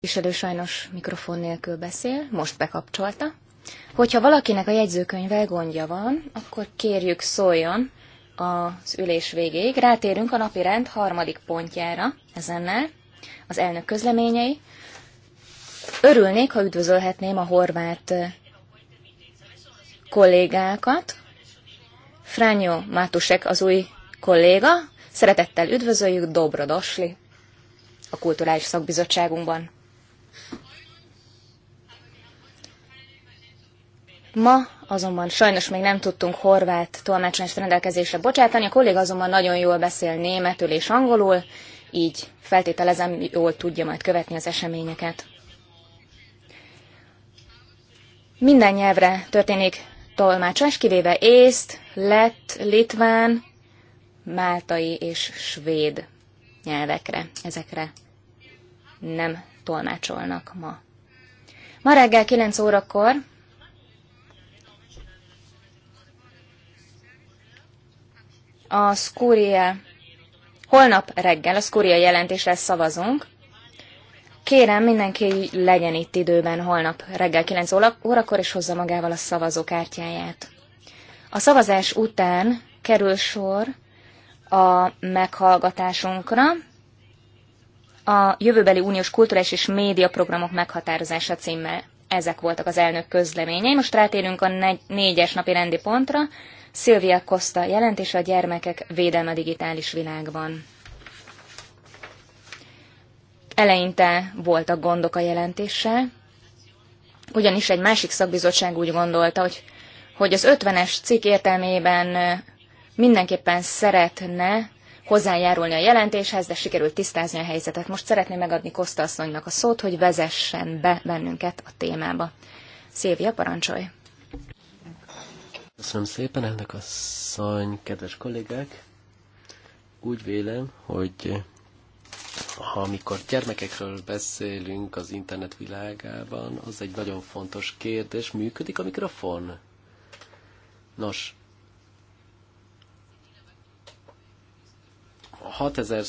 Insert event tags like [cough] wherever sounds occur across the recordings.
Viselő sajnos mikrofon nélkül beszél, most bekapcsolta. Hogyha valakinek a jegyzőkönyvvel gondja van, akkor kérjük szóljon az ülés végéig. Rátérünk a napi rend harmadik pontjára ezennel, az elnök közleményei. Örülnék, ha üdvözölhetném a horvát eh, kollégákat. Frányo Mátusek az új kolléga, szeretettel üdvözöljük Dobro Dosli a Kulturális Szakbizottságunkban. Ma azonban sajnos még nem tudtunk horvát tolmácsolást rendelkezésre bocsátani, a kolléga azonban nagyon jól beszél németül és angolul, így feltételezem jól tudja majd követni az eseményeket. Minden nyelvre történik tolmácsolás, kivéve észt, lett, litván, máltai és svéd nyelvekre. Ezekre nem tolmácsolnak ma. Ma reggel 9 órakor a Skúria, holnap reggel a Skúria jelentésre szavazunk. Kérem, mindenki legyen itt időben holnap reggel 9 órakor, és hozza magával a szavazókártyáját. A szavazás után kerül sor a meghallgatásunkra, a jövőbeli uniós kulturális és médiaprogramok meghatározása címmel. Ezek voltak az elnök közleményei. Most rátérünk a negy, négyes napi rendi pontra. Szilvia Costa jelentése a gyermekek védelme digitális világban. Eleinte voltak gondok a jelentéssel, ugyanis egy másik szakbizottság úgy gondolta, hogy, hogy az 50-es cikk értelmében mindenképpen szeretne hozzájárulni a jelentéshez, de sikerült tisztázni a helyzetet. Most szeretném megadni Koszta asszonynak a szót, hogy vezessen be bennünket a témába. Szévia, parancsolj! Köszönöm szépen, elnök szany, kedves kollégák! Úgy vélem, hogy ha amikor gyermekekről beszélünk az internet világában, az egy nagyon fontos kérdés. Működik a mikrofon? Nos, 6000,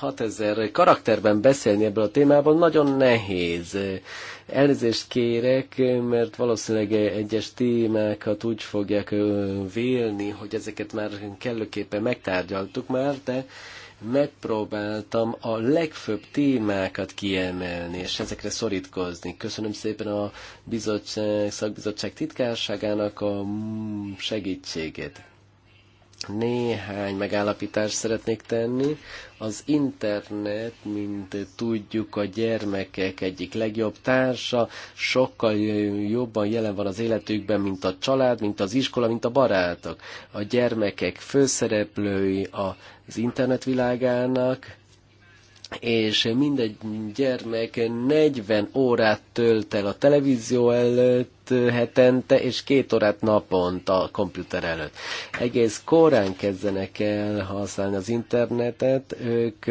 6000 karakterben beszélni ebből a témában nagyon nehéz. Elnézést kérek, mert valószínűleg egyes témákat úgy fogják vélni, hogy ezeket már kellőképpen megtárgyaltuk már, de megpróbáltam a legfőbb témákat kiemelni, és ezekre szorítkozni. Köszönöm szépen a bizottság, szakbizottság titkárságának a segítségét. Néhány megállapítást szeretnék tenni. Az internet, mint tudjuk, a gyermekek egyik legjobb társa, sokkal jobban jelen van az életükben, mint a család, mint az iskola, mint a barátok. A gyermekek főszereplői az internet világának, és minden gyermek 40 órát tölt el a televízió előtt hetente, és két órát naponta a komputer előtt. Egész korán kezdenek el használni az internetet, ők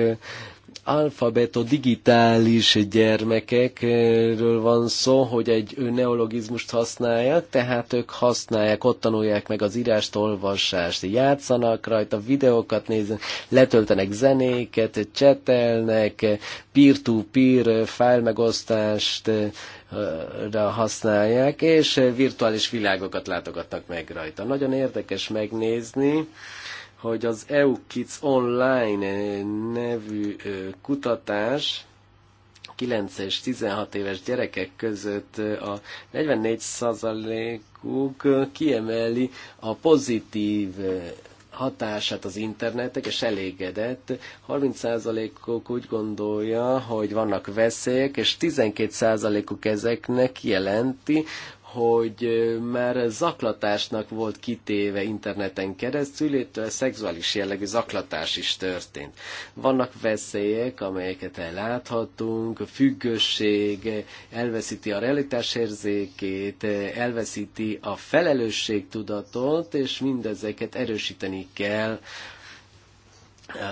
alfabeto digitális gyermekekről van szó, hogy egy neologizmust használják, tehát ők használják, ott tanulják meg az írást, olvasást, játszanak rajta, videókat néznek, letöltenek zenéket, csetelnek, peer-to-peer -peer file megosztást eh, használják, és virtuális világokat látogatnak meg rajta. Nagyon érdekes megnézni, hogy az EU Kids Online eh, nevű eh, kutatás 9 és 16 éves gyerekek között eh, a 44%-uk kiemeli a pozitív hatását az internetek, és elégedett. 30%-uk úgy gondolja, hogy vannak veszélyek, és 12%-uk ezeknek jelenti, hogy már zaklatásnak volt kitéve interneten keresztül, illetve szexuális jellegű zaklatás is történt. Vannak veszélyek, amelyeket láthatunk, függőség, elveszíti a érzékét, elveszíti a felelősségtudatot, és mindezeket erősíteni kell,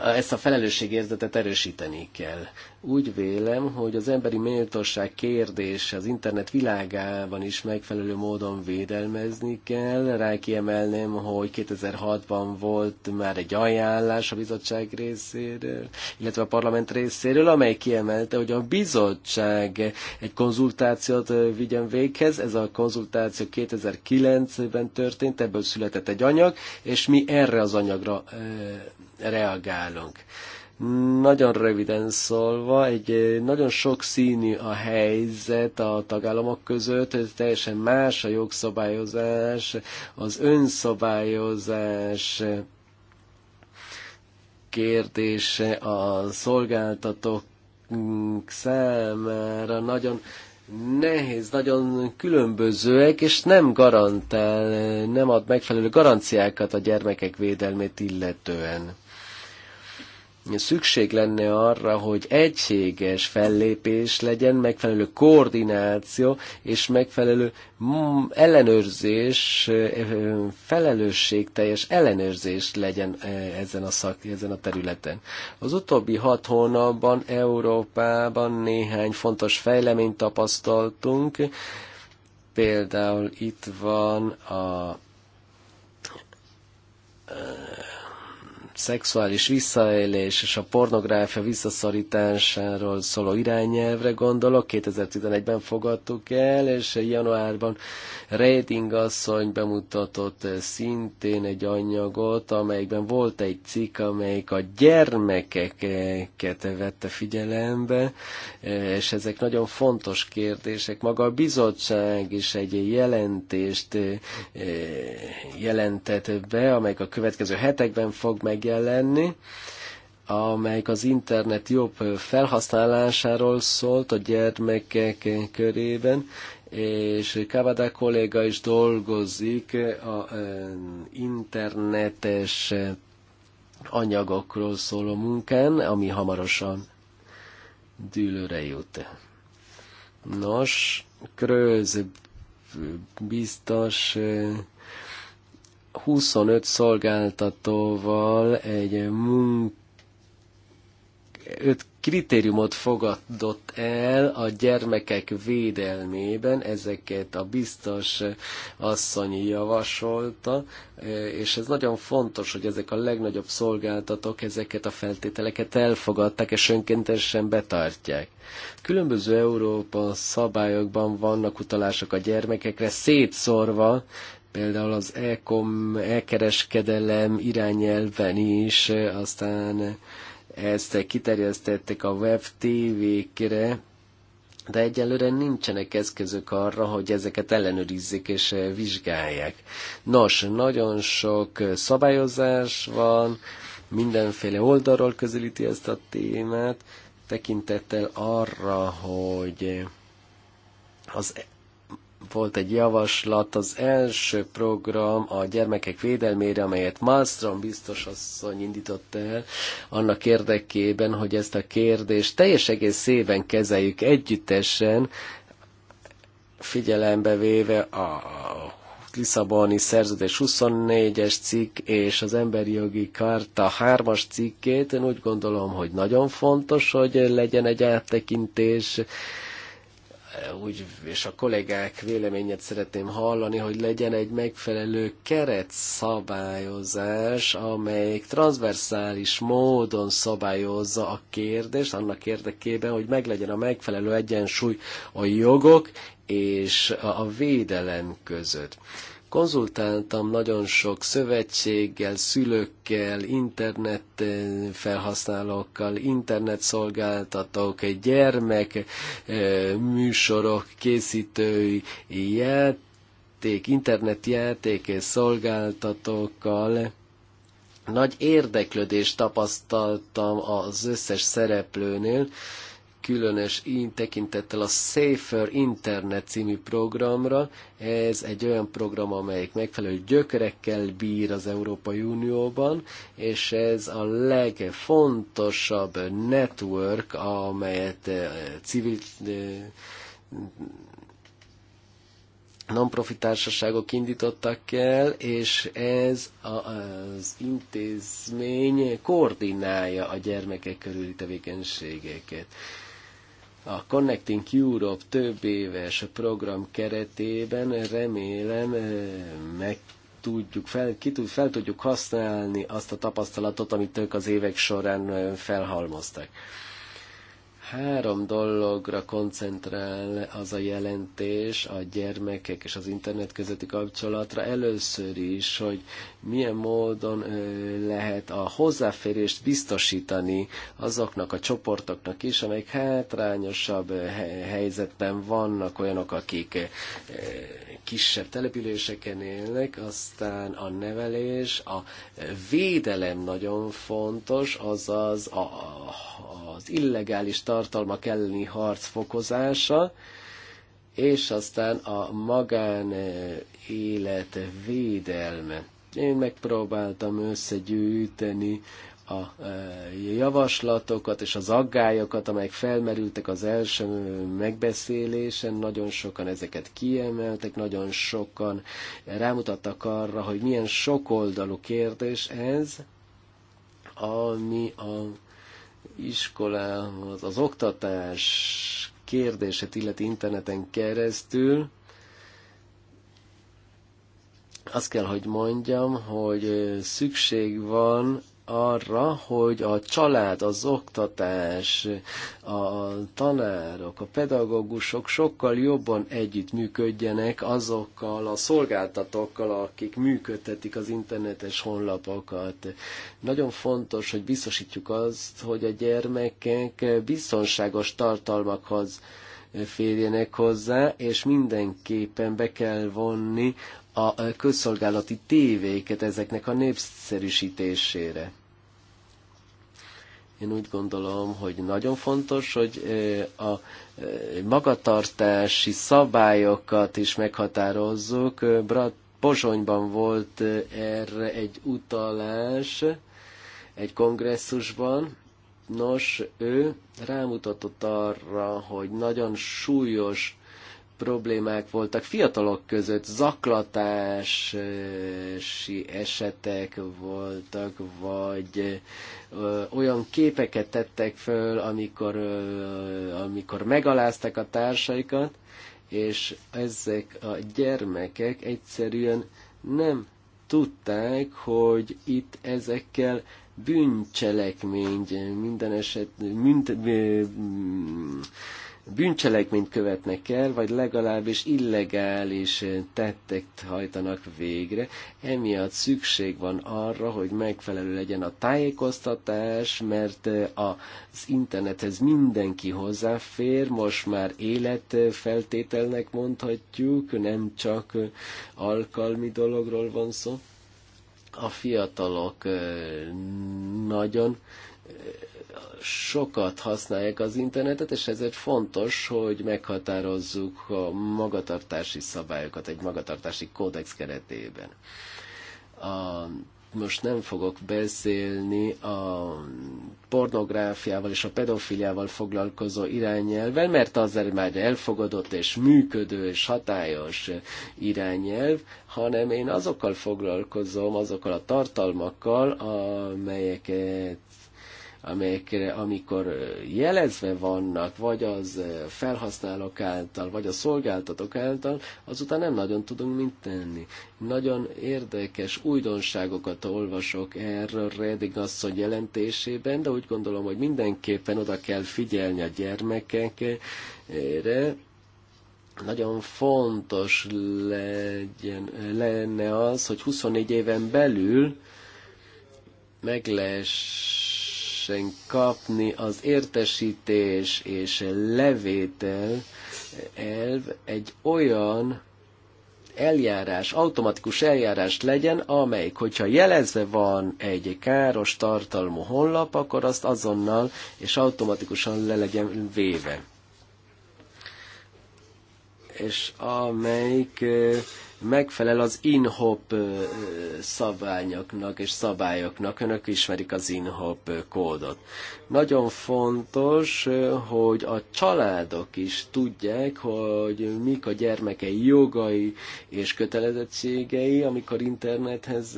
ezt a felelősségérzetet erősíteni kell. Úgy vélem, hogy az emberi méltóság kérdés az internet világában is megfelelő módon védelmezni kell. Rá kiemelném, hogy 2006-ban volt már egy ajánlás a bizottság részéről, illetve a parlament részéről, amely kiemelte, hogy a bizottság egy konzultációt vigyen véghez. Ez a konzultáció 2009-ben történt, ebből született egy anyag, és mi erre az anyagra reagálunk. Nagyon röviden szólva, egy nagyon sok színű a helyzet a tagállamok között, teljesen más a jogszabályozás, az önszabályozás kérdése a szolgáltatók számára nagyon nehéz, nagyon különbözőek, és nem garantál, nem ad megfelelő garanciákat a gyermekek védelmét illetően szükség lenne arra, hogy egységes fellépés legyen, megfelelő koordináció és megfelelő mm, ellenőrzés, eh, felelősségteljes ellenőrzés legyen eh, ezen a, szak, ezen a területen. Az utóbbi hat hónapban Európában néhány fontos fejleményt tapasztaltunk, például itt van a eh, szexuális visszaélés és a pornográfia visszaszorításáról szóló irányelvre gondolok. 2011-ben fogadtuk el, és januárban Reding asszony bemutatott eh, szintén egy anyagot, amelyben volt egy cikk, amelyik a gyermekeket vette figyelembe, eh, és ezek nagyon fontos kérdések. Maga a bizottság is egy jelentést eh, jelentett be, amelyik a következő hetekben fog meg megjelenni, amelyik az internet jobb felhasználásáról szólt a gyermekek körében, és Kavada kolléga is dolgozik az internetes anyagokról szóló munkán, ami hamarosan dűlőre jut. Nos, Kröz biztos 25 szolgáltatóval egy munk öt kritériumot fogadott el a gyermekek védelmében, ezeket a biztos asszony javasolta, és ez nagyon fontos, hogy ezek a legnagyobb szolgáltatók ezeket a feltételeket elfogadták, és önkéntesen betartják. Különböző Európa szabályokban vannak utalások a gyermekekre szétszorva, például az e-kom, e-kereskedelem irányelven is, aztán ezt kiterjesztették a web tévékre, de egyelőre nincsenek eszközök arra, hogy ezeket ellenőrizzék és vizsgálják. Nos, nagyon sok szabályozás van, mindenféle oldalról közelíti ezt a témát, tekintettel arra, hogy az volt egy javaslat, az első program a gyermekek védelmére, amelyet Malmström biztos asszony indított el, annak érdekében, hogy ezt a kérdést teljes egészében kezeljük együttesen, figyelembe véve a Lisszaboni szerződés 24-es cikk és az emberi jogi karta 3-as cikkét. Én úgy gondolom, hogy nagyon fontos, hogy legyen egy áttekintés úgy, és a kollégák véleményét szeretném hallani, hogy legyen egy megfelelő keretszabályozás, amelyik transversális módon szabályozza a kérdést, annak érdekében, hogy meglegyen a megfelelő egyensúly a jogok és a védelem között. Konzultáltam nagyon sok szövetséggel, szülőkkel, internet eh, felhasználókkal, internetszolgáltatók, gyermek eh, műsorok készítői, játék, internetjáték szolgáltatókkal, nagy érdeklődést tapasztaltam az összes szereplőnél, különös in tekintettel a Safer Internet című programra. Ez egy olyan program, amelyik megfelelő gyökerekkel bír az Európai Unióban, és ez a legfontosabb network, amelyet eh, civil eh, non-profit társaságok indítottak el, és ez a, az intézmény koordinálja a gyermekek körüli tevékenységeket a Connecting Europe több éves program keretében remélem eh, meg tudjuk fel, ki tud, fel tudjuk használni azt a tapasztalatot, amit ők az évek során eh, felhalmoztak. Három dologra koncentrál az a jelentés a gyermekek és az internet közötti kapcsolatra. Először is, hogy milyen módon lehet a hozzáférést biztosítani azoknak a csoportoknak is, amelyek hátrányosabb helyzetben vannak, olyanok, akik kisebb településeken élnek, aztán a nevelés, a védelem nagyon fontos, azaz az illegális tartalmak, tartalmak elleni harc fokozása, és aztán a magán eh, élet védelme. Én megpróbáltam összegyűjteni a eh, javaslatokat és az aggályokat, amelyek felmerültek az első eh, megbeszélésen, nagyon sokan ezeket kiemeltek, nagyon sokan rámutattak arra, hogy milyen sokoldalú kérdés ez, ami a iskolához, az oktatás kérdését illeti interneten keresztül, azt kell, hogy mondjam, hogy szükség van arra, hogy a család, az oktatás, a tanárok, a pedagógusok sokkal jobban együttműködjenek azokkal a szolgáltatókkal, akik működtetik az internetes honlapokat. Nagyon fontos, hogy biztosítjuk azt, hogy a gyermekek biztonságos tartalmakhoz férjenek hozzá, és mindenképpen be kell vonni a közszolgálati tévéket ezeknek a népszerűsítésére. Én úgy gondolom, hogy nagyon fontos, hogy a magatartási szabályokat is meghatározzuk. Brat Pozsonyban volt erre egy utalás egy kongresszusban. Nos, ő rámutatott arra, hogy nagyon súlyos problémák voltak fiatalok között, zaklatási esetek voltak, vagy olyan képeket tettek föl, amikor, amikor megaláztak a társaikat, és ezek a gyermekek egyszerűen nem tudták, hogy itt ezekkel bűncselekmény, minden eset, mint, bűncselekményt követnek el, vagy legalábbis illegális tettek hajtanak végre. Emiatt szükség van arra, hogy megfelelő legyen a tájékoztatás, mert az internethez mindenki hozzáfér, most már életfeltételnek mondhatjuk, nem csak alkalmi dologról van szó. A fiatalok nagyon sokat használják az internetet, és ezért fontos, hogy meghatározzuk a magatartási szabályokat egy magatartási kódex keretében. A most nem fogok beszélni a pornográfiával és a pedofiliával foglalkozó irányelvvel, mert az már elfogadott és működő és hatályos irányelv, hanem én azokkal foglalkozom, azokkal a tartalmakkal, amelyeket amelyekre amikor jelezve vannak, vagy az felhasználók által, vagy a szolgáltatók által, azután nem nagyon tudunk mit tenni. Nagyon érdekes újdonságokat olvasok erről Redding asszony jelentésében, de úgy gondolom, hogy mindenképpen oda kell figyelni a gyermekekre, nagyon fontos legyen, lenne az, hogy 24 éven belül meg lehessen lehessen kapni az értesítés és levétel elv egy olyan eljárás, automatikus eljárás legyen, amelyik, hogyha jelezve van egy káros tartalmú honlap, akkor azt azonnal és automatikusan le legyen véve és amelyik megfelel az INHOP szabályoknak és szabályoknak. Önök ismerik az INHOP kódot. Nagyon fontos, hogy a családok is tudják, hogy mik a gyermekei jogai és kötelezettségei, amikor internethez,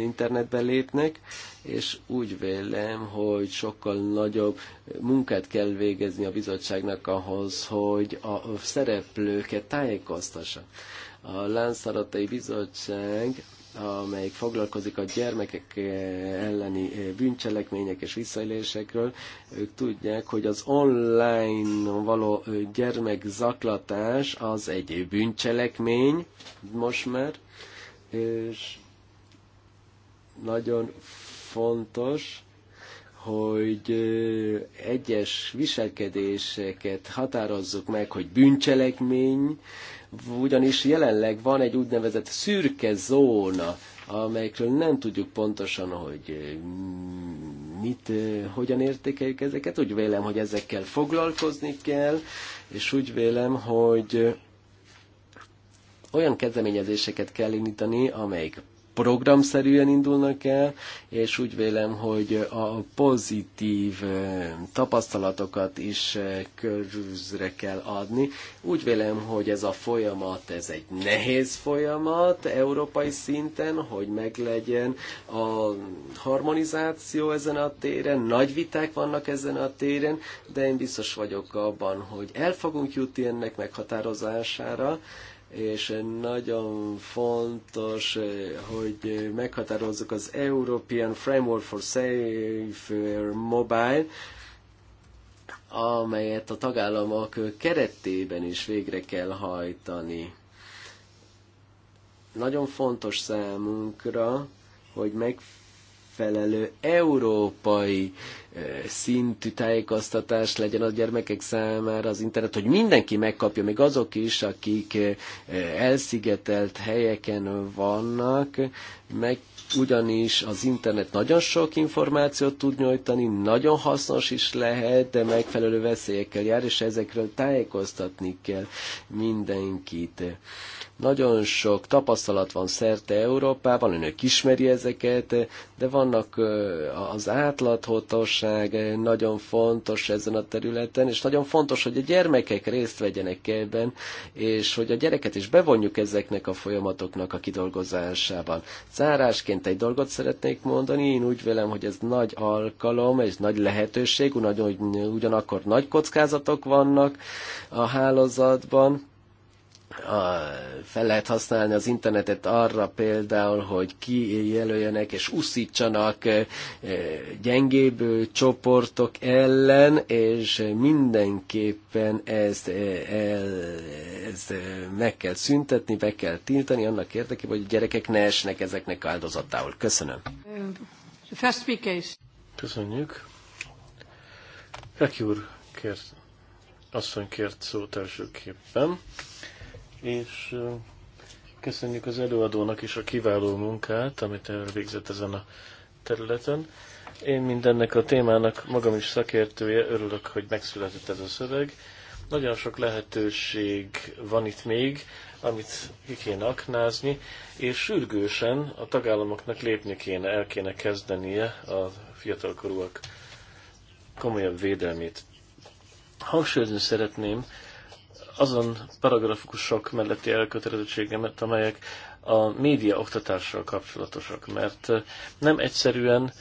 internetbe lépnek, és úgy vélem, hogy sokkal nagyobb munkát kell végezni a bizottságnak ahhoz, hogy a szereplőket tájékoztassa. A Lánszaratai Bizottság amelyik foglalkozik a gyermekek elleni bűncselekmények és visszaélésekről, ők tudják, hogy az online való gyermekzaklatás az egy bűncselekmény most már, és nagyon fontos, hogy egyes viselkedéseket határozzuk meg, hogy bűncselekmény, ugyanis jelenleg van egy úgynevezett szürke zóna, amelyekről nem tudjuk pontosan, hogy mit, hogyan értékeljük ezeket. Úgy vélem, hogy ezekkel foglalkozni kell, és úgy vélem, hogy olyan kezdeményezéseket kell indítani, amelyik programszerűen indulnak el, és úgy vélem, hogy a pozitív eh, tapasztalatokat is eh, körülzre kell adni. Úgy vélem, hogy ez a folyamat, ez egy nehéz folyamat európai szinten, hogy meglegyen a harmonizáció ezen a téren, nagy viták vannak ezen a téren, de én biztos vagyok abban, hogy el fogunk jutni ennek meghatározására, és nagyon fontos, hogy meghatározzuk az European Framework for Safer Mobile, amelyet a tagállamok keretében is végre kell hajtani. Nagyon fontos számunkra, hogy megfelelően megfelelő európai eh, szintű tájékoztatás legyen a gyermekek számára az internet, hogy mindenki megkapja, még azok is, akik eh, elszigetelt helyeken vannak, meg ugyanis az internet nagyon sok információt tud nyújtani, nagyon hasznos is lehet, de megfelelő veszélyekkel jár, és ezekről tájékoztatni kell mindenkit. Nagyon sok tapasztalat van szerte Európában, önök ismeri ezeket, de vannak az átlathatóság nagyon fontos ezen a területen, és nagyon fontos, hogy a gyermekek részt vegyenek ebben, és hogy a gyereket is bevonjuk ezeknek a folyamatoknak a kidolgozásában. Zárásként egy dolgot szeretnék mondani, én úgy vélem, hogy ez nagy alkalom, és nagy lehetőség, ugyanakkor nagy kockázatok vannak a hálózatban, a fel lehet használni az internetet arra például, hogy ki jelöljenek és úszítsanak eh, gyengébb eh, csoportok ellen, és mindenképpen ezt, eh, ezt meg kell szüntetni, be kell tiltani annak érdekében, hogy a gyerekek ne esnek ezeknek áldozatául. Köszönöm. First speakers. Köszönjük. Heki úr kért, asszony kért szót elsőképpen és köszönjük az előadónak is a kiváló munkát, amit elvégzett ezen a területen. Én mindennek a témának magam is szakértője, örülök, hogy megszületett ez a szöveg. Nagyon sok lehetőség van itt még, amit ki kéne aknázni, és sürgősen a tagállamoknak lépni kéne, el kéne kezdenie a fiatalkorúak komolyabb védelmét. Hangsúlyozni szeretném, azon paragrafikusok melletti elkötelezettségemet, amelyek a média oktatással kapcsolatosak, mert nem egyszerűen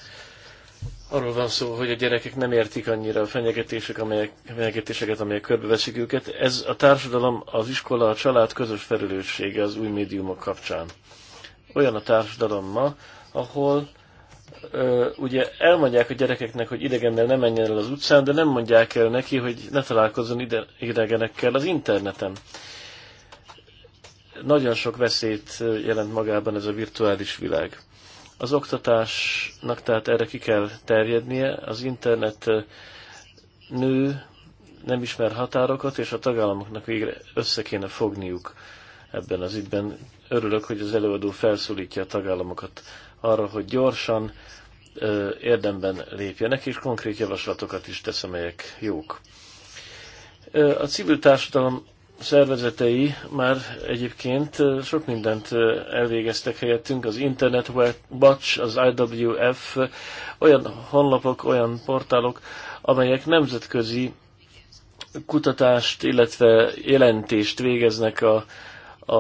arról van szó, hogy a gyerekek nem értik annyira a fenyegetések, amelyek, fenyegetéseket, amelyek körbeveszik őket. Ez a társadalom, az iskola, a család közös felelőssége az új médiumok kapcsán. Olyan a társadalom ma, ahol ugye elmondják a gyerekeknek, hogy idegennel ne menjen el az utcán, de nem mondják el neki, hogy ne találkozzon ide, idegenekkel az interneten. Nagyon sok veszélyt jelent magában ez a virtuális világ. Az oktatásnak tehát erre ki kell terjednie, az internet nő, nem ismer határokat, és a tagállamoknak végre össze kéne fogniuk ebben az ügyben. Örülök, hogy az előadó felszólítja a tagállamokat arra, hogy gyorsan érdemben lépjenek, és konkrét javaslatokat is tesz, amelyek jók. A civil társadalom szervezetei már egyébként sok mindent elvégeztek helyettünk, az Internet Watch, az IWF, olyan honlapok, olyan portálok, amelyek nemzetközi kutatást, illetve jelentést végeznek a, a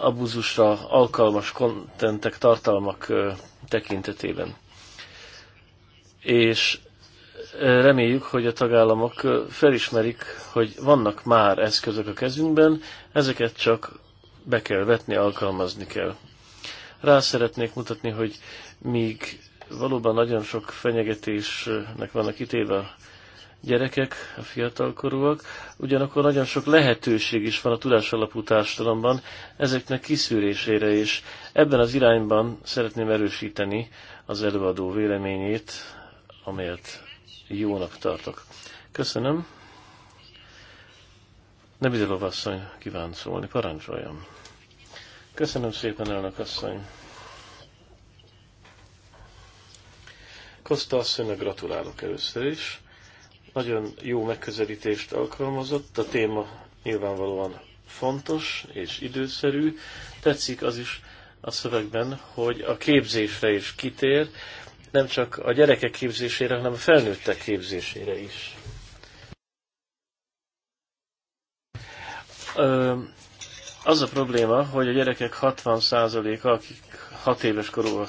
abuzusra alkalmas kontentek, tartalmak tekintetében. És reméljük, hogy a tagállamok felismerik, hogy vannak már eszközök a kezünkben, ezeket csak be kell vetni, alkalmazni kell. Rá szeretnék mutatni, hogy míg valóban nagyon sok fenyegetésnek vannak ítéve gyerekek, a fiatalkorúak, ugyanakkor nagyon sok lehetőség is van a tudásalapú társadalomban ezeknek kiszűrésére, és ebben az irányban szeretném erősíteni az előadó véleményét, amelyet jónak tartok. Köszönöm. Nebizolov asszony kíván szólni, parancsoljam. Köszönöm szépen, elnök asszony. Kosta asszonynak gratulálok először is nagyon jó megközelítést alkalmazott, a téma nyilvánvalóan fontos és időszerű. Tetszik az is a szövegben, hogy a képzésre is kitér, nem csak a gyerekek képzésére, hanem a felnőttek képzésére is. Az a probléma, hogy a gyerekek 60%-a, akik 6 éves korú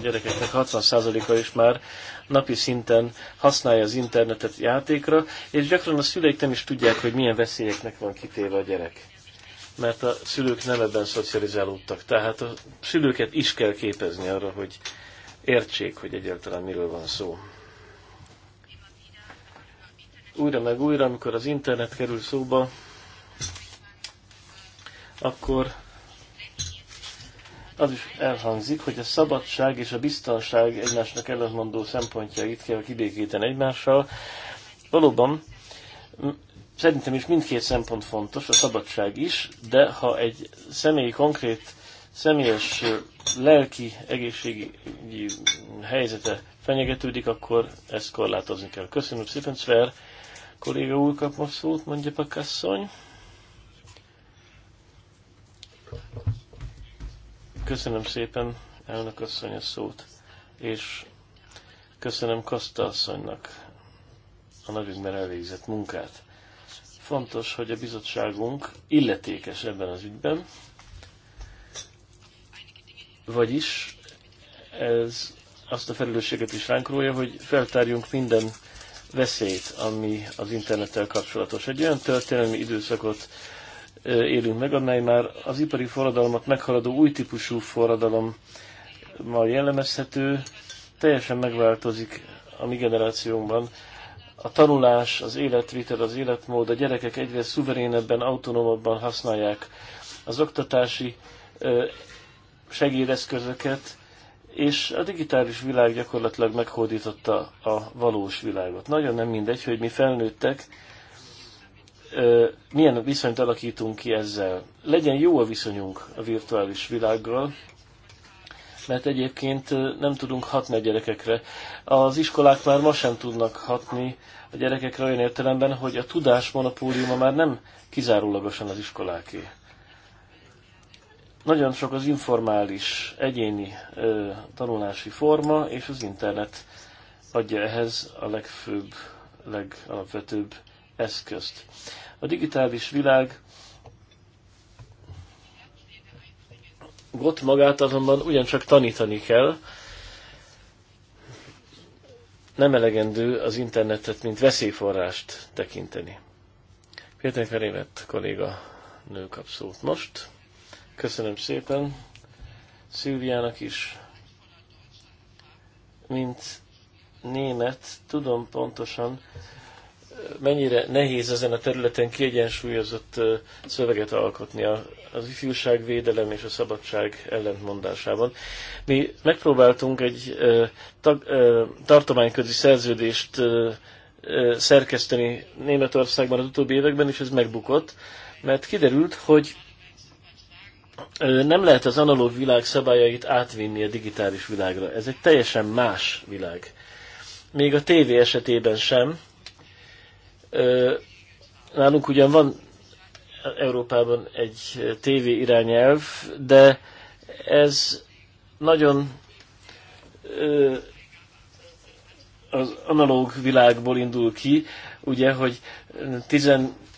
gyerekeknek 60%-a is már napi szinten használja az internetet játékra, és gyakran a szüleik nem is tudják, hogy milyen veszélyeknek van kitéve a gyerek. Mert a szülők nem ebben szocializálódtak. Tehát a szülőket is kell képezni arra, hogy értsék, hogy egyáltalán miről van szó. Újra meg újra, amikor az internet kerül szóba, akkor az is elhangzik, hogy a szabadság és a biztonság egymásnak ellentmondó szempontjait kell kibékíteni egymással. Valóban szerintem is mindkét szempont fontos, a szabadság is, de ha egy személy konkrét személyes lelki egészségi helyzete fenyegetődik, akkor ezt korlátozni kell. Köszönöm szépen, Sver kolléga úr kap most szót, mondja Pakasszony. Köszönöm szépen elnök asszony a szót, és köszönöm Kasta asszonynak a nagyünkben elvégzett munkát. Fontos, hogy a bizottságunk illetékes ebben az ügyben, vagyis ez azt a felelősséget is ránk rója, hogy feltárjunk minden veszélyt, ami az internettel kapcsolatos. Egy olyan történelmi időszakot élünk meg, amely már az ipari forradalmat meghaladó új típusú forradalommal jellemezhető, teljesen megváltozik a mi generációnkban. A tanulás, az életvitel, az életmód, a gyerekek egyre szuverénebben, autonómabban használják az oktatási segédeszközöket, és a digitális világ gyakorlatilag meghódította a valós világot. Nagyon nem mindegy, hogy mi felnőttek, milyen viszonyt alakítunk ki ezzel. Legyen jó a viszonyunk a virtuális világgal, mert egyébként nem tudunk hatni a gyerekekre. Az iskolák már ma sem tudnak hatni a gyerekekre olyan értelemben, hogy a tudás monopóliuma már nem kizárólagosan az iskoláké. Nagyon sok az informális, egyéni ö, tanulási forma, és az internet adja ehhez a legfőbb, legalapvetőbb eszközt. A digitális világ ott magát azonban ugyancsak tanítani kell. Nem elegendő az internetet, mint veszélyforrást tekinteni. Péter Ferévet kolléga nő kap szót most. Köszönöm szépen Szilviának is. Mint német, tudom pontosan, mennyire nehéz ezen a területen kiegyensúlyozott szöveget alkotni az ifjúságvédelem és a szabadság ellentmondásában. Mi megpróbáltunk egy tartományközi szerződést szerkeszteni Németországban az utóbbi években, és ez megbukott, mert kiderült, hogy nem lehet az analóg világ szabályait átvinni a digitális világra. Ez egy teljesen más világ. Még a tévé esetében sem, Nálunk ugyan van Európában egy TV irányelv, de ez nagyon az analóg világból indul ki, ugye, hogy 10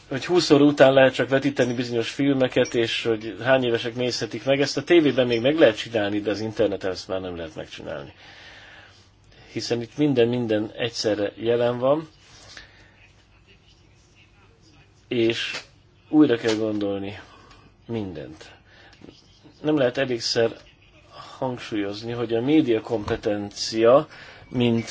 hogy 20 óra után lehet csak vetíteni bizonyos filmeket, és hogy hány évesek nézhetik meg. Ezt a tévében még meg lehet csinálni, de az interneten ezt már nem lehet megcsinálni. Hiszen itt minden-minden egyszerre jelen van és újra kell gondolni mindent. Nem lehet elégszer hangsúlyozni, hogy a média kompetencia, mint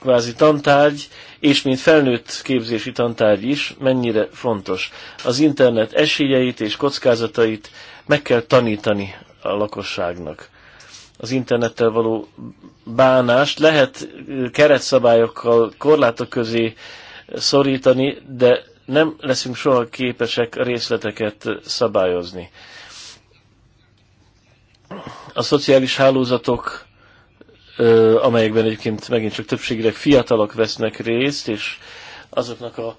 kvázi tantárgy, és mint felnőtt képzési tantárgy is, mennyire fontos. Az internet esélyeit és kockázatait meg kell tanítani a lakosságnak. Az internettel való bánást lehet keretszabályokkal, korlátok közé szorítani, de nem leszünk soha képesek részleteket szabályozni. A szociális hálózatok, amelyekben egyébként megint csak többségre fiatalok vesznek részt, és azoknak a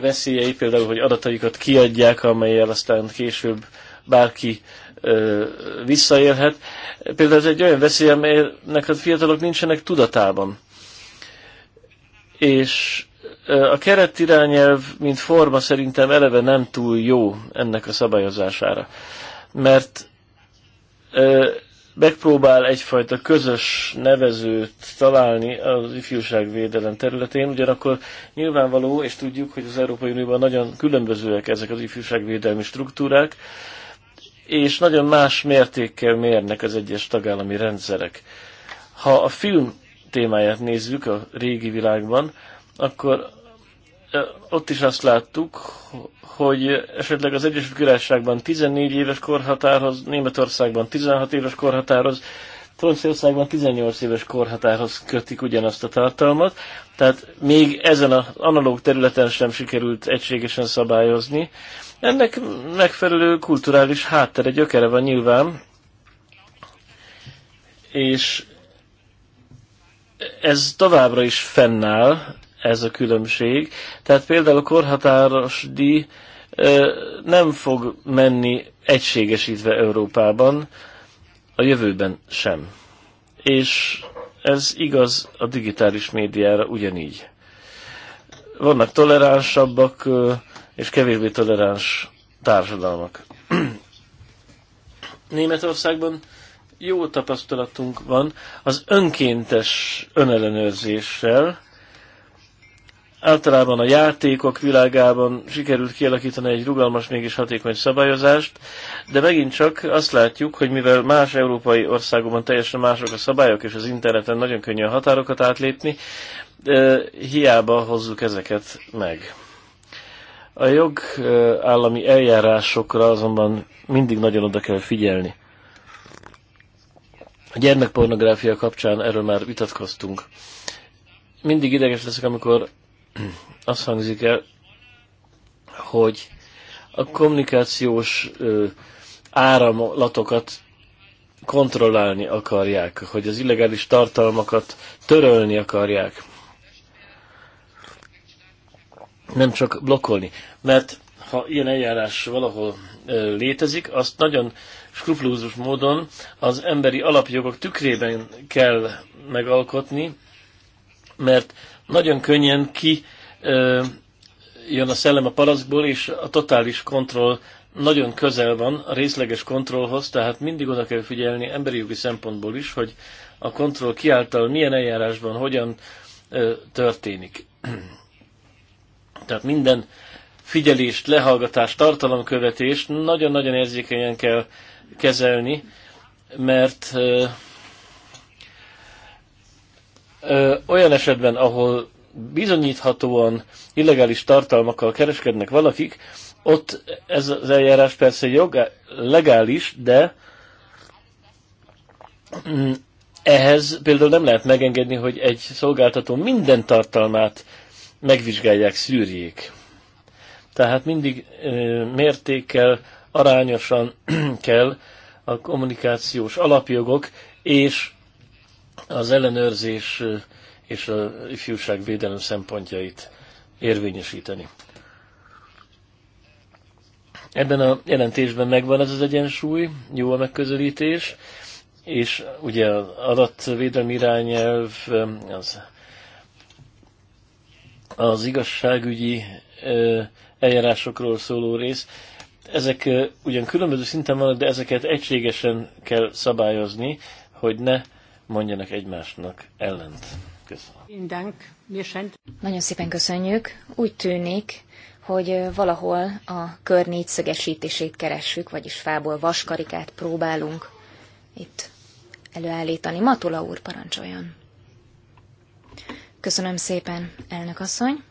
veszélyei, például, hogy adataikat kiadják, amelyel aztán később bárki visszaélhet. Például ez egy olyan veszély, amelynek a fiatalok nincsenek tudatában. És a keretirányelv, mint forma szerintem eleve nem túl jó ennek a szabályozására, mert megpróbál egyfajta közös nevezőt találni az ifjúságvédelem területén, ugyanakkor nyilvánvaló, és tudjuk, hogy az Európai Unióban nagyon különbözőek ezek az ifjúságvédelmi struktúrák, és nagyon más mértékkel mérnek az egyes tagállami rendszerek. Ha a film témáját nézzük a régi világban, akkor ott is azt láttuk, hogy esetleg az Egyesült Királyságban 14 éves korhatárhoz, Németországban 16 éves korhatárhoz, Franciaországban 18 éves korhatárhoz kötik ugyanazt a tartalmat, tehát még ezen az analóg területen sem sikerült egységesen szabályozni. Ennek megfelelő kulturális háttere, gyökere van nyilván, és ez továbbra is fennáll, ez a különbség. Tehát például a korhatáros díj nem fog menni egységesítve Európában, a jövőben sem. És ez igaz a digitális médiára ugyanígy. Vannak toleránsabbak és kevésbé toleráns társadalmak. [clears throat] Németországban jó tapasztalatunk van az önkéntes önellenőrzéssel, általában a játékok világában sikerült kialakítani egy rugalmas, mégis hatékony szabályozást, de megint csak azt látjuk, hogy mivel más európai országokban teljesen mások a szabályok, és az interneten nagyon könnyű a határokat átlépni, hiába hozzuk ezeket meg. A jogállami eljárásokra azonban mindig nagyon oda kell figyelni. A gyermekpornográfia kapcsán erről már vitatkoztunk mindig ideges leszek, amikor azt hangzik el, hogy a kommunikációs áramlatokat kontrollálni akarják, hogy az illegális tartalmakat törölni akarják. Nem csak blokkolni. Mert ha ilyen eljárás valahol létezik, azt nagyon skrupulózus módon az emberi alapjogok tükrében kell megalkotni, mert nagyon könnyen ki jön a szellem a palackból, és a totális kontroll nagyon közel van a részleges kontrollhoz, tehát mindig oda kell figyelni emberi jogi szempontból is, hogy a kontroll kiáltal milyen eljárásban, hogyan ö, történik. [clears throat] tehát minden figyelést, lehallgatást, tartalomkövetést nagyon-nagyon érzékenyen kell kezelni, mert ö, olyan esetben, ahol bizonyíthatóan illegális tartalmakkal kereskednek valakik, ott ez az eljárás persze jog, legális, de mm, ehhez például nem lehet megengedni, hogy egy szolgáltató minden tartalmát megvizsgálják, szűrjék. Tehát mindig mértékkel, arányosan [clears throat] kell a kommunikációs alapjogok és az ellenőrzés és a védelem szempontjait érvényesíteni. Ebben a jelentésben megvan ez az egyensúly, jó a megközelítés, és ugye az adatvédelmi irányelv, az, az igazságügyi eljárásokról szóló rész, ezek ugyan különböző szinten vannak, de ezeket egységesen kell szabályozni, hogy ne mondjanak egymásnak ellent. Köszönöm. Nagyon szépen köszönjük. Úgy tűnik, hogy valahol a kör négyszögesítését keressük, vagyis fából vaskarikát próbálunk itt előállítani. Matula úr, parancsoljon! Köszönöm szépen, elnök asszony.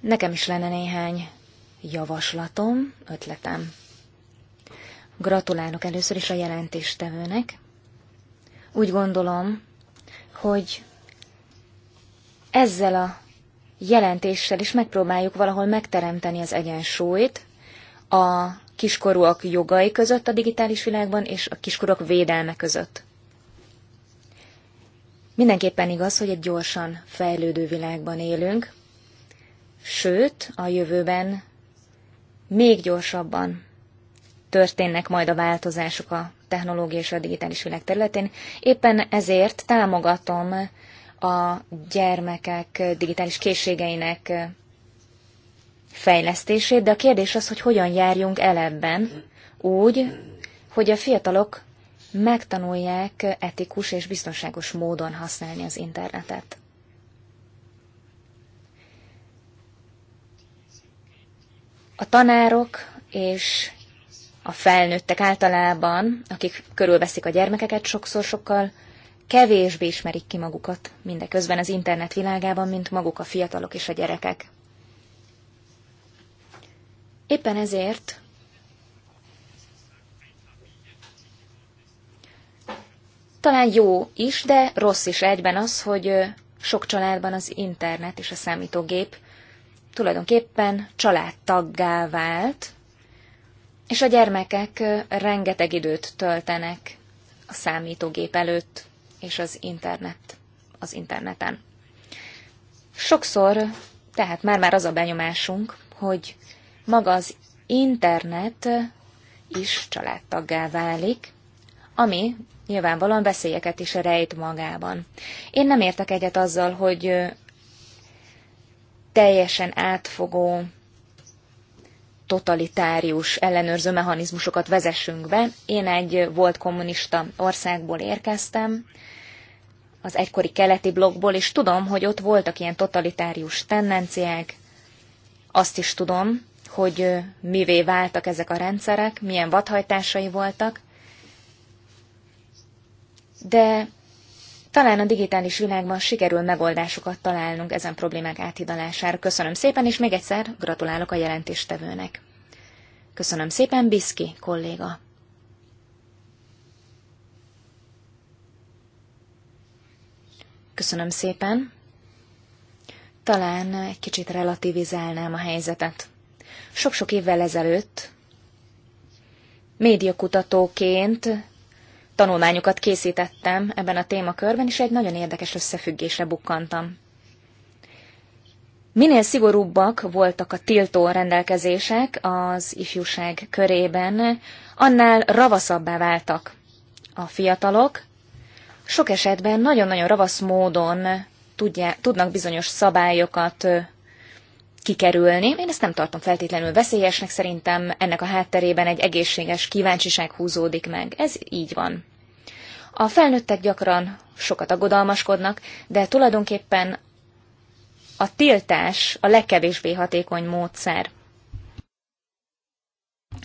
Nekem is lenne néhány javaslatom, ötletem. Gratulálok először is a jelentéstevőnek. Úgy gondolom, hogy ezzel a jelentéssel is megpróbáljuk valahol megteremteni az egyensúlyt a kiskorúak jogai között a digitális világban és a kiskorúak védelme között. Mindenképpen igaz, hogy egy gyorsan fejlődő világban élünk, sőt, a jövőben még gyorsabban történnek majd a változások a technológia és a digitális világ területén. Éppen ezért támogatom a gyermekek digitális készségeinek fejlesztését, de a kérdés az, hogy hogyan járjunk el ebben úgy, hogy a fiatalok megtanulják etikus és biztonságos módon használni az internetet. A tanárok és a felnőttek általában, akik körülveszik a gyermekeket, sokszor sokkal kevésbé ismerik ki magukat mindeközben az internet világában, mint maguk a fiatalok és a gyerekek. Éppen ezért talán jó is, de rossz is egyben az, hogy sok családban az internet és a számítógép tulajdonképpen családtaggá vált, és a gyermekek rengeteg időt töltenek a számítógép előtt és az internet, az interneten. Sokszor, tehát már-már az a benyomásunk, hogy maga az internet is családtaggá válik, ami nyilvánvalóan veszélyeket is rejt magában. Én nem értek egyet azzal, hogy teljesen átfogó totalitárius ellenőrző mechanizmusokat vezessünk be. Én egy volt kommunista országból érkeztem, az egykori keleti blokkból, és tudom, hogy ott voltak ilyen totalitárius tendenciák. Azt is tudom, hogy mivé váltak ezek a rendszerek, milyen vadhajtásai voltak, de talán a digitális világban sikerül megoldásokat találnunk ezen problémák áthidalására. Köszönöm szépen, és még egyszer gratulálok a jelentéstevőnek. Köszönöm szépen, Biszki kolléga. Köszönöm szépen. Talán egy kicsit relativizálnám a helyzetet. Sok-sok évvel ezelőtt médiakutatóként tanulmányokat készítettem ebben a témakörben, és egy nagyon érdekes összefüggésre bukkantam. Minél szigorúbbak voltak a tiltó rendelkezések az ifjúság körében, annál ravaszabbá váltak a fiatalok. Sok esetben nagyon-nagyon ravasz módon tudják, tudnak bizonyos szabályokat kikerülni. Én ezt nem tartom feltétlenül veszélyesnek, szerintem ennek a hátterében egy egészséges kíváncsiság húzódik meg. Ez így van. A felnőttek gyakran sokat aggodalmaskodnak, de tulajdonképpen a tiltás a legkevésbé hatékony módszer.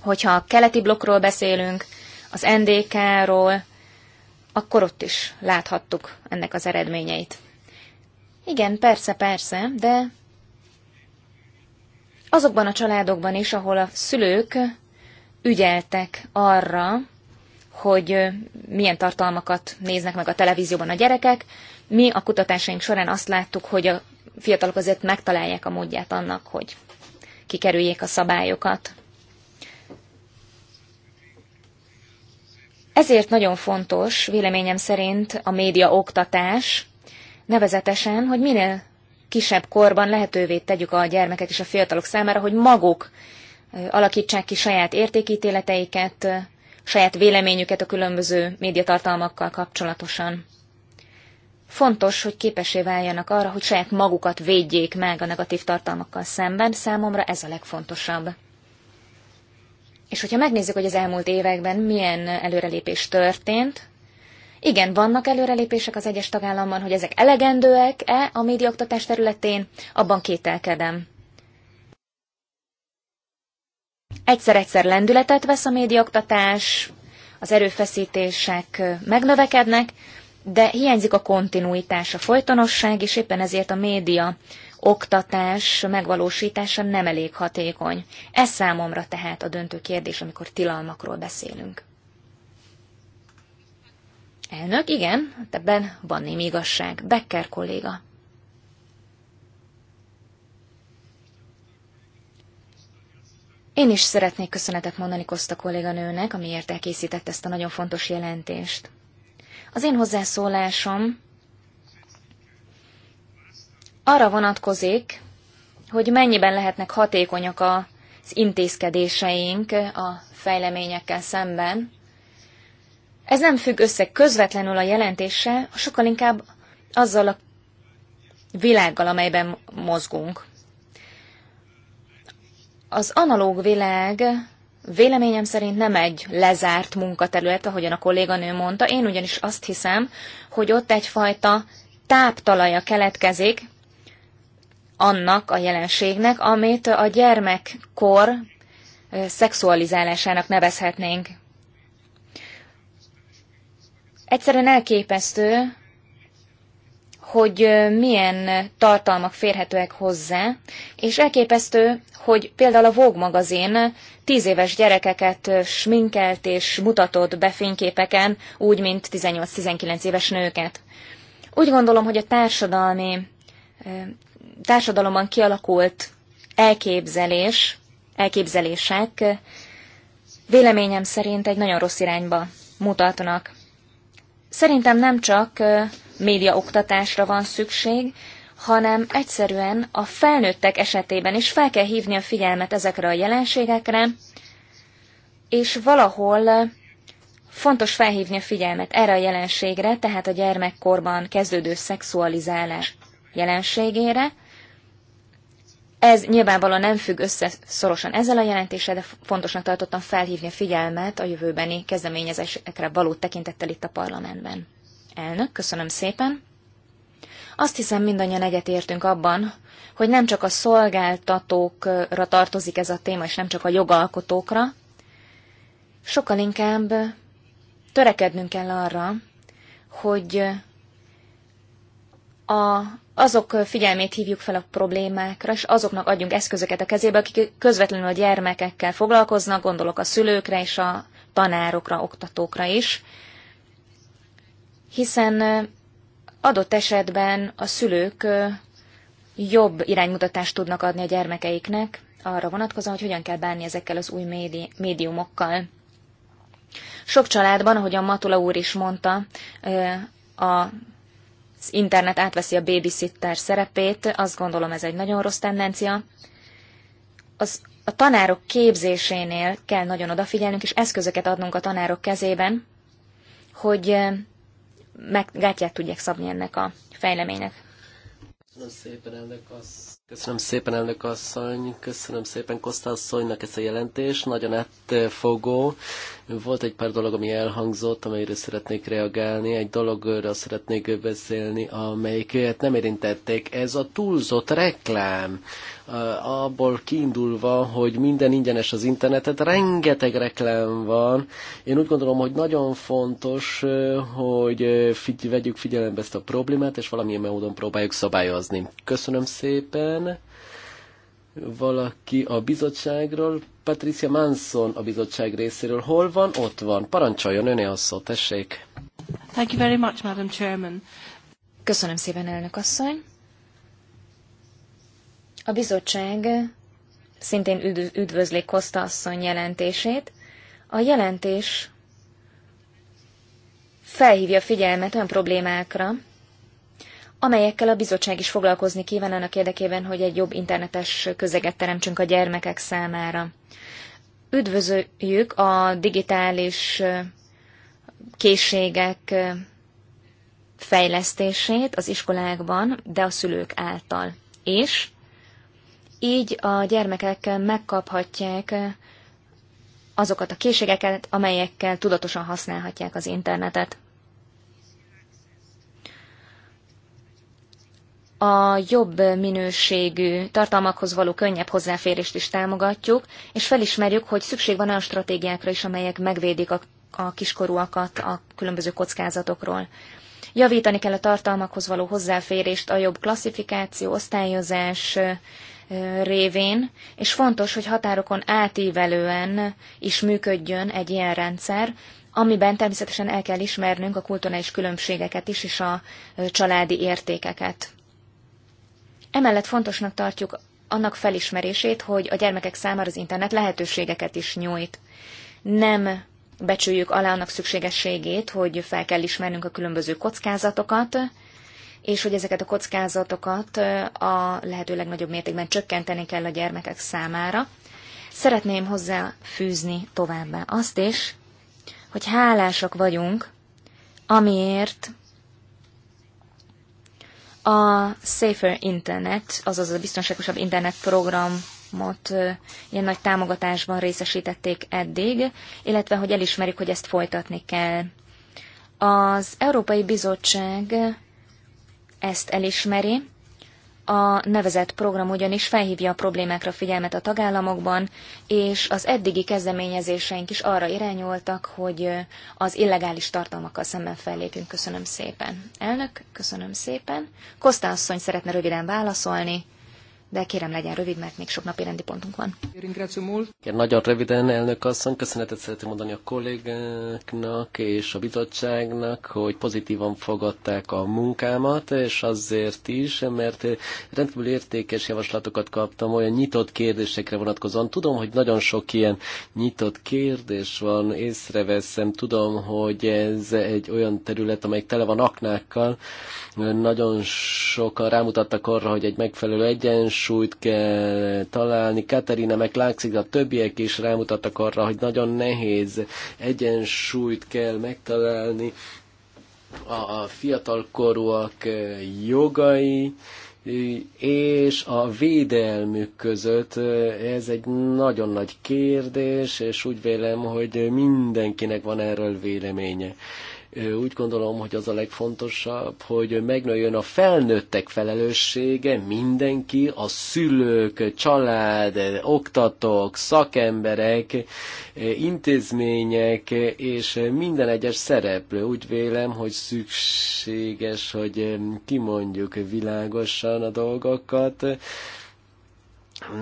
Hogyha a keleti blokkról beszélünk, az NDK-ról, akkor ott is láthattuk ennek az eredményeit. Igen, persze, persze, de azokban a családokban is, ahol a szülők ügyeltek arra, hogy milyen tartalmakat néznek meg a televízióban a gyerekek. Mi a kutatásaink során azt láttuk, hogy a fiatalok azért megtalálják a módját annak, hogy kikerüljék a szabályokat. Ezért nagyon fontos, véleményem szerint, a média oktatás, nevezetesen, hogy minél kisebb korban lehetővé tegyük a gyermekek és a fiatalok számára, hogy maguk alakítsák ki saját értékítéleteiket, saját véleményüket a különböző médiatartalmakkal kapcsolatosan. Fontos, hogy képesé váljanak arra, hogy saját magukat védjék meg a negatív tartalmakkal szemben, számomra ez a legfontosabb. És hogyha megnézzük, hogy az elmúlt években milyen előrelépés történt, igen, vannak előrelépések az egyes tagállamban, hogy ezek elegendőek-e a médiaoktatás területén, abban kételkedem. Egyszer-egyszer lendületet vesz a médiaoktatás, az erőfeszítések megnövekednek, de hiányzik a kontinuitás, a folytonosság, és éppen ezért a média oktatás megvalósítása nem elég hatékony. Ez számomra tehát a döntő kérdés, amikor tilalmakról beszélünk. Elnök, igen, hát ebben van némi igazság. Becker kolléga. Én is szeretnék köszönetet mondani Koszta kolléganőnek, amiért elkészített ezt a nagyon fontos jelentést. Az én hozzászólásom arra vonatkozik, hogy mennyiben lehetnek hatékonyak az intézkedéseink a fejleményekkel szemben, ez nem függ össze közvetlenül a jelentéssel, sokkal inkább azzal a világgal, amelyben mozgunk. Az analóg világ véleményem szerint nem egy lezárt munkaterület, ahogyan a kolléganő mondta. Én ugyanis azt hiszem, hogy ott egyfajta táptalaja keletkezik annak a jelenségnek, amit a gyermekkor szexualizálásának nevezhetnénk. Egyszerűen elképesztő, hogy milyen tartalmak férhetőek hozzá, és elképesztő, hogy például a Vogue magazin tíz éves gyerekeket sminkelt és mutatott be fényképeken, úgy, mint 18-19 éves nőket. Úgy gondolom, hogy a társadalmi, társadalomban kialakult elképzelés, elképzelések véleményem szerint egy nagyon rossz irányba mutatnak. Szerintem nem csak médiaoktatásra van szükség, hanem egyszerűen a felnőttek esetében is fel kell hívni a figyelmet ezekre a jelenségekre, és valahol fontos felhívni a figyelmet erre a jelenségre, tehát a gyermekkorban kezdődő szexualizálás jelenségére, ez nyilvánvalóan nem függ össze szorosan ezzel a jelentéssel, de fontosnak tartottam felhívni a figyelmet a jövőbeni kezdeményezésekre való tekintettel itt a parlamentben. Elnök, köszönöm szépen. Azt hiszem mindannyian egyetértünk abban, hogy nem csak a szolgáltatókra tartozik ez a téma, és nem csak a jogalkotókra, sokkal inkább törekednünk kell arra, hogy a azok figyelmét hívjuk fel a problémákra, és azoknak adjunk eszközöket a kezébe, akik közvetlenül a gyermekekkel foglalkoznak, gondolok a szülőkre és a tanárokra, oktatókra is, hiszen adott esetben a szülők jobb iránymutatást tudnak adni a gyermekeiknek, arra vonatkozóan, hogy hogyan kell bánni ezekkel az új médi- médiumokkal. Sok családban, ahogy a Matula úr is mondta, a internet átveszi a babysitter szerepét, azt gondolom ez egy nagyon rossz tendencia. Az, a tanárok képzésénél kell nagyon odafigyelnünk, és eszközöket adnunk a tanárok kezében, hogy eh, gátját tudják szabni ennek a fejleménynek. Köszönöm szépen ennek az Köszönöm szépen, elnök asszony, köszönöm szépen Koszta asszonynak ezt a jelentést, nagyon átfogó. Volt egy pár dolog, ami elhangzott, amelyre szeretnék reagálni, egy dologra szeretnék beszélni, amelyiket nem érintették. Ez a túlzott reklám, abból kiindulva, hogy minden ingyenes az internetet, rengeteg reklám van. Én úgy gondolom, hogy nagyon fontos, hogy figy- vegyük figyelembe ezt a problémát, és valamilyen módon próbáljuk szabályozni. Köszönöm szépen! van valaki a bizottságról. Patricia Manson a bizottság részéről. Hol van? Ott van. Parancsoljon, öné a szó, tessék. Thank you very much, Madam Chairman. Köszönöm szépen, elnök asszony. A bizottság szintén üdvözli Kosta asszony jelentését. A jelentés felhívja figyelmet olyan problémákra, amelyekkel a bizottság is foglalkozni kíván annak érdekében, hogy egy jobb internetes közeget teremtsünk a gyermekek számára. Üdvözöljük a digitális készségek fejlesztését az iskolákban, de a szülők által. És így a gyermekek megkaphatják azokat a készségeket, amelyekkel tudatosan használhatják az internetet. a jobb minőségű tartalmakhoz való könnyebb hozzáférést is támogatjuk, és felismerjük, hogy szükség van olyan stratégiákra is, amelyek megvédik a, a kiskorúakat a különböző kockázatokról. Javítani kell a tartalmakhoz való hozzáférést a jobb klasszifikáció, osztályozás révén, és fontos, hogy határokon átívelően is működjön egy ilyen rendszer, amiben természetesen el kell ismernünk a kulturális különbségeket is, és a családi értékeket. Emellett fontosnak tartjuk annak felismerését, hogy a gyermekek számára az internet lehetőségeket is nyújt. Nem becsüljük alá annak szükségességét, hogy fel kell ismernünk a különböző kockázatokat, és hogy ezeket a kockázatokat a lehető legnagyobb mértékben csökkenteni kell a gyermekek számára. Szeretném hozzáfűzni továbbá azt is, hogy hálásak vagyunk, amiért a Safer Internet, azaz a biztonságosabb internet programot ilyen nagy támogatásban részesítették eddig, illetve hogy elismerik, hogy ezt folytatni kell. Az Európai Bizottság ezt elismeri, a nevezett program ugyanis felhívja a problémákra figyelmet a tagállamokban, és az eddigi kezdeményezéseink is arra irányultak, hogy az illegális tartalmakkal szemben fellépjünk. Köszönöm szépen. Elnök, köszönöm szépen. Kosztá asszony szeretne röviden válaszolni de kérem legyen rövid, mert még sok napi rendi pontunk van. Én nagyon röviden, elnök asszony, köszönetet szeretném mondani a kollégáknak és a bizottságnak, hogy pozitívan fogadták a munkámat, és azért is, mert rendkívül értékes javaslatokat kaptam olyan nyitott kérdésekre vonatkozóan. Tudom, hogy nagyon sok ilyen nyitott kérdés van, észreveszem, tudom, hogy ez egy olyan terület, amely tele van aknákkal. Nagyon sokan rámutattak arra, hogy egy megfelelő egyensúly, egyensúlyt kell találni. Katerina meg látszik, a többiek is rámutattak arra, hogy nagyon nehéz egyensúlyt kell megtalálni a fiatalkorúak jogai, és a védelmük között ez egy nagyon nagy kérdés, és úgy vélem, hogy mindenkinek van erről véleménye. Úgy gondolom, hogy az a legfontosabb, hogy megnőjön a felnőttek felelőssége, mindenki, a szülők, család, oktatók, szakemberek, intézmények és minden egyes szereplő. Úgy vélem, hogy szükséges, hogy kimondjuk világosan a dolgokat,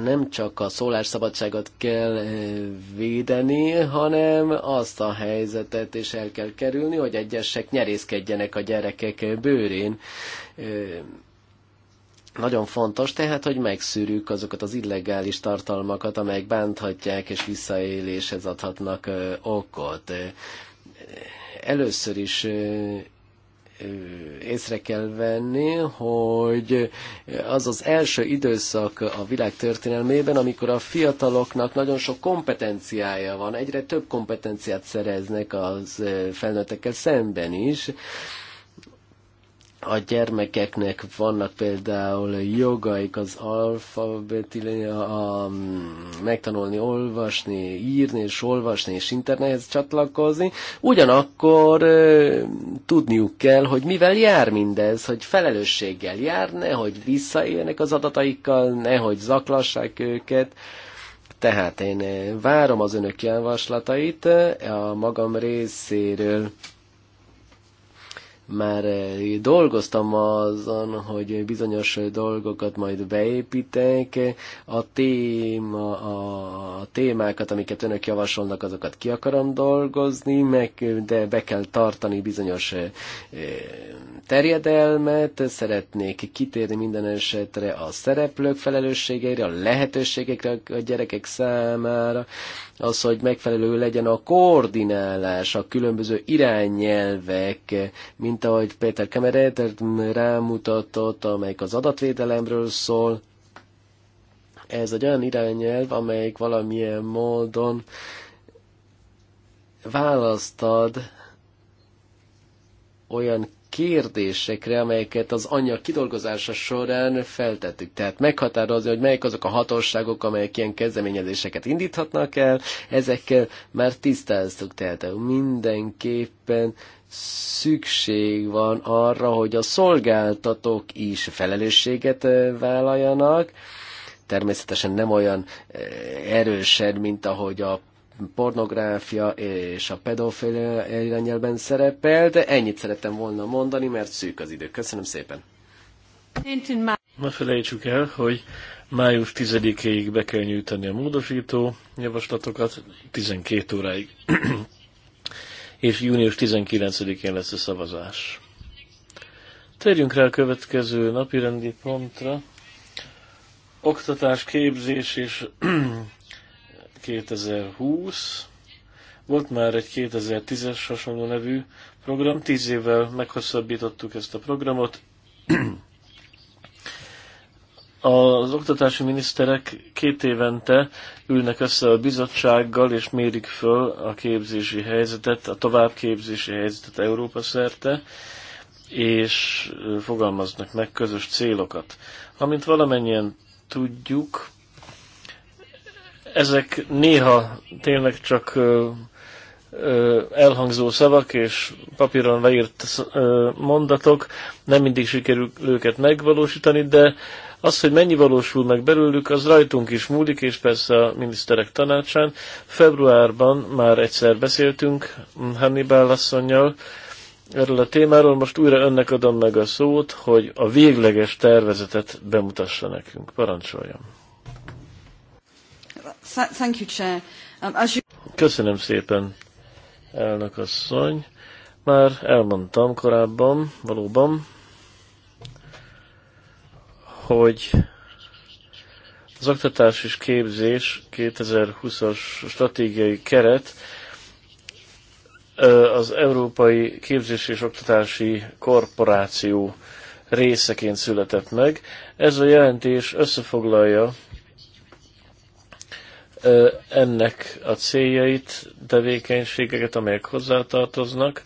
nem csak a szólásszabadságot kell védeni, hanem azt a helyzetet is el kell kerülni, hogy egyesek nyerészkedjenek a gyerekek bőrén. Nagyon fontos tehát, hogy megszűrjük azokat az illegális tartalmakat, amelyek bánthatják és visszaéléshez adhatnak okot. Először is észre kell venni, hogy az az első időszak a világ történelmében, amikor a fiataloknak nagyon sok kompetenciája van, egyre több kompetenciát szereznek az felnőttekkel szemben is, a gyermekeknek vannak például jogaik az alfabeti, a, megtanulni olvasni, írni és olvasni és internethez csatlakozni, ugyanakkor ö, tudniuk kell, hogy mivel jár mindez, hogy felelősséggel jár, nehogy visszaélnek az adataikkal, nehogy zaklassák őket, tehát én várom az önök javaslatait a magam részéről már eh, dolgoztam azon, hogy bizonyos dolgokat majd beépítek, a, téma, a témákat, amiket önök javasolnak, azokat ki akarom dolgozni, meg, de be kell tartani bizonyos eh, terjedelmet, szeretnék kitérni minden esetre a szereplők felelősségeire, a lehetőségekre a gyerekek számára, az, hogy megfelelő legyen a koordinálás a különböző irányelvek, mint ahogy Péter Kemeret rámutatott, amelyik az adatvédelemről szól. Ez egy olyan irányelv, amelyik valamilyen módon választad olyan kérdésekre, amelyeket az anyag kidolgozása során feltettük. Tehát meghatározni, hogy melyik azok a hatóságok, amelyek ilyen kezdeményezéseket indíthatnak el, ezekkel már tisztáztuk. Tehát mindenképpen szükség van arra, hogy a szolgáltatók is felelősséget eh, vállaljanak, természetesen nem olyan eh, erősen, mint ahogy a pornográfia és a pedofil irányelben szerepel, de ennyit szerettem volna mondani, mert szűk az idő. Köszönöm szépen. Ne felejtsük el, hogy május 10-ig be kell nyújtani a módosító javaslatokat, 12 óráig. [clears throat] és június 19-én lesz a szavazás. Térjünk rá a következő napirendi pontra. Oktatás, képzés és 2020, volt már egy 2010-es hasonló nevű program, tíz évvel meghosszabbítottuk ezt a programot. [clears throat] Az oktatási miniszterek két évente ülnek össze a bizottsággal, és mérik föl a képzési helyzetet, a továbbképzési helyzetet Európa szerte, és fogalmaznak meg közös célokat. Amint valamennyien tudjuk, ezek néha tényleg csak elhangzó szavak és papíron leírt mondatok, nem mindig sikerül őket megvalósítani, de az, hogy mennyi valósul meg belőlük, az rajtunk is múlik, és persze a miniszterek tanácsán. Februárban már egyszer beszéltünk Hannibal asszonynal erről a témáról, most újra önnek adom meg a szót, hogy a végleges tervezetet bemutassa nekünk. Parancsoljam! thank you, Chair. Um, as you... Köszönöm szépen, elnök asszony. Már elmondtam korábban, valóban, hogy az oktatás és képzés 2020-as stratégiai keret az Európai Képzés és Oktatási Korporáció részeként született meg. Ez a jelentés összefoglalja ennek a céljait, tevékenységeket, amelyek hozzátartoznak,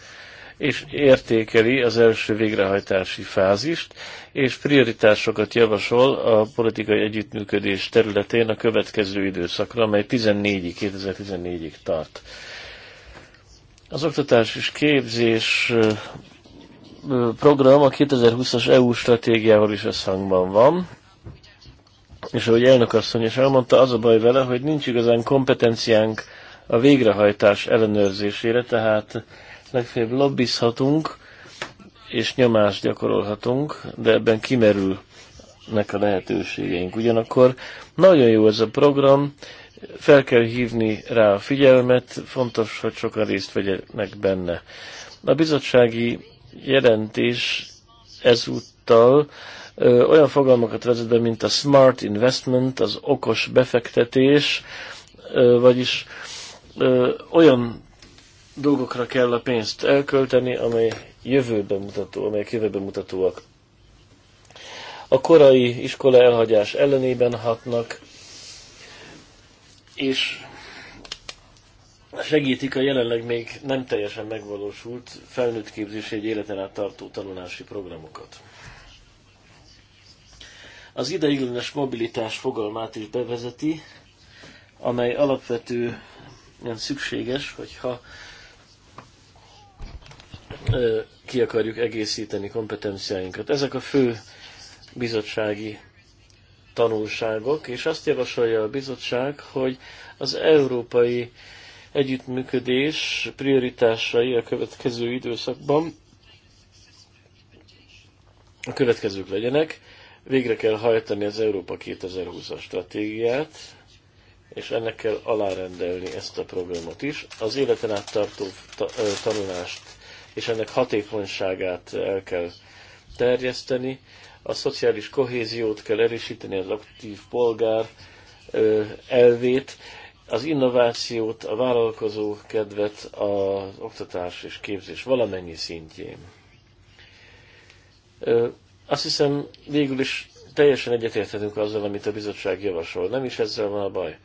és értékeli az első végrehajtási fázist, és prioritásokat javasol a politikai együttműködés területén a következő időszakra, amely 14-ig, 2014-ig tart. Az oktatás és képzés program a 2020-as EU stratégiával is összhangban van és ahogy elnökasszony is elmondta, az a baj vele, hogy nincs igazán kompetenciánk a végrehajtás ellenőrzésére, tehát legfeljebb lobbizhatunk, és nyomást gyakorolhatunk, de ebben kimerülnek a lehetőségeink. Ugyanakkor nagyon jó ez a program, fel kell hívni rá a figyelmet, fontos, hogy sokan részt vegyenek benne. A bizottsági jelentés ezúttal olyan fogalmakat vezet be, mint a smart investment, az okos befektetés, vagyis olyan dolgokra kell a pénzt elkölteni, amely jövőben mutató, amelyek jövőben mutatóak. A korai iskola elhagyás ellenében hatnak, és segítik a jelenleg még nem teljesen megvalósult felnőtt képzési egy életen át tartó tanulási programokat. Az ideiglenes mobilitás fogalmát is bevezeti, amely alapvetően szükséges, hogyha ki akarjuk egészíteni kompetenciáinkat. Ezek a fő bizottsági tanulságok, és azt javasolja a bizottság, hogy az európai együttműködés prioritásai a következő időszakban a következők legyenek. Végre kell hajtani az Európa 2020-as stratégiát, és ennek kell alárendelni ezt a programot is. Az életen át tartó tanulást és ennek hatékonyságát el kell terjeszteni, a szociális kohéziót kell erősíteni, az aktív polgár elvét, az innovációt, a vállalkozó kedvet az oktatás és képzés valamennyi szintjén. Azt hiszem, végül is teljesen egyetérthetünk azzal, amit a bizottság javasol. Nem is ezzel van a baj.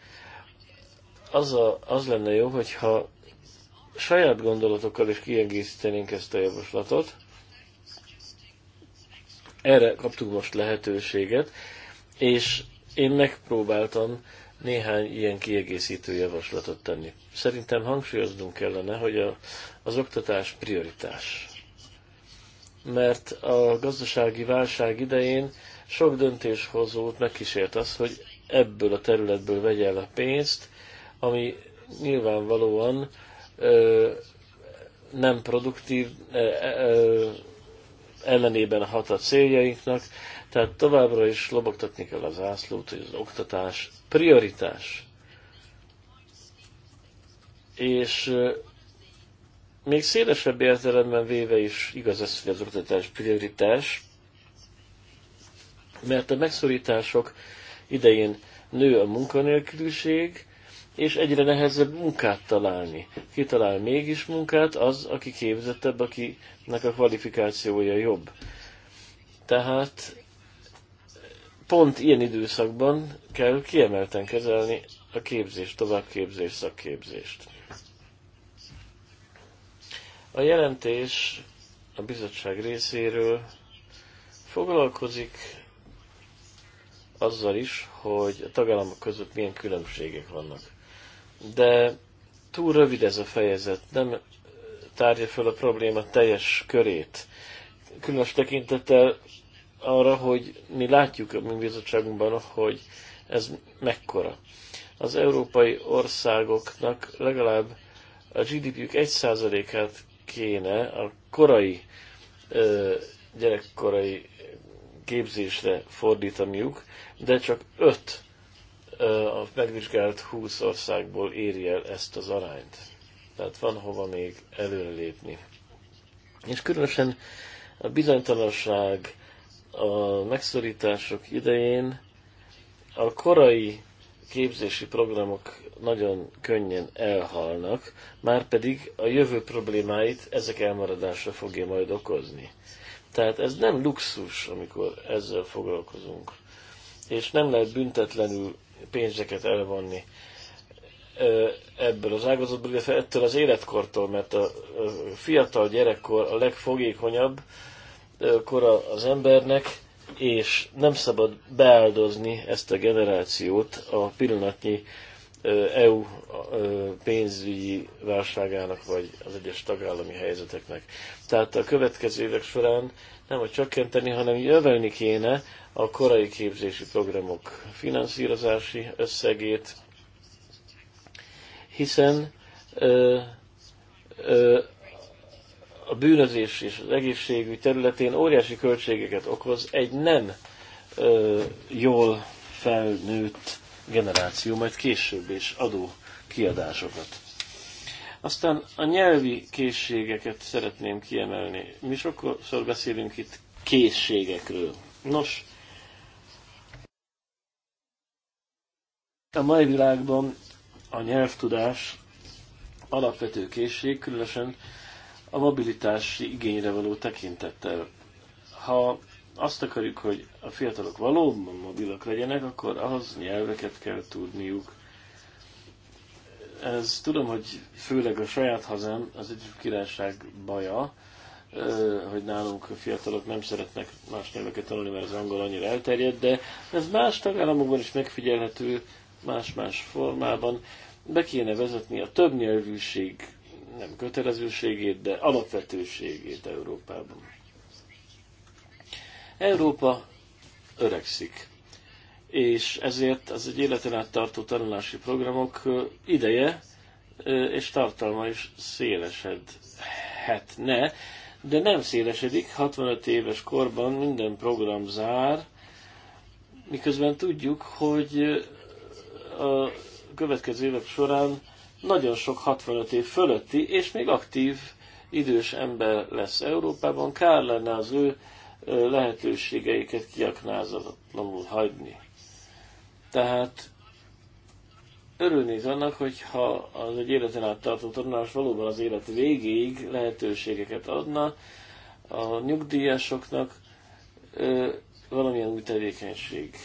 Az, a, az lenne jó, hogyha saját gondolatokkal is kiegészítenénk ezt a javaslatot. Erre kaptuk most lehetőséget, és én megpróbáltam néhány ilyen kiegészítő javaslatot tenni. Szerintem hangsúlyoznunk kellene, hogy a, az oktatás prioritás mert a gazdasági válság idején sok döntéshozót megkísért az, hogy ebből a területből vegye el a pénzt, ami nyilvánvalóan ö, nem produktív, ö, ö, ellenében hat a céljainknak, tehát továbbra is lobogtatni kell az ászlót, hogy az oktatás prioritás. És még szélesebb értelemben véve is igaz az, hogy az oktatás prioritás, mert a megszorítások idején nő a munkanélküliség, és egyre nehezebb munkát találni. Kitalál mégis munkát az, aki képzettebb, akinek a kvalifikációja jobb. Tehát pont ilyen időszakban kell kiemelten kezelni a képzést, továbbképzést, szakképzést. A jelentés a bizottság részéről foglalkozik azzal is, hogy a tagállamok között milyen különbségek vannak. De túl rövid ez a fejezet, nem tárja föl a probléma teljes körét. Különös tekintettel arra, hogy mi látjuk a mi bizottságunkban, hogy ez mekkora. Az európai országoknak legalább a GDP-jük 1%-át kéne a korai gyerekkorai képzésre fordítaniuk, de csak öt a megvizsgált 20 országból éri el ezt az arányt. Tehát van hova még előrelépni. És különösen a bizonytalanság a megszorítások idején a korai képzési programok nagyon könnyen elhalnak, már pedig a jövő problémáit ezek elmaradása fogja majd okozni. Tehát ez nem luxus, amikor ezzel foglalkozunk. És nem lehet büntetlenül pénzeket elvonni ebből az ágazatból, illetve ettől az életkortól, mert a fiatal gyerekkor a legfogékonyabb kora az embernek, és nem szabad beáldozni ezt a generációt a pillanatnyi EU pénzügyi válságának, vagy az egyes tagállami helyzeteknek. Tehát a következő évek során nem a csökkenteni, hanem jövelni kéne a korai képzési programok finanszírozási összegét, hiszen ö, ö, a bűnözés és az egészségügy területén óriási költségeket okoz egy nem ö, jól felnőtt generáció majd később és adó kiadásokat. Aztán a nyelvi készségeket szeretném kiemelni. Mi sokszor beszélünk itt készségekről. Nos, a mai világban a nyelvtudás alapvető készség, különösen a mobilitási igényre való tekintettel. Ha azt akarjuk, hogy a fiatalok valóban mobilak legyenek, akkor ahhoz nyelveket kell tudniuk. Ez tudom, hogy főleg a saját hazám, az Egyesült Királyság baja, hogy nálunk a fiatalok nem szeretnek más nyelveket tanulni, mert az angol annyira elterjedt, de ez más tagállamokban is megfigyelhető, más-más formában. Be kéne vezetni a többnyelvűség nem kötelezőségét, de alapvetőségét Európában. Európa öregszik, és ezért az egy életen át tartó tanulási programok ideje és tartalma is szélesedhetne, de nem szélesedik, 65 éves korban minden program zár, miközben tudjuk, hogy a következő évek során nagyon sok 65 év fölötti és még aktív idős ember lesz Európában, kár lenne az ő lehetőségeiket kiaknázatlanul hagyni. Tehát örülnék annak, hogyha az egy életen át tartó tanulás valóban az élet végéig lehetőségeket adna a nyugdíjasoknak ö, valamilyen új tevékenység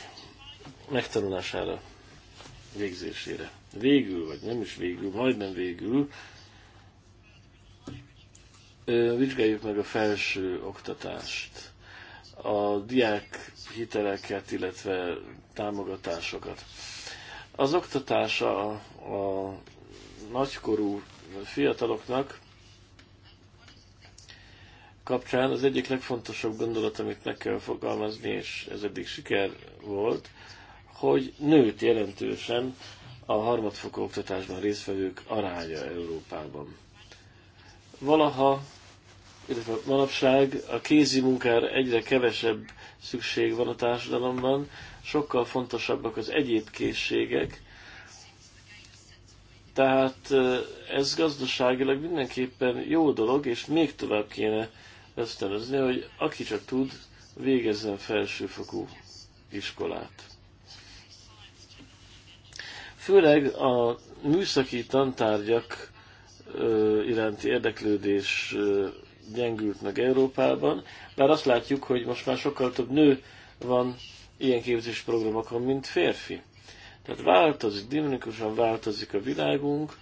megtanulására, végzésére. Végül, vagy nem is végül, majdnem végül, ö, vizsgáljuk meg a felső oktatást a diák hiteleket, illetve támogatásokat. Az oktatása a, a nagykorú fiataloknak kapcsán az egyik legfontosabb gondolat, amit meg kell fogalmazni, és ez eddig siker volt, hogy nőtt jelentősen a harmadfokú oktatásban résztvevők aránya Európában. Valaha illetve manapság a kézi munkára egyre kevesebb szükség van a társadalomban, sokkal fontosabbak az egyéb készségek, tehát ez gazdaságilag mindenképpen jó dolog, és még tovább kéne ösztönözni, hogy aki csak tud, végezzen felsőfokú iskolát. Főleg a műszaki tantárgyak iránti érdeklődés gyengült meg Európában, bár azt látjuk, hogy most már sokkal több nő van ilyen képzés programokon, mint férfi. Tehát változik, dinamikusan változik a világunk,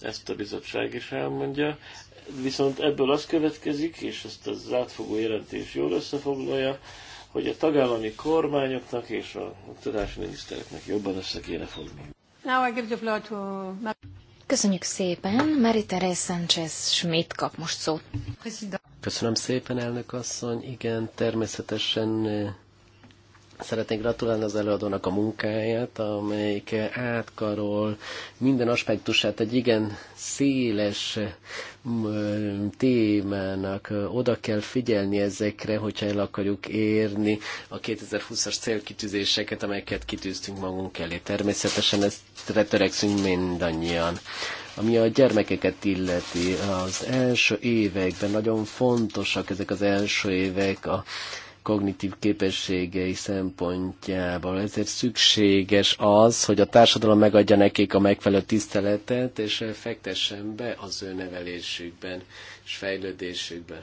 ezt a bizottság is elmondja, viszont ebből az következik, és ezt az átfogó jelentés jól összefoglalja, hogy a tagállami kormányoknak és a oktatási minisztereknek jobban össze kéne fogni. Now I give the floor to... Köszönjük szépen. Marie-Therese Sánchez Schmidt kap most szót. Köszönöm szépen, elnök asszony. Igen, természetesen eh, Szeretnék gratulálni az előadónak a munkáját, amelyik átkarol minden aspektusát egy igen széles témának. Oda kell figyelni ezekre, hogyha el akarjuk érni a 2020-as célkitűzéseket, amelyeket kitűztünk magunk elé. Természetesen ezt törekszünk mindannyian ami a gyermekeket illeti. Az első években nagyon fontosak ezek az első évek, a kognitív képességei szempontjából. Ezért szükséges az, hogy a társadalom megadja nekik a megfelelő tiszteletet, és fektessen be az ő nevelésükben és fejlődésükben.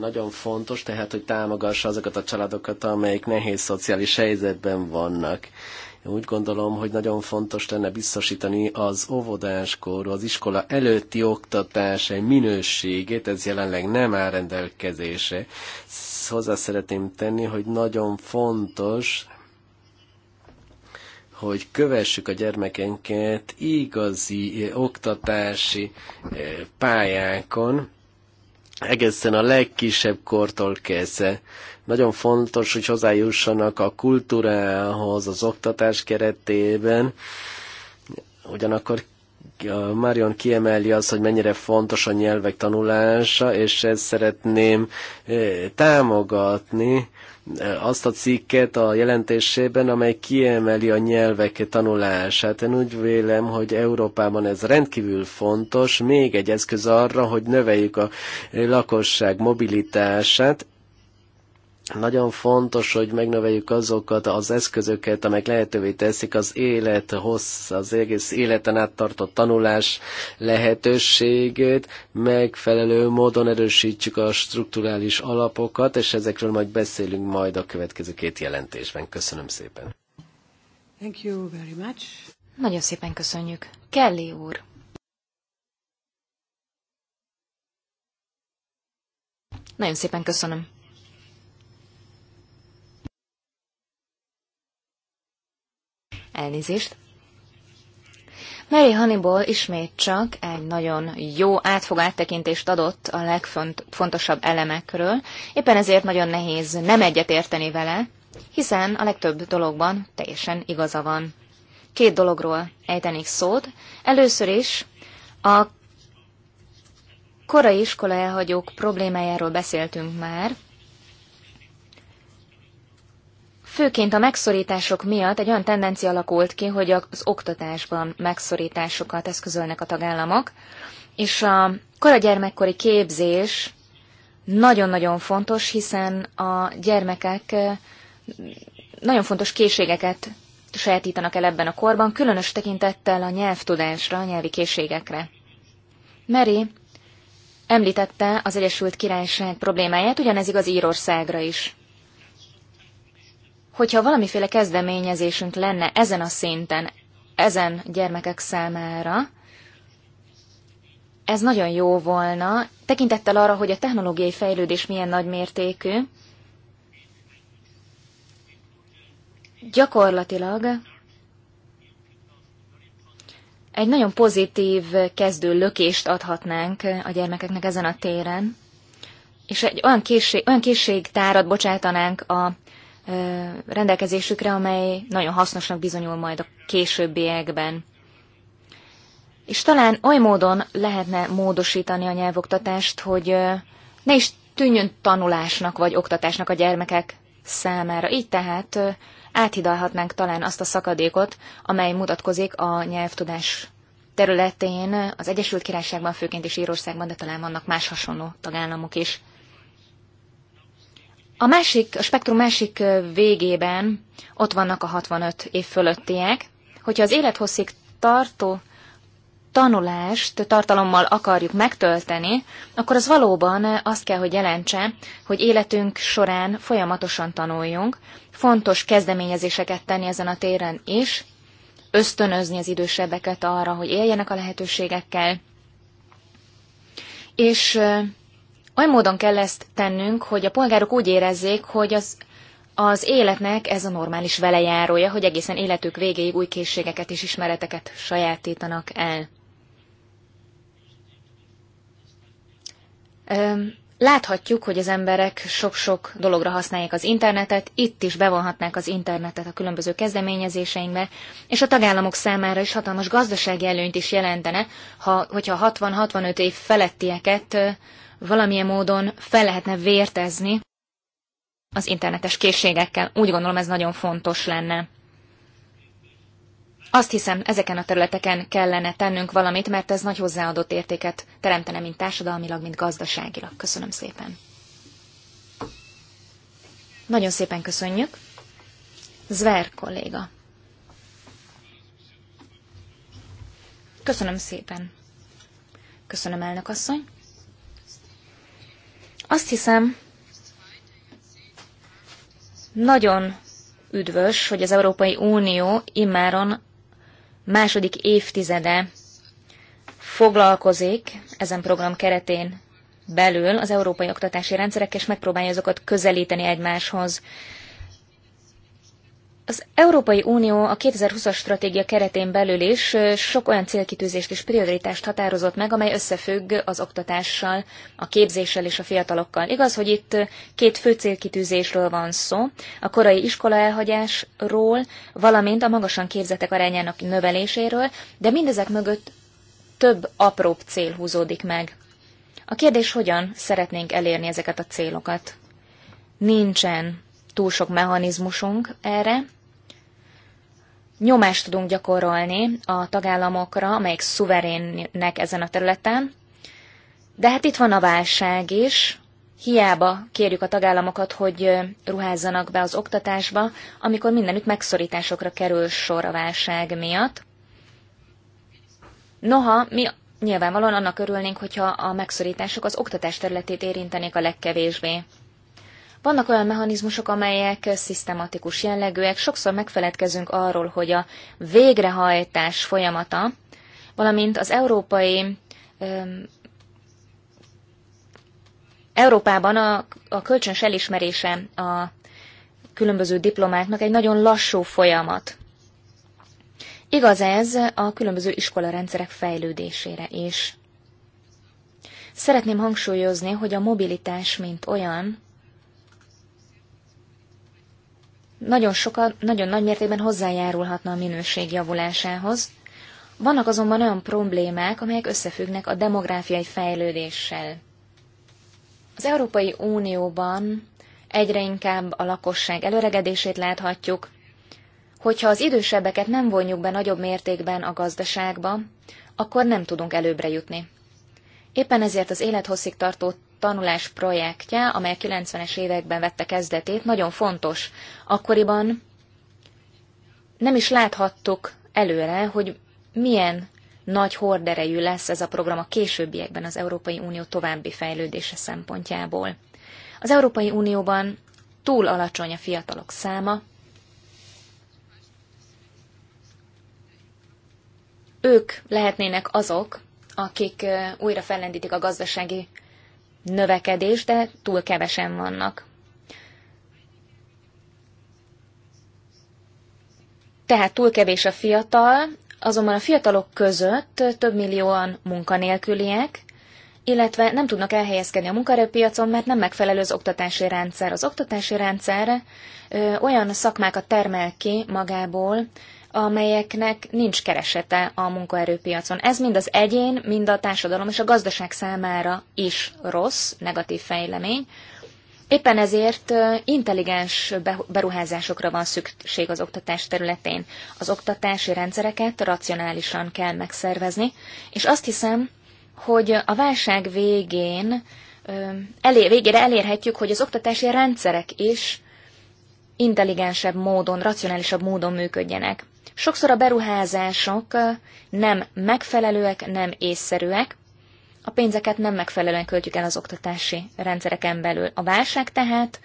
Nagyon fontos tehát, hogy támogassa azokat a családokat, amelyik nehéz szociális helyzetben vannak úgy gondolom, hogy nagyon fontos lenne biztosítani az óvodáskorú, az iskola előtti oktatás egy minőségét, ez jelenleg nem áll rendelkezése. Hozzá szeretném tenni, hogy nagyon fontos, hogy kövessük a gyermekeinket igazi eh, oktatási eh, pályákon, egészen a legkisebb kortól kezdve. Nagyon fontos, hogy hozzájussanak a kultúrához az oktatás keretében, ugyanakkor Marion kiemeli azt, hogy mennyire fontos a nyelvek tanulása, és ezt szeretném eh, támogatni, azt a cikket a jelentésében, amely kiemeli a nyelvek tanulását. Én úgy vélem, hogy Európában ez rendkívül fontos, még egy eszköz arra, hogy növeljük a lakosság mobilitását, nagyon fontos, hogy megnöveljük azokat az eszközöket, amelyek lehetővé teszik az élet hossz, az egész életen át tanulás lehetőségét, megfelelő módon erősítsük a strukturális alapokat, és ezekről majd beszélünk majd a következő két jelentésben. Köszönöm szépen. Thank you very much. Nagyon szépen köszönjük. Kelly úr. Nagyon szépen köszönöm. Elnézést. Mary Hannibal ismét csak egy nagyon jó átfogó áttekintést adott a legfontosabb elemekről, éppen ezért nagyon nehéz nem egyet érteni vele, hiszen a legtöbb dologban teljesen igaza van. Két dologról ejtenék szót. Először is a korai iskola elhagyók problémájáról beszéltünk már, Főként a megszorítások miatt egy olyan tendencia alakult ki, hogy az oktatásban megszorításokat eszközölnek a tagállamok, és a koragyermekkori képzés nagyon-nagyon fontos, hiszen a gyermekek eh, nagyon fontos készségeket sajátítanak el ebben a korban, különös tekintettel a nyelvtudásra, a nyelvi készségekre. Mary említette az Egyesült Királyság problémáját, ugyanez igaz Írországra is hogyha valamiféle kezdeményezésünk lenne ezen a szinten, ezen gyermekek számára, ez nagyon jó volna, tekintettel arra, hogy a technológiai fejlődés milyen nagymértékű, gyakorlatilag egy nagyon pozitív kezdő lökést adhatnánk a gyermekeknek ezen a téren, és egy olyan, készség, olyan készségtárat bocsátanánk a rendelkezésükre, amely nagyon hasznosnak bizonyul majd a későbbiekben. És talán oly módon lehetne módosítani a nyelvoktatást, hogy ne is tűnjön tanulásnak vagy oktatásnak a gyermekek számára. Így tehát áthidalhatnánk talán azt a szakadékot, amely mutatkozik a nyelvtudás területén, az Egyesült Királyságban, főként is Írországban, de talán vannak más hasonló tagállamok is. A másik, a spektrum másik végében ott vannak a 65 év fölöttiek. Hogyha az élethosszig tartó tanulást tartalommal akarjuk megtölteni, akkor az valóban azt kell, hogy jelentse, hogy életünk során folyamatosan tanuljunk, fontos kezdeményezéseket tenni ezen a téren is, ösztönözni az idősebbeket arra, hogy éljenek a lehetőségekkel, és olyan módon kell ezt tennünk, hogy a polgárok úgy érezzék, hogy az, az életnek ez a normális velejárója, hogy egészen életük végéig új készségeket és ismereteket sajátítanak el. Láthatjuk, hogy az emberek sok-sok dologra használják az internetet, itt is bevonhatnák az internetet a különböző kezdeményezéseinkbe, és a tagállamok számára is hatalmas gazdasági előnyt is jelentene, ha, hogyha 60-65 év felettieket valamilyen módon fel lehetne vértezni az internetes készségekkel. Úgy gondolom ez nagyon fontos lenne. Azt hiszem, ezeken a területeken kellene tennünk valamit, mert ez nagy hozzáadott értéket teremtene, mint társadalmilag, mint gazdaságilag. Köszönöm szépen. Nagyon szépen köszönjük. Zver kolléga. Köszönöm szépen. Köszönöm, elnök asszony. Azt hiszem, nagyon üdvös, hogy az Európai Unió immáron második évtizede foglalkozik ezen program keretén belül az európai oktatási rendszerek, és megpróbálja azokat közelíteni egymáshoz. Az Európai Unió a 2020-as stratégia keretén belül is sok olyan célkitűzést és prioritást határozott meg, amely összefügg az oktatással, a képzéssel és a fiatalokkal. Igaz, hogy itt két fő célkitűzésről van szó, a korai iskola elhagyásról, valamint a magasan képzettek arányának növeléséről, de mindezek mögött több apróbb cél húzódik meg. A kérdés, hogyan szeretnénk elérni ezeket a célokat? Nincsen túl sok mechanizmusunk erre. Nyomást tudunk gyakorolni a tagállamokra, amelyek szuverénnek ezen a területen, de hát itt van a válság is, Hiába kérjük a tagállamokat, hogy ruházzanak be az oktatásba, amikor mindenütt megszorításokra kerül sor a válság miatt. Noha, mi nyilvánvalóan annak örülnénk, hogyha a megszorítások az oktatás területét érintenék a legkevésbé. Vannak olyan mechanizmusok, amelyek szisztematikus jellegűek, sokszor megfeledkezünk arról, hogy a végrehajtás folyamata, valamint az európai Európában a, a kölcsönös elismerése a különböző diplomáknak egy nagyon lassú folyamat. Igaz ez a különböző iskolarendszerek fejlődésére is. Szeretném hangsúlyozni, hogy a mobilitás, mint olyan, nagyon sokan, nagyon nagy mértékben hozzájárulhatna a minőség javulásához. Vannak azonban olyan problémák, amelyek összefüggnek a demográfiai fejlődéssel. Az Európai Unióban egyre inkább a lakosság előregedését láthatjuk, hogyha az idősebbeket nem vonjuk be nagyobb mértékben a gazdaságba, akkor nem tudunk előbbre jutni. Éppen ezért az élethosszig tartó tanulás projektje, amely 90-es években vette kezdetét, nagyon fontos. Akkoriban nem is láthattuk előre, hogy milyen nagy horderejű lesz ez a program a későbbiekben az Európai Unió további fejlődése szempontjából. Az Európai Unióban túl alacsony a fiatalok száma, ők lehetnének azok, akik újra fellendítik a gazdasági növekedés, de túl kevesen vannak. Tehát túl kevés a fiatal, azonban a fiatalok között több millióan munkanélküliek, illetve nem tudnak elhelyezkedni a munkaerőpiacon, mert nem megfelelő az oktatási rendszer. Az oktatási rendszer ö, olyan szakmákat termel ki magából, amelyeknek nincs keresete a munkaerőpiacon. Ez mind az egyén, mind a társadalom és a gazdaság számára is rossz, negatív fejlemény. Éppen ezért intelligens beruházásokra van szükség az oktatás területén. Az oktatási rendszereket racionálisan kell megszervezni, és azt hiszem, hogy a válság végén elér, végére elérhetjük, hogy az oktatási rendszerek is intelligensebb módon, racionálisabb módon működjenek. Sokszor a beruházások nem megfelelőek, nem észszerűek, a pénzeket nem megfelelően költjük el az oktatási rendszereken belül. A válság tehát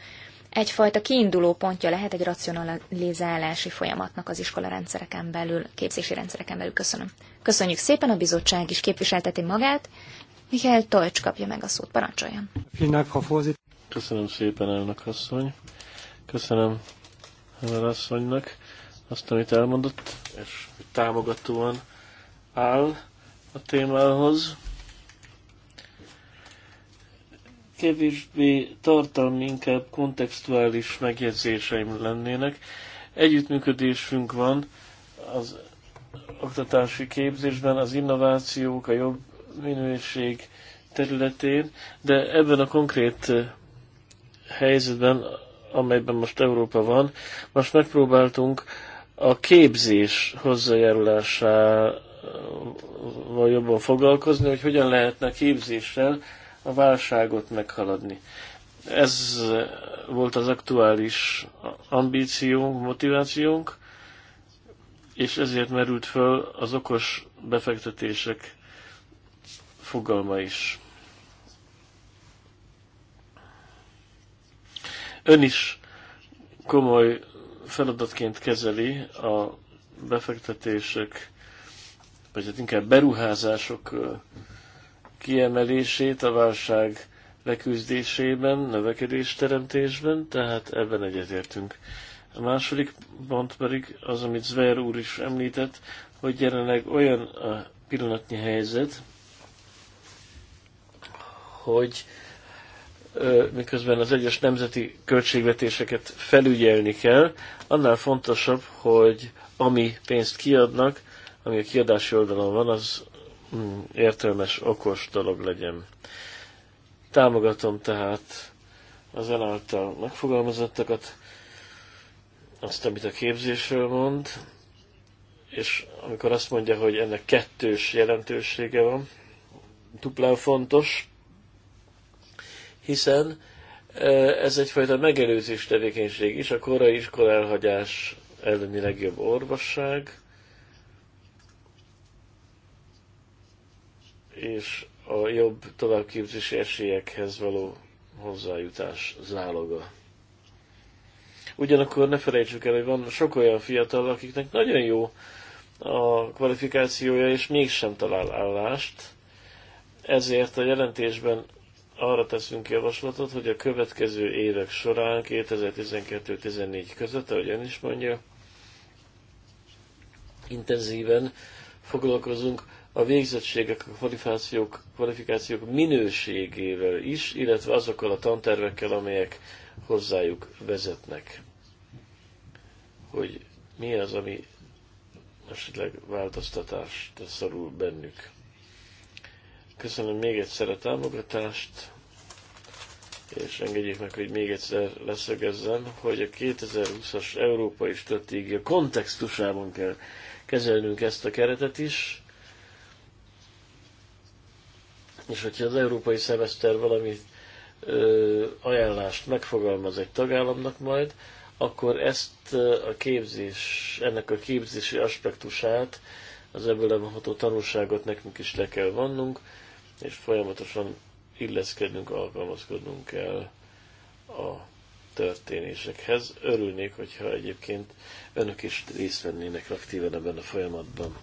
egyfajta kiinduló pontja lehet egy racionalizálási folyamatnak az iskola rendszereken belül, képzési rendszereken belül. Köszönöm. Köszönjük szépen, a bizottság is képviselteti magát. Mihály Tolcs kapja meg a szót, parancsoljon. Köszönöm szépen, elnök asszony. Köszönöm elnök asszonynak azt, amit elmondott, és hogy támogatóan áll a témához. Kevésbé tartalmi, inkább kontextuális megjegyzéseim lennének. Együttműködésünk van az oktatási képzésben, az innovációk, a jobb minőség területén, de ebben a konkrét eh, helyzetben, amelyben most Európa van, most megpróbáltunk a képzés hozzájárulásával jobban foglalkozni, hogy hogyan lehetne képzéssel a válságot meghaladni. Ez volt az aktuális ambíciónk, motivációnk, és ezért merült föl az okos befektetések fogalma is. Ön is komoly feladatként kezeli a befektetések, vagy hát inkább beruházások kiemelését a válság leküzdésében, növekedés teremtésben, tehát ebben egyetértünk. A második pont pedig az, amit Zver úr is említett, hogy jelenleg olyan a pillanatnyi helyzet, hogy miközben az egyes nemzeti költségvetéseket felügyelni kell, annál fontosabb, hogy ami pénzt kiadnak, ami a kiadási oldalon van, az mm, értelmes, okos dolog legyen. Támogatom tehát az elálltal megfogalmazottakat, azt, amit a képzésről mond, és amikor azt mondja, hogy ennek kettős jelentősége van, duplán fontos, hiszen ez egyfajta megelőzés tevékenység is, a korai iskolálhagyás elhagyás elleni legjobb orvosság, és a jobb továbbképzési esélyekhez való hozzájutás záloga. Ugyanakkor ne felejtsük el, hogy van sok olyan fiatal, akiknek nagyon jó a kvalifikációja, és mégsem talál állást. Ezért a jelentésben arra teszünk javaslatot, hogy a következő évek során, 2012-14 között, ahogy ön is mondja, intenzíven foglalkozunk a végzettségek, a kvalifikációk, kvalifikációk minőségével is, illetve azokkal a tantervekkel, amelyek hozzájuk vezetnek. Hogy mi az, ami esetleg változtatást szorul bennük. Köszönöm még egyszer a támogatást, és engedjék meg, hogy még egyszer leszögezzem, hogy a 2020-as európai stratégia kontextusában kell kezelnünk ezt a keretet is, és hogyha az európai szemeszter valami ö, ajánlást megfogalmaz egy tagállamnak majd, akkor ezt a képzés, ennek a képzési aspektusát, az ebből levonható tanulságot nekünk is le kell vannunk, és folyamatosan illeszkednünk, alkalmazkodnunk kell a történésekhez. Örülnék, hogyha egyébként önök is részt vennének aktívan ebben a folyamatban.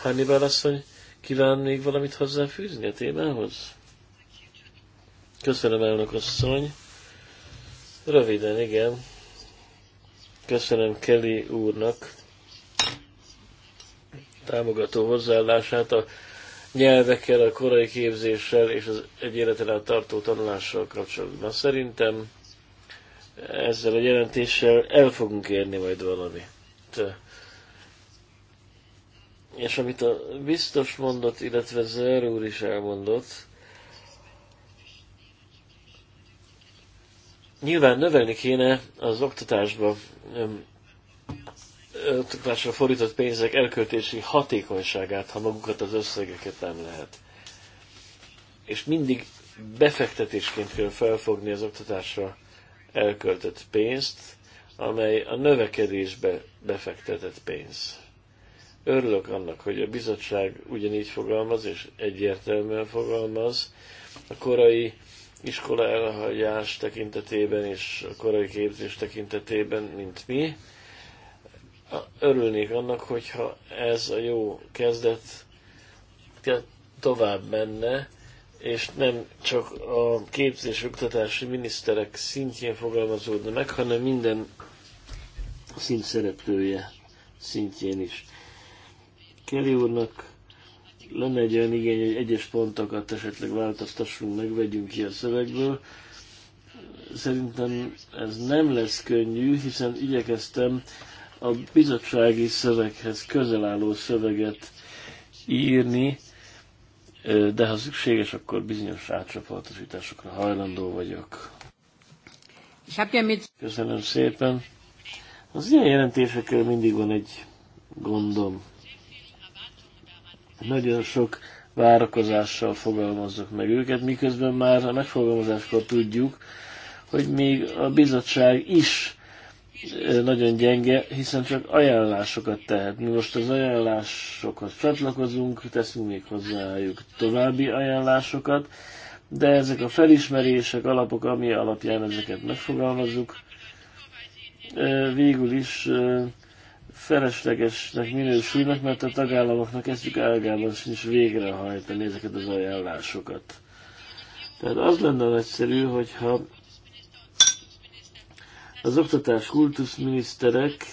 Hannibal asszony, kíván még valamit hozzáfűzni a témához? Köszönöm, elnök asszony. Röviden, igen. Köszönöm Kelly úrnak támogató hozzáállását a nyelvekkel, a korai képzéssel és az egy életen át tartó tanulással kapcsolatban. Szerintem ezzel a jelentéssel el fogunk érni majd valamit. És amit a biztos mondott, illetve Zer úr is elmondott, nyilván növelni kéne az oktatásba másra fordított pénzek elköltési hatékonyságát, ha magukat az összegeket nem lehet. És mindig befektetésként kell felfogni az oktatásra elköltött pénzt, amely a növekedésbe befektetett pénz. Örülök annak, hogy a bizottság ugyanígy fogalmaz, és egyértelműen fogalmaz. A korai iskola elhagyás tekintetében és a korai képzés tekintetében, mint mi, örülnék annak, hogyha ez a jó kezdet tovább menne, és nem csak a képzés oktatási miniszterek szintjén fogalmazódna meg, hanem minden szint szereplője szintjén is. Kelly úrnak lenne egy olyan igény, hogy egyes pontokat esetleg változtassunk meg, ki a szövegből. Szerintem ez nem lesz könnyű, hiszen igyekeztem a bizottsági szöveghez közel álló szöveget írni, de ha szükséges, akkor bizonyos átcsoportosításokra hajlandó vagyok. Köszönöm szépen. Az ilyen jelentésekkel mindig van egy gondom. Nagyon sok várakozással fogalmazzak meg őket, miközben már a megfogalmazáskor tudjuk, hogy még a bizottság is nagyon gyenge, hiszen csak ajánlásokat tehet. Mi most az ajánlásokhoz csatlakozunk, teszünk még hozzájuk további ajánlásokat, de ezek a felismerések, alapok, ami alapján ezeket megfogalmazunk. végül is feleslegesnek minősülnek, mert a tagállamoknak kezdjük ágában sincs végrehajtani ezeket az ajánlásokat. Tehát az lenne nagyszerű, hogyha az oktatás kultuszminiszterek,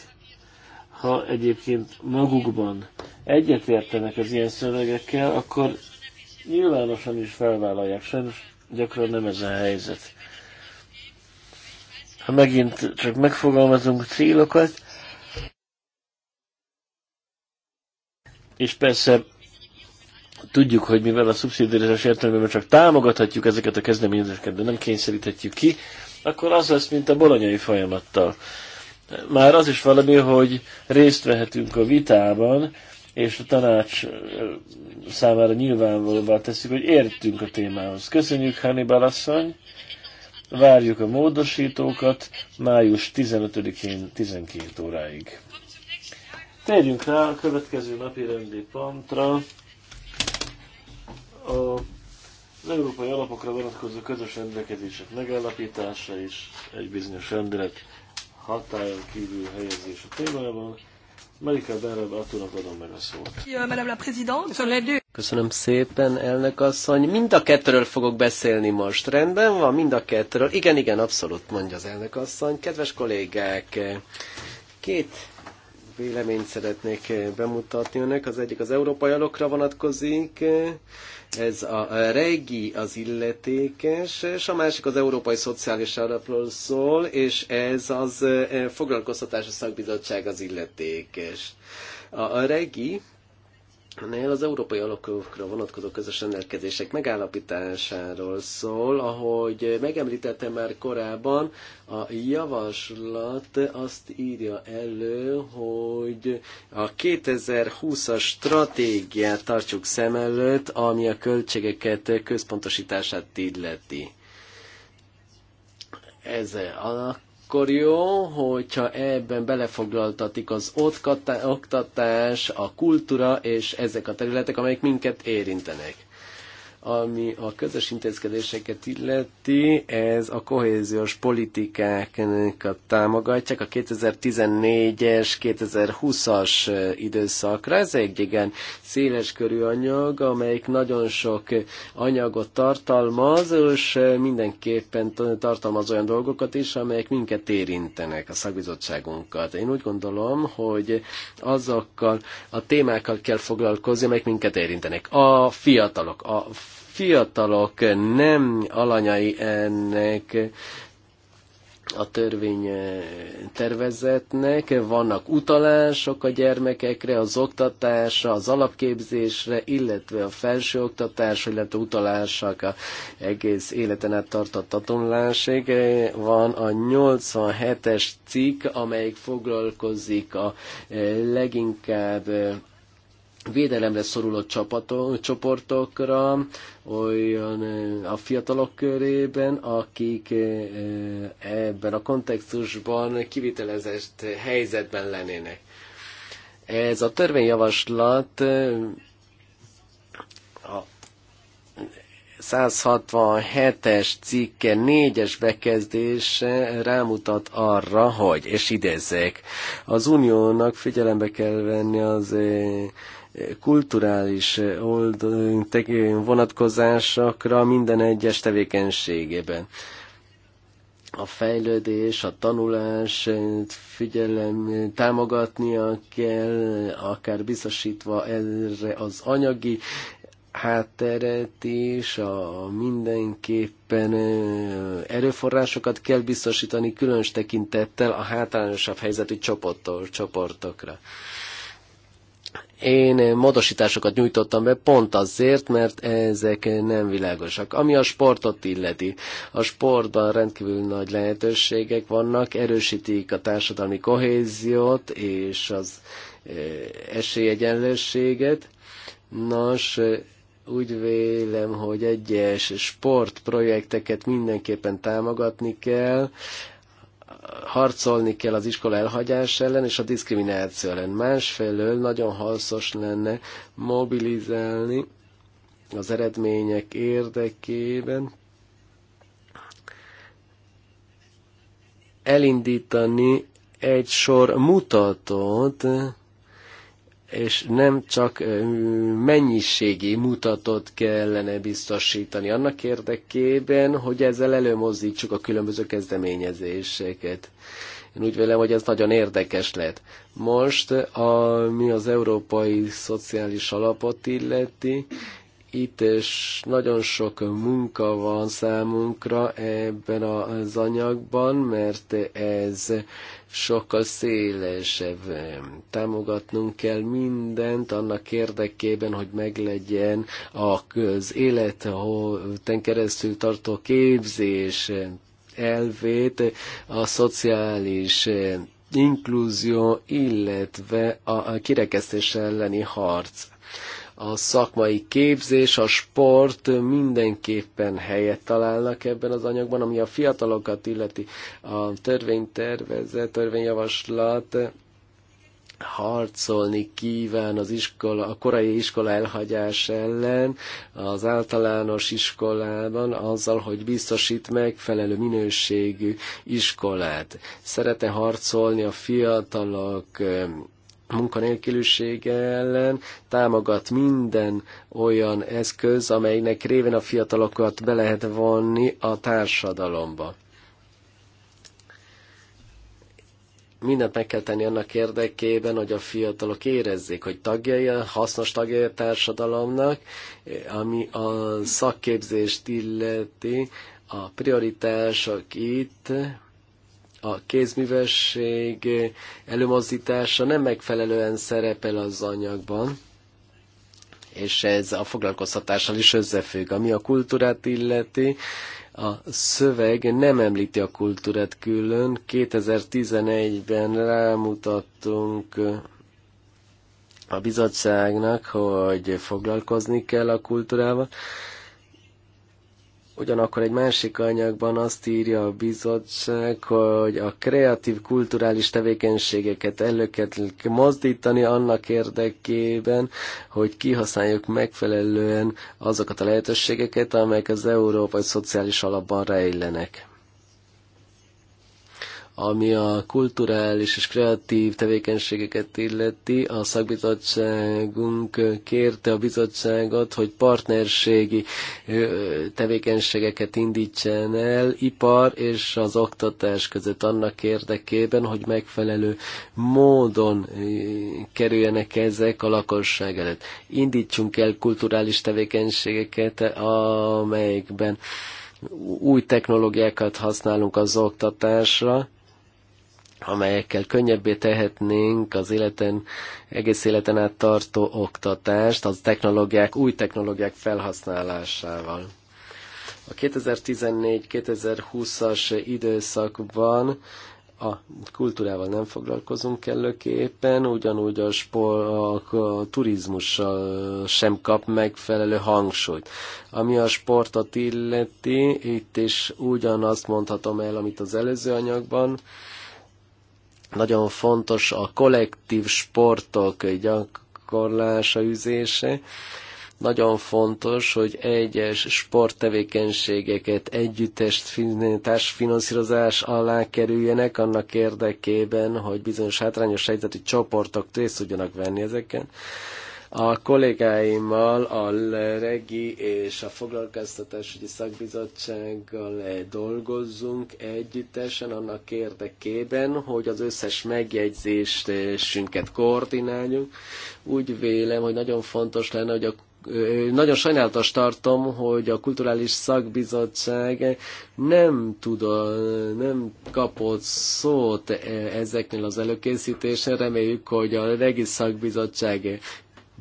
ha egyébként magukban egyetértenek az ilyen szövegekkel, akkor nyilvánosan is felvállalják, sajnos gyakran nem ez a helyzet. Ha megint csak megfogalmazunk célokat, és persze tudjuk, hogy mivel a szubszidiaritás értelemben csak támogathatjuk ezeket a kezdeményezéseket, de nem kényszeríthetjük ki, akkor az lesz, mint a bolonyai folyamattal. Már az is valami, hogy részt vehetünk a vitában, és a tanács számára nyilvánvalóvá teszik, hogy értünk a témához. Köszönjük, Hannibal asszony! Várjuk a módosítókat május 15-én 12 óráig. Térjünk rá a következő napi rendi pontra. A az európai alapokra vonatkozó közös rendelkezések megállapítása és egy bizonyos rendelet hatályon kívül helyezés a témájában. Marika Berreb Atúnak adom meg a szót. Köszönöm szépen, elnök asszony. Mind a kettőről fogok beszélni most. Rendben van, mind a kettőről. Igen, igen, abszolút, mondja az elnök asszony. Kedves kollégák, két véleményt szeretnék bemutatni önök. Az egyik az európai alokra vonatkozik, ez a regi az illetékes, és a másik az Európai Szociális Alapról szól, és ez az eh, foglalkoztatási szakbizottság az illetékes. A, regi Nél az európai alakokra vonatkozó közös rendelkezések megállapításáról szól, ahogy megemlítettem már korábban, a javaslat azt írja elő, hogy a 2020-as stratégiát tartsuk szem előtt, ami a költségeket központosítását illeti. Ez a akkor jó, hogyha ebben belefoglaltatik az oktatás, a kultúra és ezek a területek, amelyek minket érintenek. Ami a közös intézkedéseket illeti, ez a kohéziós politikákat támogatják a 2014-es, 2020-as időszakra. Ez egy igen széles körű anyag, amelyik nagyon sok anyagot tartalmaz, és mindenképpen tartalmaz olyan dolgokat is, amelyek minket érintenek, a szakbizottságunkat. Én úgy gondolom, hogy azokkal a témákkal kell foglalkozni, amelyek minket érintenek. A fiatalok, a fiatalok nem alanyai ennek a törvény eh, tervezetnek. Vannak utalások a gyermekekre, az oktatásra, az alapképzésre, illetve a felsőoktatásra, illetve utalások a egész életen át tartott tanulásig. Van a 87-es cikk, amelyik foglalkozik a eh, leginkább eh, védelemre szoruló csapatok, csoportokra, olyan eh, a fiatalok körében, akik eh, eh, ebben a kontextusban kivitelezett helyzetben lennének. Ez a törvényjavaslat a 167-es cikke 4-es bekezdése rámutat arra, hogy, és idezzek, az uniónak figyelembe kell venni az kulturális old, vonatkozásokra minden egyes tevékenységében. A fejlődés, a tanulás, figyelem, támogatnia kell, akár biztosítva erre az anyagi hátteret is, a mindenképpen erőforrásokat kell biztosítani különös tekintettel a hátrányosabb helyzetű csoportokra. Én módosításokat nyújtottam be pont azért, mert ezek nem világosak. Ami a sportot illeti. A sportban rendkívül nagy lehetőségek vannak, erősítik a társadalmi kohéziót és az eh, esélyegyenlőséget. Nos, eh, úgy vélem, hogy egyes sportprojekteket mindenképpen támogatni kell, harcolni kell az iskola elhagyás ellen és a diszkrimináció ellen. Másfelől nagyon hasznos lenne mobilizálni az eredmények érdekében, elindítani egy sor mutatót, és nem csak mennyiségi mutatót kellene biztosítani annak érdekében, hogy ezzel előmozdítsuk a különböző kezdeményezéseket. Én úgy vélem, hogy ez nagyon érdekes lett. Most, ami az Európai Szociális Alapot illeti, itt, és nagyon sok munka van számunkra ebben az anyagban, mert ez sokkal szélesebb. Támogatnunk kell mindent annak érdekében, hogy meglegyen az életen keresztül tartó képzés elvét, a szociális inkluzió, illetve a kirekesztés elleni harc a szakmai képzés, a sport mindenképpen helyet találnak ebben az anyagban, ami a fiatalokat illeti. A törvénytervezet, törvényjavaslat harcolni kíván az iskola, a korai iskola elhagyás ellen az általános iskolában azzal, hogy biztosít megfelelő minőségű iskolát. Szeretne harcolni a fiatalok munkanélküliség ellen támogat minden olyan eszköz, amelynek révén a fiatalokat be lehet vonni a társadalomba. mindent meg kell tenni annak érdekében, hogy a fiatalok érezzék, hogy tagjai, hasznos tagjai a társadalomnak, ami a szakképzést illeti, a prioritások itt a kézművesség előmozdítása nem megfelelően szerepel az anyagban, és ez a foglalkoztatással is összefügg. Ami a kultúrát illeti, a szöveg nem említi a kultúrát külön. 2011-ben rámutattunk a bizottságnak, hogy foglalkozni kell a kultúrával, Ugyanakkor egy másik anyagban azt írja a bizottság, hogy a kreatív kulturális tevékenységeket elő kell mozdítani annak érdekében, hogy kihasználjuk megfelelően azokat a lehetőségeket, amelyek az Európai Szociális Alapban rejlenek. Ami a kulturális és kreatív tevékenységeket illeti, a szakbizottságunk kérte a bizottságot, hogy partnerségi tevékenységeket indítsen el ipar és az oktatás között annak érdekében, hogy megfelelő módon kerüljenek ezek a lakosság előtt. Indítsunk el kulturális tevékenységeket, amelyekben új technológiákat használunk az oktatásra, amelyekkel könnyebbé tehetnénk az életen, egész életen át tartó oktatást, az technológiák, új technológiák felhasználásával. A 2014-2020-as időszakban a kultúrával nem foglalkozunk kellőképpen, ugyanúgy a, spor, a, a turizmussal sem kap megfelelő hangsúlyt. Ami a sportot illeti, itt is ugyanazt mondhatom el, amit az előző anyagban, nagyon fontos a kollektív sportok gyakorlása, üzése. Nagyon fontos, hogy egyes sporttevékenységeket együttes társfinanszírozás alá kerüljenek annak érdekében, hogy bizonyos hátrányos helyzetű csoportok részt tudjanak venni ezeken a kollégáimmal, a Regi és a Foglalkoztatásügyi Szakbizottsággal eh, dolgozzunk együttesen annak érdekében, hogy az összes megjegyzésünket koordináljunk. Úgy vélem, hogy nagyon fontos lenne, hogy a eh, nagyon sajnálatos tartom, hogy a Kulturális Szakbizottság nem tud, nem kapott szót eh, ezeknél az előkészítésnél. Reméljük, hogy a Regi Szakbizottság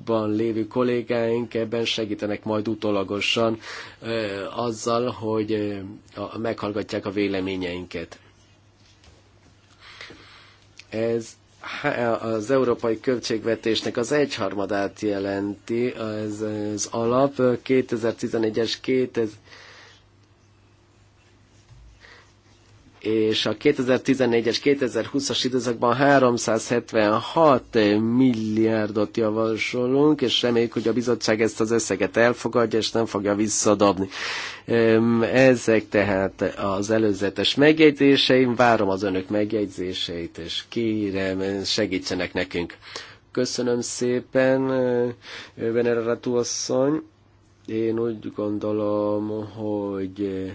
ban lévő kollégáink ebben segítenek majd utolagosan, ö, azzal, hogy ö, a, meghallgatják a véleményeinket. Ez az európai költségvetésnek az egyharmadát jelenti, ez az alap 2011-es és a 2014-es 2020-as időszakban 376 milliárdot javasolunk, és reméljük, hogy a bizottság ezt az összeget elfogadja, és nem fogja visszadobni. Ezek tehát az előzetes megjegyzéseim, várom az önök megjegyzéseit, és kérem, segítsenek nekünk. Köszönöm szépen, Veneratú asszony. Én úgy gondolom, hogy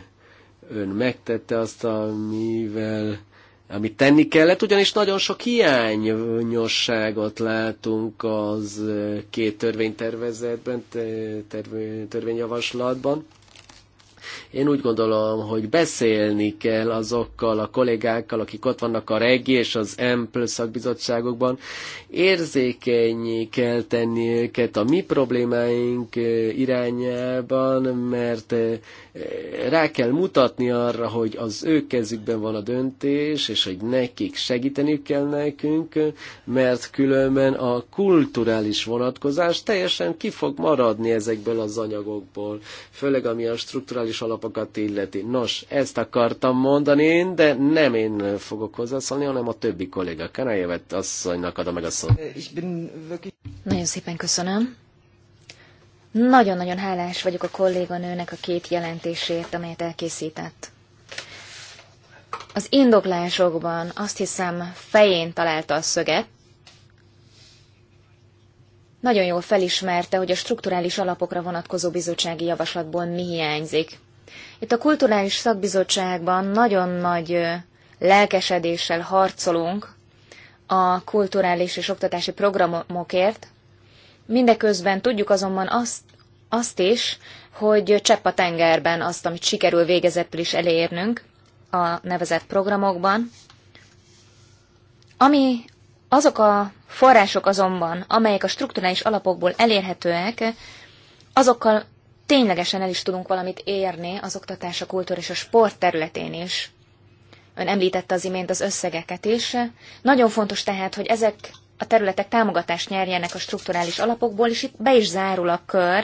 Ön megtette azt, amivel amit tenni kellett, ugyanis nagyon sok hiányosságot látunk az két törvénytervezetben, törvényjavaslatban. Én úgy gondolom, hogy beszélni kell azokkal a kollégákkal, akik ott vannak a regi és az EMPL szakbizottságokban. Érzékenyé kell tenni őket a mi problémáink irányában, mert rá kell mutatni arra, hogy az ő kezükben van a döntés, és hogy nekik segíteniük kell nekünk, mert különben a kulturális vonatkozás teljesen ki fog maradni ezekből az anyagokból, főleg ami a strukturális strukturális alapokat illeti. Nos, ezt akartam mondani de nem én fogok hozzászólni, hanem a többi kolléga. Kenájevet asszonynak adom meg a szót. Nagyon szépen köszönöm. Nagyon-nagyon hálás vagyok a kolléganőnek a két jelentésért, amelyet elkészített. Az indoklásokban azt hiszem fején találta a szöget, nagyon jól felismerte, hogy a strukturális alapokra vonatkozó bizottsági javaslatból mi hiányzik. Itt a Kulturális Szakbizottságban nagyon nagy lelkesedéssel harcolunk a kulturális és oktatási programokért, mindeközben tudjuk azonban azt, azt is, hogy csepp a tengerben azt, amit sikerül végezettől is elérnünk a nevezett programokban. Ami azok a források azonban, amelyek a strukturális alapokból elérhetőek, azokkal ténylegesen el is tudunk valamit érni az oktatás, a kultúra és a sport területén is. Ön említette az imént az összegeket is. Nagyon fontos tehát, hogy ezek a területek támogatást nyerjenek a strukturális alapokból, és itt be is zárul a kör.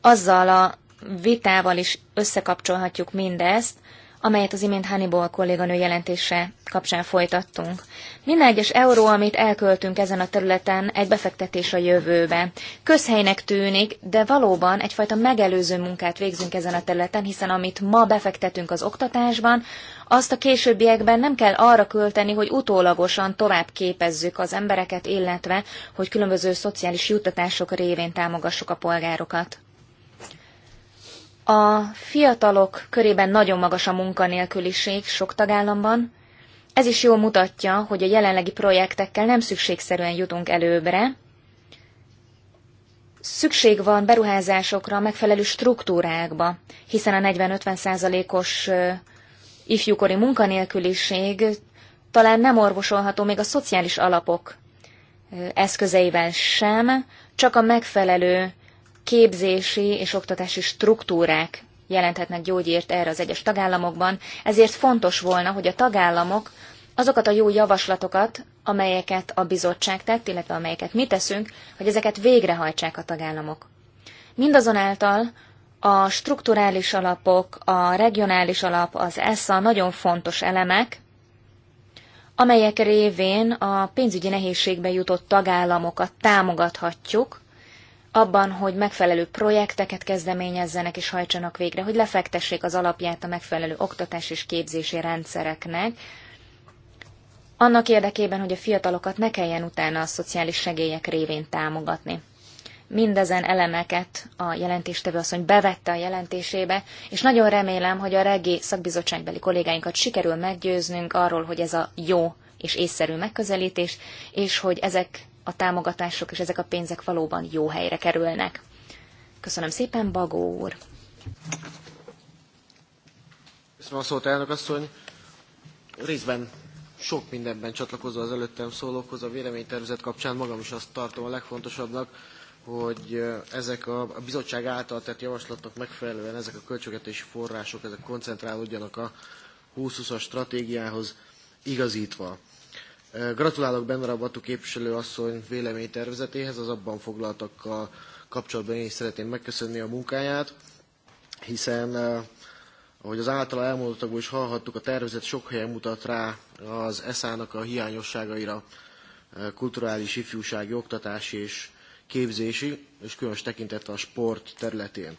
Azzal a vitával is összekapcsolhatjuk mindezt, amelyet az imént Hannibal kolléganő jelentése kapcsán folytattunk. Minden egyes euró, amit elköltünk ezen a területen, egy befektetés a jövőbe. Közhelynek tűnik, de valóban egyfajta megelőző munkát végzünk ezen a területen, hiszen amit ma befektetünk az oktatásban, azt a későbbiekben nem kell arra költeni, hogy utólagosan tovább képezzük az embereket, illetve hogy különböző szociális juttatások révén támogassuk a polgárokat. A fiatalok körében nagyon magas a munkanélküliség sok tagállamban. Ez is jól mutatja, hogy a jelenlegi projektekkel nem szükségszerűen jutunk előbbre. Szükség van beruházásokra, megfelelő struktúrákba, hiszen a 40-50 százalékos ifjúkori munkanélküliség talán nem orvosolható még a szociális alapok eszközeivel sem, csak a megfelelő képzési és oktatási struktúrák jelenthetnek gyógyírt erre az egyes tagállamokban, ezért fontos volna, hogy a tagállamok azokat a jó javaslatokat, amelyeket a bizottság tett, illetve amelyeket mi teszünk, hogy ezeket végrehajtsák a tagállamok. Mindazonáltal a strukturális alapok, a regionális alap, az ESSA nagyon fontos elemek, amelyek révén a pénzügyi nehézségbe jutott tagállamokat támogathatjuk, abban, hogy megfelelő projekteket kezdeményezzenek és hajtsanak végre, hogy lefektessék az alapját a megfelelő oktatás és képzési rendszereknek, annak érdekében, hogy a fiatalokat ne kelljen utána a szociális segélyek révén támogatni. Mindezen elemeket a jelentéstevő asszony bevette a jelentésébe, és nagyon remélem, hogy a regi szakbizottságbeli kollégáinkat sikerül meggyőznünk arról, hogy ez a jó és észszerű megközelítés, és hogy ezek a támogatások és ezek a pénzek valóban jó helyre kerülnek. Köszönöm szépen, Bagó úr! Köszönöm a szót, elnök asszony! Részben sok mindenben csatlakozva az előttem szólókhoz a véleménytervezet kapcsán magam is azt tartom a legfontosabbnak, hogy ezek a, bizottság által tett javaslatok megfelelően ezek a költségvetési források ezek koncentrálódjanak a 2020-as stratégiához igazítva. Eh, gratulálok Benrab Atu képviselő asszony véleménytervezetéhez, az abban foglaltakkal kapcsolatban én is szeretném megköszönni a munkáját, hiszen eh, ahogy az általa elmondottakból is hallhattuk, a tervezet sok helyen mutat rá az ESZÁ-nak a hiányosságaira, eh, kulturális, ifjúsági, oktatási és képzési, és különös tekintettel a sport területén.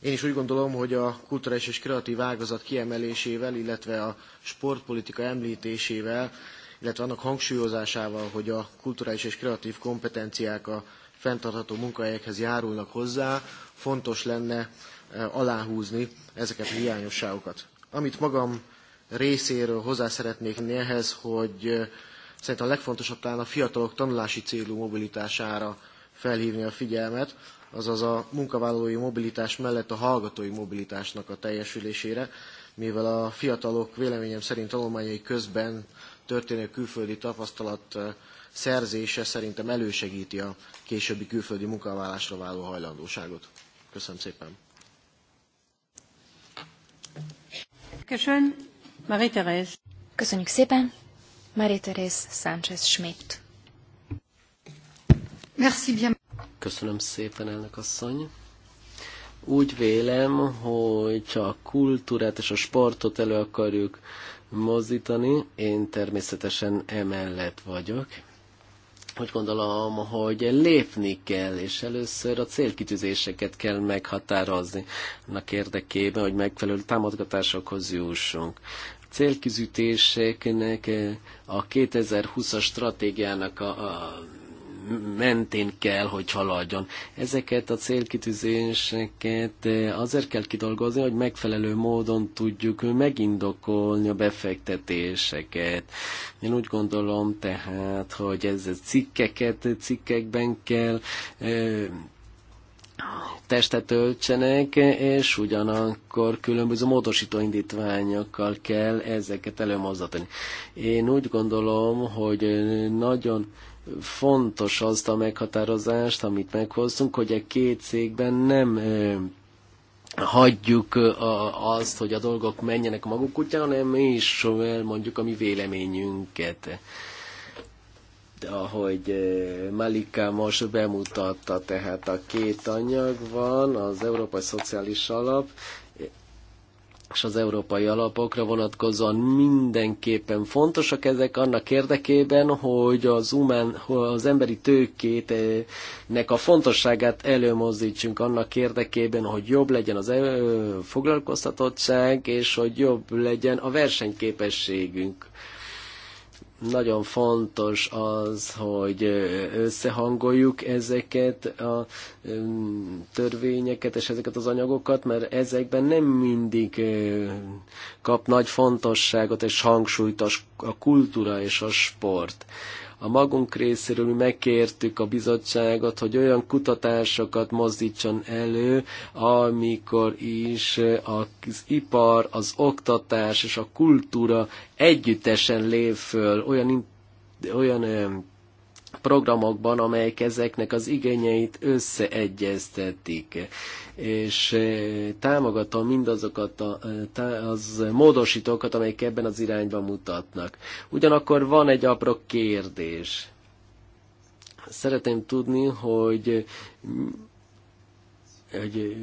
Én is úgy gondolom, hogy a kulturális és kreatív ágazat kiemelésével, illetve a sportpolitika említésével illetve annak hangsúlyozásával, hogy a kulturális és kreatív kompetenciák a fenntartható munkahelyekhez járulnak hozzá, fontos lenne e, aláhúzni ezeket a hiányosságokat. Amit magam részéről hozzá szeretnék tenni ehhez, hogy e, szerintem a legfontosabb talán a fiatalok tanulási célú mobilitására felhívni a figyelmet, azaz a munkavállalói mobilitás mellett a hallgatói mobilitásnak a teljesülésére, mivel a fiatalok véleményem szerint tanulmányai közben történő külföldi tapasztalat szerzése szerintem elősegíti a későbbi külföldi munkavállalásra váló hajlandóságot. Köszönöm szépen. köszönöm marie Köszönjük szépen, Marie-Thérèse Sánchez-Schmidt. Merci bien. Köszönöm szépen, elnök asszony. Úgy vélem, hogy ha a kultúrát és a sportot elő akarjuk mozdítani. Én természetesen emellett vagyok. Úgy gondolom, hogy lépni kell, és először a célkitűzéseket kell meghatározni annak érdekében, hogy megfelelő támogatásokhoz jussunk célkizütéseknek, a 2020-as stratégiának a, a mentén kell, hogy haladjon. Ezeket a célkitűzéseket azért kell kidolgozni, hogy megfelelő módon tudjuk megindokolni a befektetéseket. Én úgy gondolom tehát, hogy ez cikkeket, cikkekben kell testet öltsenek, és ugyanakkor különböző módosító indítványokkal kell ezeket előmozdítani. Én úgy gondolom, hogy nagyon fontos azt a meghatározást, amit meghoztunk, hogy a két cégben nem hagyjuk azt, hogy a dolgok menjenek maguk útján, hanem mi is mondjuk a mi véleményünket. De ahogy Malika most bemutatta, tehát a két anyag van, az Európai Szociális Alap és az európai alapokra vonatkozóan mindenképpen fontosak ezek annak érdekében, hogy az, umán, az emberi tőkétnek a fontosságát előmozdítsunk annak érdekében, hogy jobb legyen az foglalkoztatottság, és hogy jobb legyen a versenyképességünk nagyon fontos az, hogy összehangoljuk ezeket a törvényeket és ezeket az anyagokat, mert ezekben nem mindig kap nagy fontosságot és hangsúlyt a kultúra és a sport. A magunk részéről mi megkértük a bizottságot, hogy olyan kutatásokat mozdítson elő, amikor is az ipar, az oktatás és a kultúra együttesen lép föl olyan, olyan programokban, amelyek ezeknek az igényeit összeegyeztetik. És eh, támogatom mindazokat a, az módosítókat, amelyek ebben az irányban mutatnak. Ugyanakkor van egy apró kérdés. Szeretném tudni, hogy, hogy,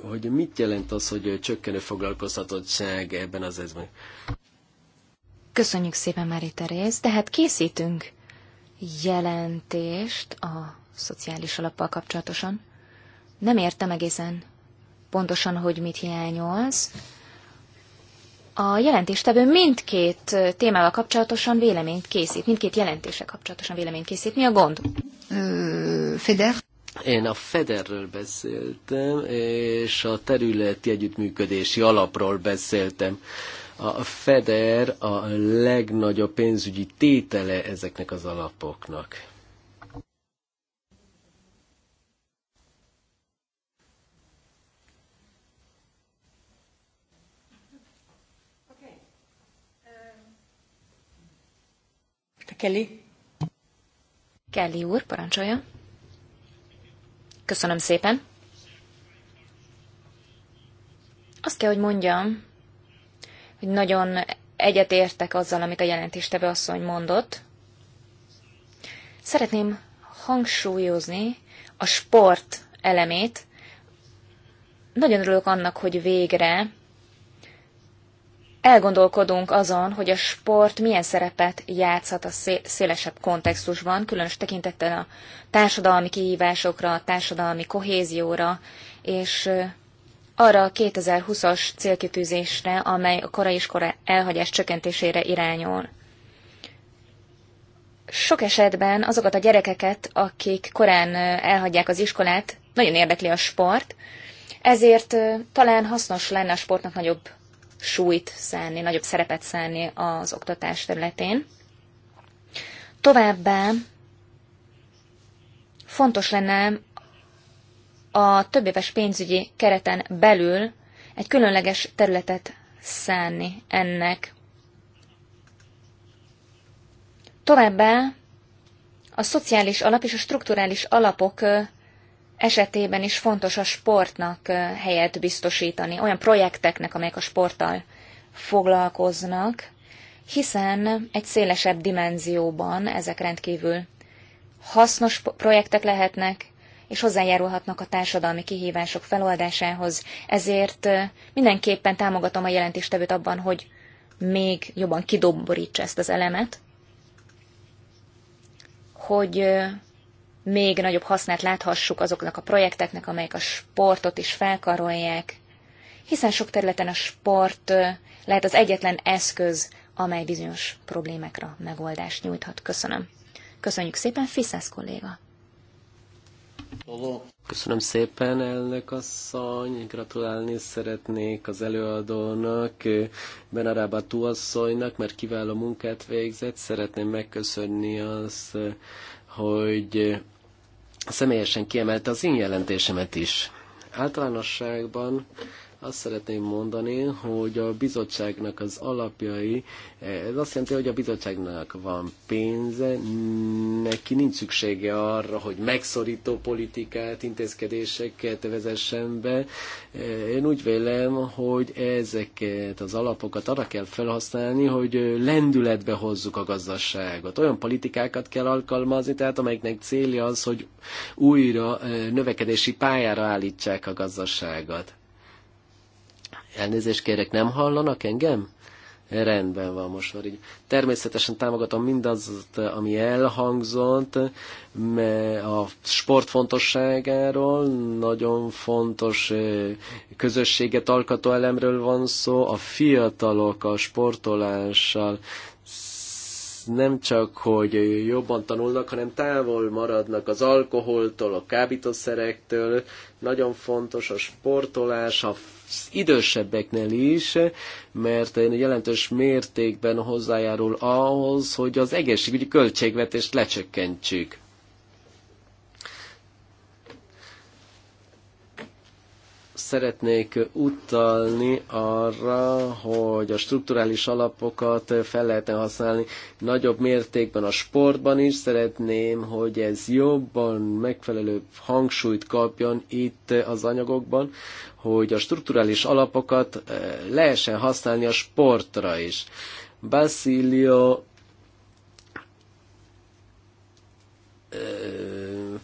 hogy mit jelent az, hogy csökkenő foglalkoztatottság ebben az ezben. Köszönjük szépen, Mári Teréz, tehát készítünk jelentést a szociális alappal kapcsolatosan. Nem értem egészen pontosan, hogy mit hiányolsz. A jelentéstevő mindkét témával kapcsolatosan véleményt készít, mindkét jelentése kapcsolatosan véleményt készít. Mi a gond? Feder? Én a Federről beszéltem, és a területi együttműködési alapról beszéltem. A FEDER a legnagyobb pénzügyi tétele ezeknek az alapoknak. Um, Kelly. Kelly úr, parancsolja. Köszönöm szépen. Azt kell, hogy mondjam, hogy nagyon egyetértek azzal, amit a jelentéstevő asszony mondott. Szeretném hangsúlyozni a sport elemét. Nagyon örülök annak, hogy végre elgondolkodunk azon, hogy a sport milyen szerepet játszhat a szélesebb kontextusban, különös tekintettel a társadalmi kihívásokra, a társadalmi kohézióra, és arra a 2020-as célkitűzésre, amely a korai iskola elhagyás csökkentésére irányul. Sok esetben azokat a gyerekeket, akik korán elhagyják az iskolát, nagyon érdekli a sport, ezért talán hasznos lenne a sportnak nagyobb súlyt szállni, nagyobb szerepet szállni az oktatás területén. Továbbá fontos lenne a többéves pénzügyi kereten belül egy különleges területet szánni ennek. Továbbá a szociális alap és a strukturális alapok esetében is fontos a sportnak helyet biztosítani, olyan projekteknek, amelyek a sporttal foglalkoznak, hiszen egy szélesebb dimenzióban ezek rendkívül hasznos projektek lehetnek, és hozzájárulhatnak a társadalmi kihívások feloldásához. Ezért mindenképpen támogatom a jelentéstevőt abban, hogy még jobban kidomborítsa ezt az elemet, hogy még nagyobb hasznát láthassuk azoknak a projekteknek, amelyek a sportot is felkarolják, hiszen sok területen a sport lehet az egyetlen eszköz, amely bizonyos problémákra megoldást nyújthat. Köszönöm. Köszönjük szépen, Fiszász kolléga! Köszönöm szépen, elnök asszony. Gratulálni szeretnék az előadónak, Benarabatu asszonynak, mert kiváló munkát végzett. Szeretném megköszönni az, hogy személyesen kiemelte az én jelentésemet is. Általánosságban azt szeretném mondani, hogy a bizottságnak az alapjai, ez azt jelenti, hogy a bizottságnak van pénze, neki nincs szüksége arra, hogy megszorító politikát, intézkedéseket vezessen be. Én úgy vélem, hogy ezeket az alapokat arra kell felhasználni, hogy lendületbe hozzuk a gazdaságot. Olyan politikákat kell alkalmazni, tehát amelyiknek célja az, hogy újra eh, növekedési pályára állítsák a gazdaságot. Elnézést kérek, nem hallanak engem? Rendben van most már így. Természetesen támogatom mindazt, ami elhangzott a sport fontosságáról, nagyon fontos közösséget alkotó elemről van szó, a fiatalok a sportolással nem csak, hogy jobban tanulnak, hanem távol maradnak az alkoholtól, a kábítószerektől. Nagyon fontos a sportolás, a idősebbeknél is, mert jelentős mértékben hozzájárul ahhoz, hogy az egészségügyi költségvetést lecsökkentsük. szeretnék utalni arra, hogy a strukturális alapokat fel lehetne használni nagyobb mértékben a sportban is. Szeretném, hogy ez jobban, megfelelő hangsúlyt kapjon itt az anyagokban, hogy a strukturális alapokat eh, lehessen használni a sportra is. Basilio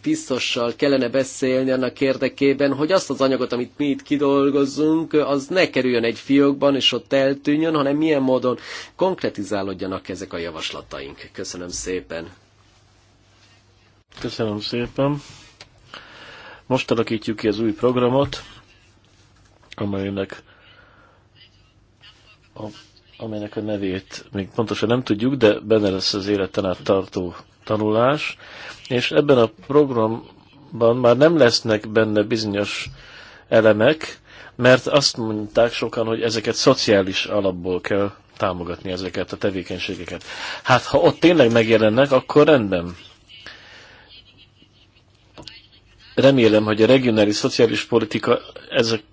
biztossal kellene beszélni annak érdekében, hogy azt az anyagot, amit mi itt kidolgozzunk, az ne kerüljön egy fiókban, és ott eltűnjön, hanem milyen módon konkretizálódjanak ezek a javaslataink. Köszönöm szépen. Köszönöm szépen. Most alakítjuk ki az új programot, amelynek a, amelynek a nevét még pontosan nem tudjuk, de benne lesz az élettanát tartó tanulás, és ebben a programban már nem lesznek benne bizonyos elemek, mert azt mondták sokan, hogy ezeket szociális alapból kell támogatni ezeket a tevékenységeket. Hát ha ott tényleg megjelennek, akkor rendben. Remélem, hogy a regionális szociális politika ezek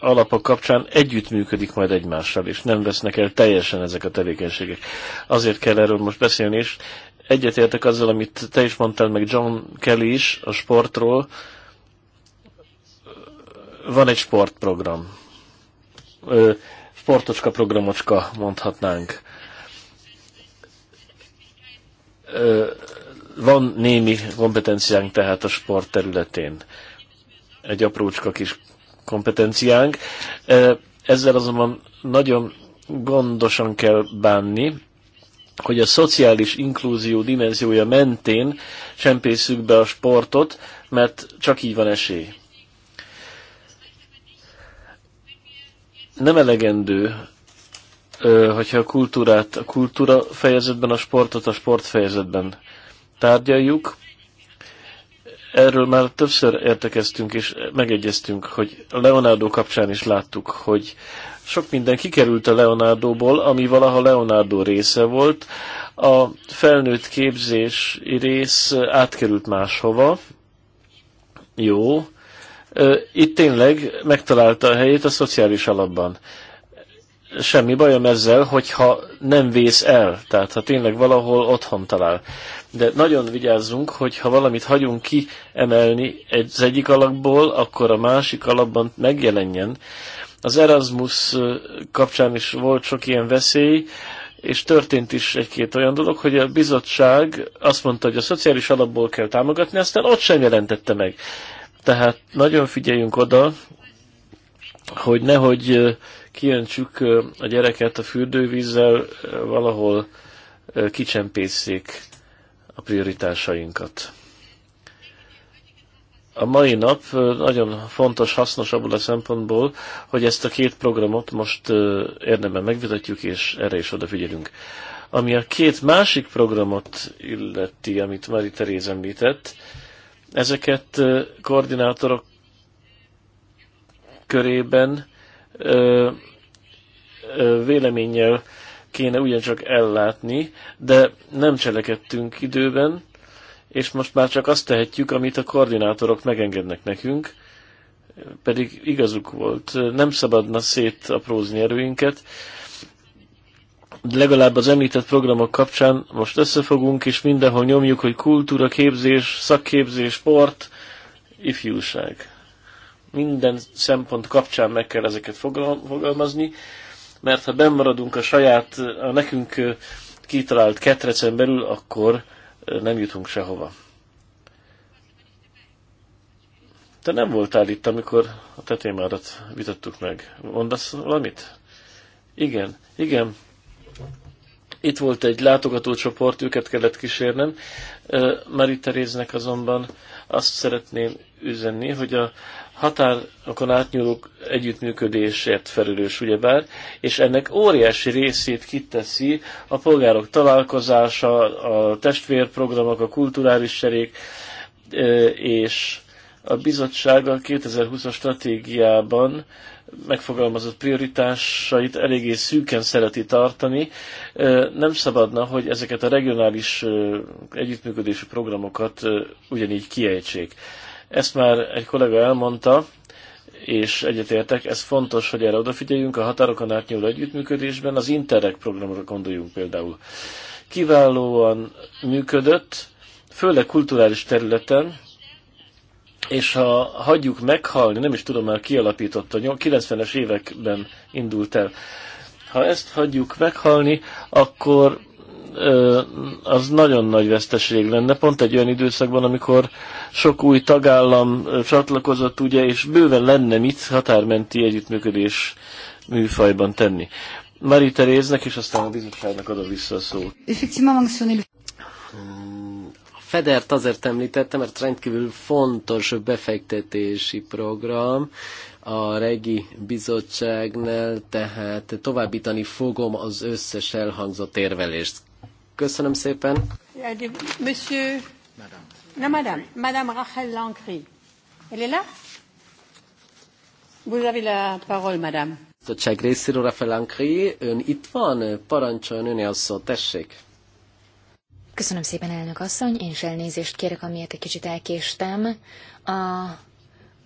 alapok kapcsán együttműködik majd egymással, és nem vesznek el teljesen ezek a tevékenységek. Azért kell erről most beszélni, és egyetértek azzal, amit te is mondtál, meg John Kelly is a sportról. Van egy sportprogram. Sportocska programocska mondhatnánk. Van némi kompetenciánk tehát a sport területén. Egy aprócska kis kompetenciánk. Ezzel azonban nagyon gondosan kell bánni, hogy a szociális inklúzió dimenziója mentén csempészük be a sportot, mert csak így van esély. Nem elegendő, hogyha a kultúrát a kultúra fejezetben, a sportot a sport fejezetben tárgyaljuk. Erről már többször értekeztünk és megegyeztünk, hogy a Leonardo kapcsán is láttuk, hogy sok minden kikerült a Leonardo-ból, ami valaha Leonardo része volt. A felnőtt képzés rész átkerült máshova. Jó. Itt tényleg megtalálta a helyét a szociális alapban semmi bajom ezzel, hogyha nem vész el, tehát ha tényleg valahol otthon talál. De nagyon vigyázzunk, hogy ha valamit hagyunk ki emelni az egyik alapból, akkor a másik alapban megjelenjen, az Erasmus kapcsán is volt sok ilyen veszély, és történt is egy-két olyan dolog, hogy a bizottság azt mondta, hogy a szociális alapból kell támogatni, aztán ott sem jelentette meg. Tehát nagyon figyeljünk oda, hogy nehogy kijöntsük a gyereket a fürdővízzel, valahol kicsempészék a prioritásainkat a mai nap nagyon fontos, hasznos abból a szempontból, hogy ezt a két programot most érdemben megvitatjuk, és erre is odafigyelünk. Ami a két másik programot illeti, amit Mari Teréz említett, ezeket koordinátorok körében ö, ö, véleménnyel kéne ugyancsak ellátni, de nem cselekedtünk időben, és most már csak azt tehetjük, amit a koordinátorok megengednek nekünk, pedig igazuk volt, nem szabadna szétaprózni erőinket. Legalább az említett programok kapcsán most összefogunk, és mindenhol nyomjuk, hogy kultúra, képzés, szakképzés, sport, ifjúság. Minden szempont kapcsán meg kell ezeket fogalmazni, mert ha bemaradunk a saját, a nekünk kitalált ketrecen belül, akkor nem jutunk sehova. Te nem voltál itt, amikor a te témádat vitattuk meg. Mondasz valamit? Igen, igen. Itt volt egy látogatócsoport, őket kellett kísérnem. Mari Teréznek azonban azt szeretném üzenni, hogy a határokon átnyúlók együttműködésért felelős ugyebár, és ennek óriási részét kiteszi a polgárok találkozása, a testvérprogramok, a kulturális serék, és a bizottság a 2020-as stratégiában megfogalmazott prioritásait eléggé szűken szereti tartani. Nem szabadna, hogy ezeket a regionális együttműködési programokat ugyanígy kiejtsék. Ezt már egy kollega elmondta, és egyetértek, ez fontos, hogy erre odafigyeljünk a határokon átnyúló együttműködésben, az Interreg programra gondoljunk például. Kiválóan működött, főleg kulturális területen, és ha hagyjuk meghalni, nem is tudom már kialapította, 90-es években indult el, ha ezt hagyjuk meghalni, akkor az nagyon nagy veszteség lenne, pont egy olyan időszakban, amikor sok új tagállam csatlakozott, ugye, és bőven lenne mit határmenti együttműködés műfajban tenni. Mari Teréznek, és aztán a bizottságnak adom vissza a szót. Federt azért említettem, mert rendkívül fontos befektetési program a Regi Bizottságnál, tehát továbbítani fogom az összes elhangzott érvelést. Köszönöm szépen. Monsieur... Madame. Na, madame. Madame Rachel Lancry. Elle est là? Vous avez la parole, madame. Bizottság részéről Rafael Lancry, ön itt van, parancsoljon öné a szó, tessék. Köszönöm szépen, elnök asszony, én is elnézést kérek, amiért egy kicsit elkéstem. A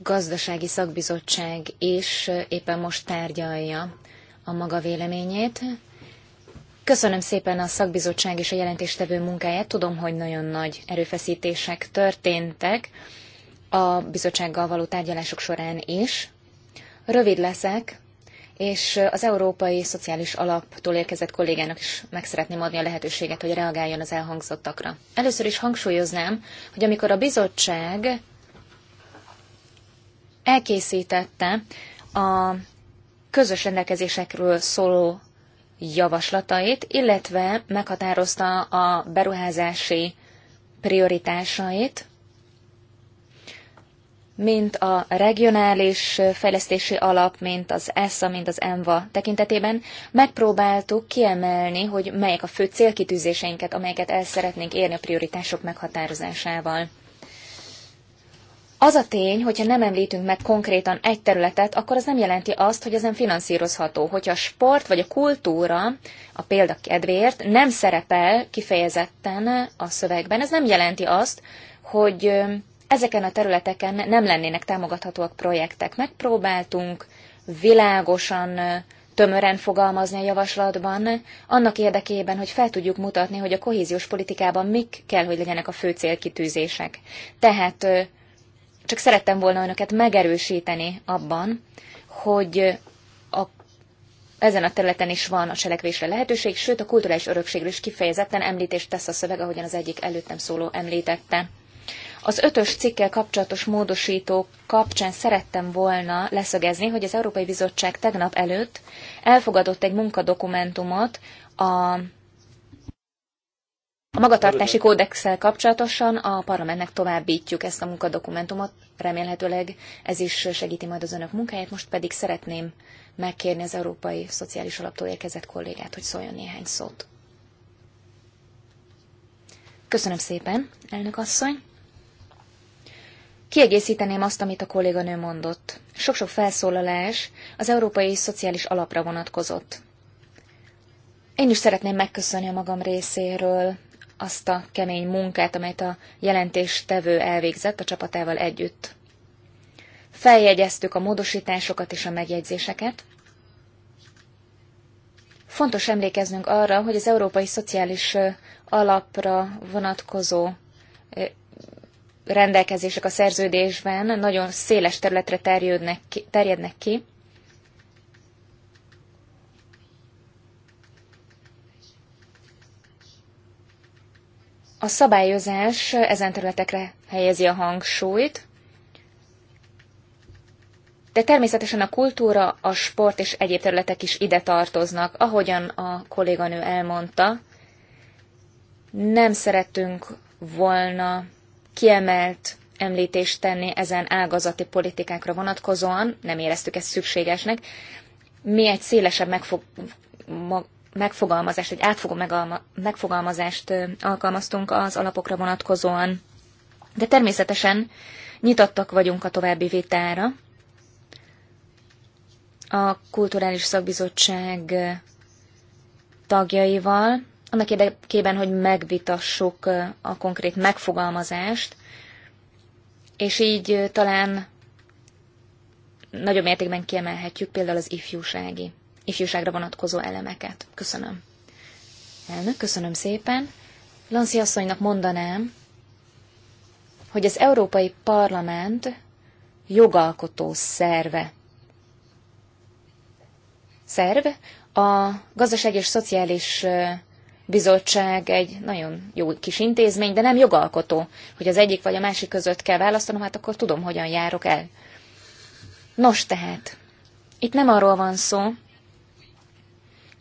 gazdasági szakbizottság is éppen most tárgyalja a maga véleményét, Köszönöm szépen a szakbizottság és a jelentéstevő munkáját. Tudom, hogy nagyon nagy erőfeszítések történtek a bizottsággal való tárgyalások során is. Rövid leszek, és az Európai Szociális Alaptól érkezett kollégának is meg szeretném adni a lehetőséget, hogy reagáljon az elhangzottakra. Először is hangsúlyoznám, hogy amikor a bizottság elkészítette a közös rendelkezésekről szóló javaslatait, illetve meghatározta a beruházási prioritásait, mint a regionális fejlesztési alap, mint az ESSA, mint az ENVA tekintetében megpróbáltuk kiemelni, hogy melyek a fő célkitűzéseinket, amelyeket el szeretnénk érni a prioritások meghatározásával. Az a tény, hogyha nem említünk meg konkrétan egy területet, akkor az nem jelenti azt, hogy ez nem finanszírozható. Hogyha a sport vagy a kultúra, a példa kedvéért, nem szerepel kifejezetten a szövegben, ez nem jelenti azt, hogy ezeken a területeken nem lennének támogathatóak projektek. Megpróbáltunk világosan, tömören fogalmazni a javaslatban, annak érdekében, hogy fel tudjuk mutatni, hogy a kohéziós politikában mik kell, hogy legyenek a fő célkitűzések. Tehát csak szerettem volna önöket megerősíteni abban, hogy a, ezen a területen is van a cselekvésre lehetőség, sőt a kulturális örökségről is kifejezetten említést tesz a szöveg, ahogyan az egyik előttem szóló említette. Az ötös cikkel kapcsolatos módosító kapcsán szerettem volna leszögezni, hogy az Európai Bizottság tegnap előtt elfogadott egy munkadokumentumot a a magatartási kódexsel kapcsolatosan a parlamentnek továbbítjuk ezt a munkadokumentumot, remélhetőleg ez is segíti majd az önök munkáját, most pedig szeretném megkérni az Európai Szociális Alaptól érkezett kollégát, hogy szóljon néhány szót. Köszönöm szépen, elnök asszony. Kiegészíteném azt, amit a kolléganő mondott. Sok-sok felszólalás az Európai Szociális Alapra vonatkozott. Én is szeretném megköszönni a magam részéről azt a kemény munkát, amelyet a jelentéstevő elvégzett a csapatával együtt. Feljegyeztük a módosításokat és a megjegyzéseket. Fontos emlékeznünk arra, hogy az Európai Szociális Alapra vonatkozó rendelkezések a szerződésben nagyon széles területre terjednek ki, terjednek ki A szabályozás ezen területekre helyezi a hangsúlyt, de természetesen a kultúra, a sport és egyéb területek is ide tartoznak. Ahogyan a kolléganő elmondta, nem szerettünk volna kiemelt említést tenni ezen ágazati politikákra vonatkozóan, nem éreztük ezt szükségesnek. Mi egy szélesebb megfog, megfogalmazást, egy átfogó megfogalmazást alkalmaztunk az alapokra vonatkozóan. De természetesen nyitottak vagyunk a további vétára. A Kulturális Szakbizottság tagjaival, annak érdekében, hogy megvitassuk a konkrét megfogalmazást, és így talán nagyobb mértékben kiemelhetjük például az ifjúsági ifjúságra vonatkozó elemeket. Köszönöm. Elnök, köszönöm szépen. Lanci asszonynak mondanám, hogy az Európai Parlament jogalkotó szerve. Szerv? A Gazdaság és Szociális Bizottság egy nagyon jó kis intézmény, de nem jogalkotó. Hogy az egyik vagy a másik között kell választanom, hát akkor tudom, hogyan járok el. Nos tehát, itt nem arról van szó,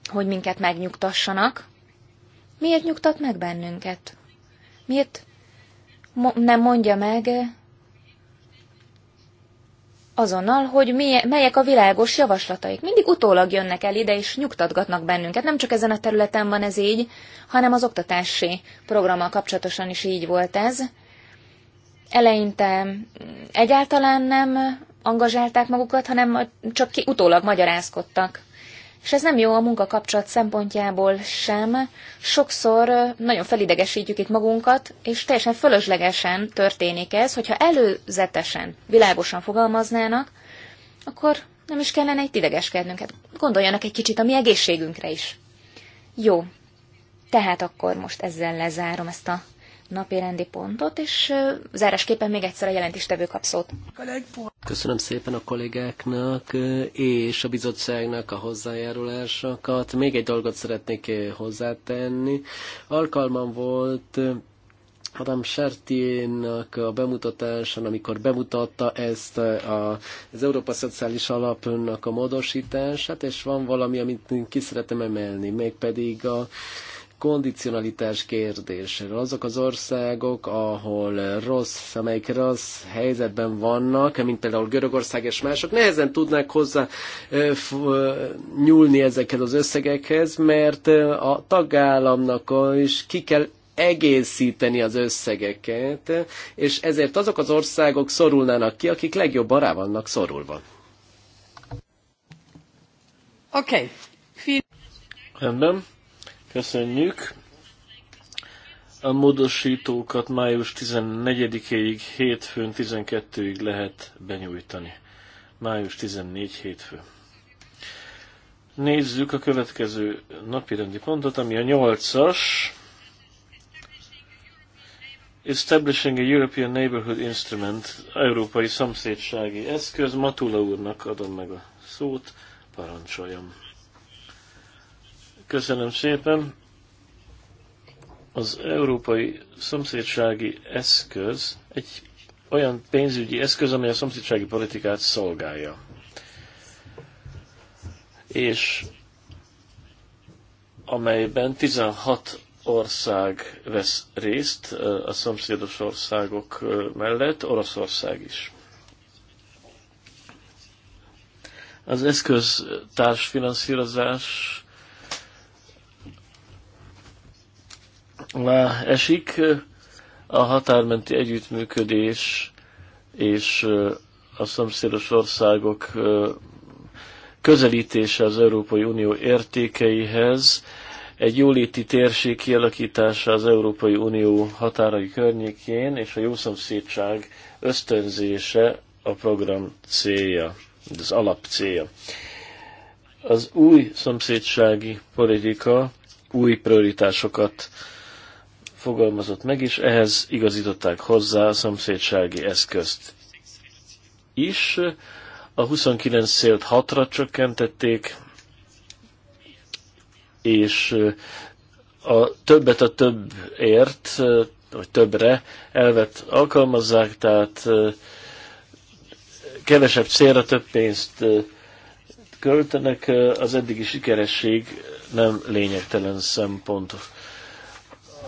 hogy minket megnyugtassanak. Miért nyugtat meg bennünket? Miért mo- nem mondja meg azonnal, hogy mi- melyek a világos javaslataik? Mindig utólag jönnek el ide, és nyugtatgatnak bennünket. Nem csak ezen a területen van ez így, hanem az oktatási programmal kapcsolatosan is így volt ez. Eleinte egyáltalán nem angazsálták magukat, hanem csak ki utólag magyarázkodtak és ez nem jó a munkakapcsolat szempontjából sem. Sokszor nagyon felidegesítjük itt magunkat, és teljesen fölöslegesen történik ez, hogyha előzetesen, világosan fogalmaznának, akkor nem is kellene itt idegeskednünk. Hát gondoljanak egy kicsit a mi egészségünkre is. Jó, tehát akkor most ezzel lezárom ezt a napi rendi pontot, és zárásképpen még egyszer a jelentéstevő kap szót. Köszönöm szépen a kollégáknak és a bizottságnak a hozzájárulásokat. Még egy dolgot szeretnék hozzátenni. Alkalmam volt Adam Sertiénak a bemutatáson, amikor bemutatta ezt a, az Európa Szociális Alapnak a módosítását, és van valami, amit ki szeretem emelni, mégpedig a, kondicionalitás kérdése. Azok az országok, ahol rossz, amelyik rossz helyzetben vannak, mint például Görögország és mások, nehezen tudnák hozzá nyúlni ezekhez az összegekhez, mert a tagállamnak is ki kell egészíteni az összegeket, és ezért azok az országok szorulnának ki, akik legjobban rá vannak szorulva. Oké. Okay. Rendben. Köszönjük. A módosítókat május 14-ig hétfőn 12-ig lehet benyújtani. Május 14 hétfő. Nézzük a következő napirendi pontot, ami a 8-as. Establishing a European Neighborhood Instrument, európai szomszédsági eszköz. Matula úrnak adom meg a szót, parancsoljam. Köszönöm szépen. Az európai szomszédsági eszköz egy olyan pénzügyi eszköz, amely a szomszédsági politikát szolgálja. És amelyben 16 ország vesz részt a szomszédos országok mellett, Oroszország is. Az eszköz társfinanszírozás Lá esik a határmenti együttműködés és a szomszédos országok közelítése az Európai Unió értékeihez, egy jóléti térség kialakítása az Európai Unió határai környékén, és a jószomszédság ösztönzése a program célja, az alap célja. Az új szomszédsági politika új prioritásokat fogalmazott meg, és ehhez igazították hozzá a szomszédsági eszközt is. A 29 szélt 6-ra csökkentették, és a többet a több ért, vagy többre elvet alkalmazzák, tehát kevesebb célra több pénzt költenek, az eddigi sikeresség nem lényegtelen szempont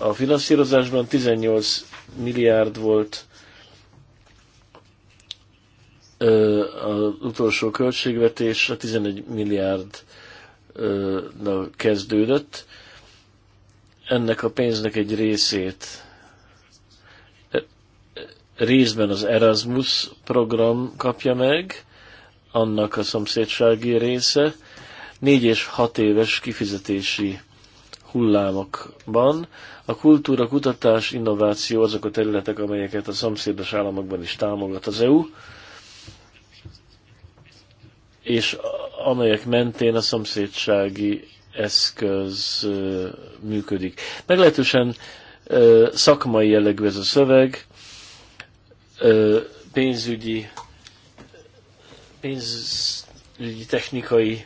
a finanszírozásban 18 milliárd volt az utolsó költségvetés, a 11 milliárd kezdődött. Ennek a pénznek egy részét részben az Erasmus program kapja meg, annak a szomszédsági része, négy és hat éves kifizetési hullámokban. A kultúra, kutatás, innováció azok a területek, amelyeket a szomszédos államokban is támogat az EU, és amelyek mentén a szomszédsági eszköz működik. Meglehetősen szakmai jellegű ez a szöveg, pénzügyi, pénzügyi technikai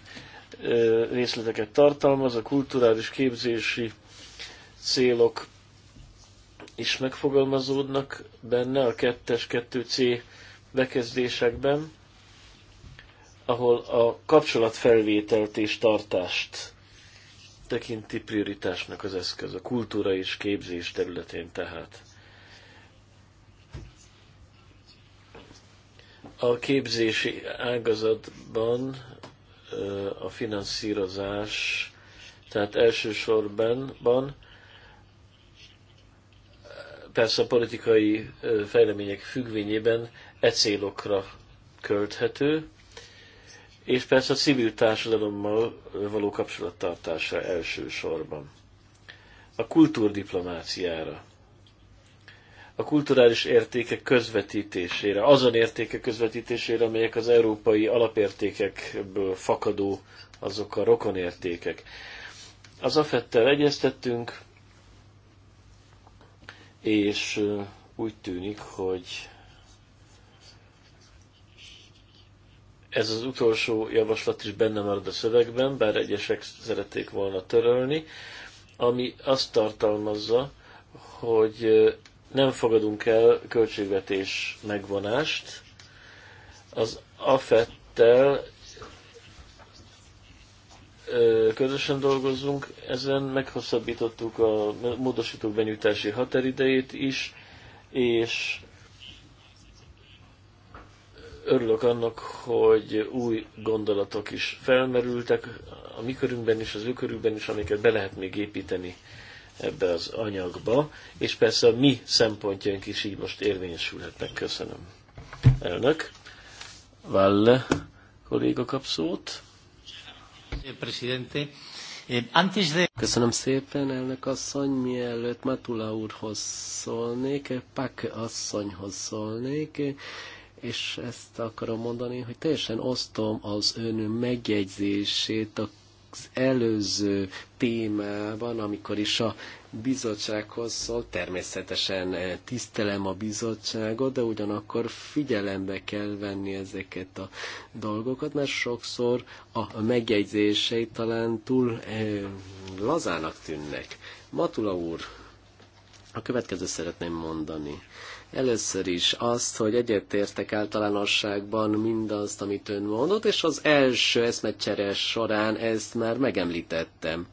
részleteket tartalmaz, a kulturális képzési célok is megfogalmazódnak benne a 2-es 2C bekezdésekben, ahol a kapcsolatfelvételt és tartást tekinti prioritásnak az eszköz, a kultúra és képzés területén tehát. A képzési ágazatban a finanszírozás, tehát elsősorban persze a politikai fejlemények függvényében e célokra költhető, és persze a civil társadalommal való kapcsolattartásra elsősorban. A kultúrdiplomáciára a kulturális értékek közvetítésére, azon értékek közvetítésére, amelyek az európai alapértékekből fakadó, azok a rokonértékek. Az AFET-tel egyeztettünk, és úgy tűnik, hogy ez az utolsó javaslat is benne marad a szövegben, bár egyesek szerették volna törölni, ami azt tartalmazza, hogy nem fogadunk el költségvetés megvonást. Az AFET-tel közösen dolgozunk, ezen meghosszabbítottuk a módosítók benyújtási határidejét is, és örülök annak, hogy új gondolatok is felmerültek a mi körünkben is, az ő körükben is, amiket be lehet még építeni ebbe az anyagba, és persze a mi szempontjaink is így most érvényesülhetnek. Köszönöm. Elnök, Valle kolléga kap szót. Eh, Köszönöm szépen, elnök asszony, mielőtt Matula úrhoz szólnék, Pak asszonyhoz szólnék, és ezt akarom mondani, hogy teljesen osztom az ön megjegyzését a az előző témában, amikor is a bizottsághoz szól, természetesen eh, tisztelem a bizottságot, de ugyanakkor figyelembe kell venni ezeket a dolgokat, mert sokszor a megjegyzései talán túl eh, lazának tűnnek. Matula úr, a következő szeretném mondani. Először is azt, hogy egyetértek általánosságban mindazt, amit ön mondott, és az első eszmecsere során ezt már megemlítettem.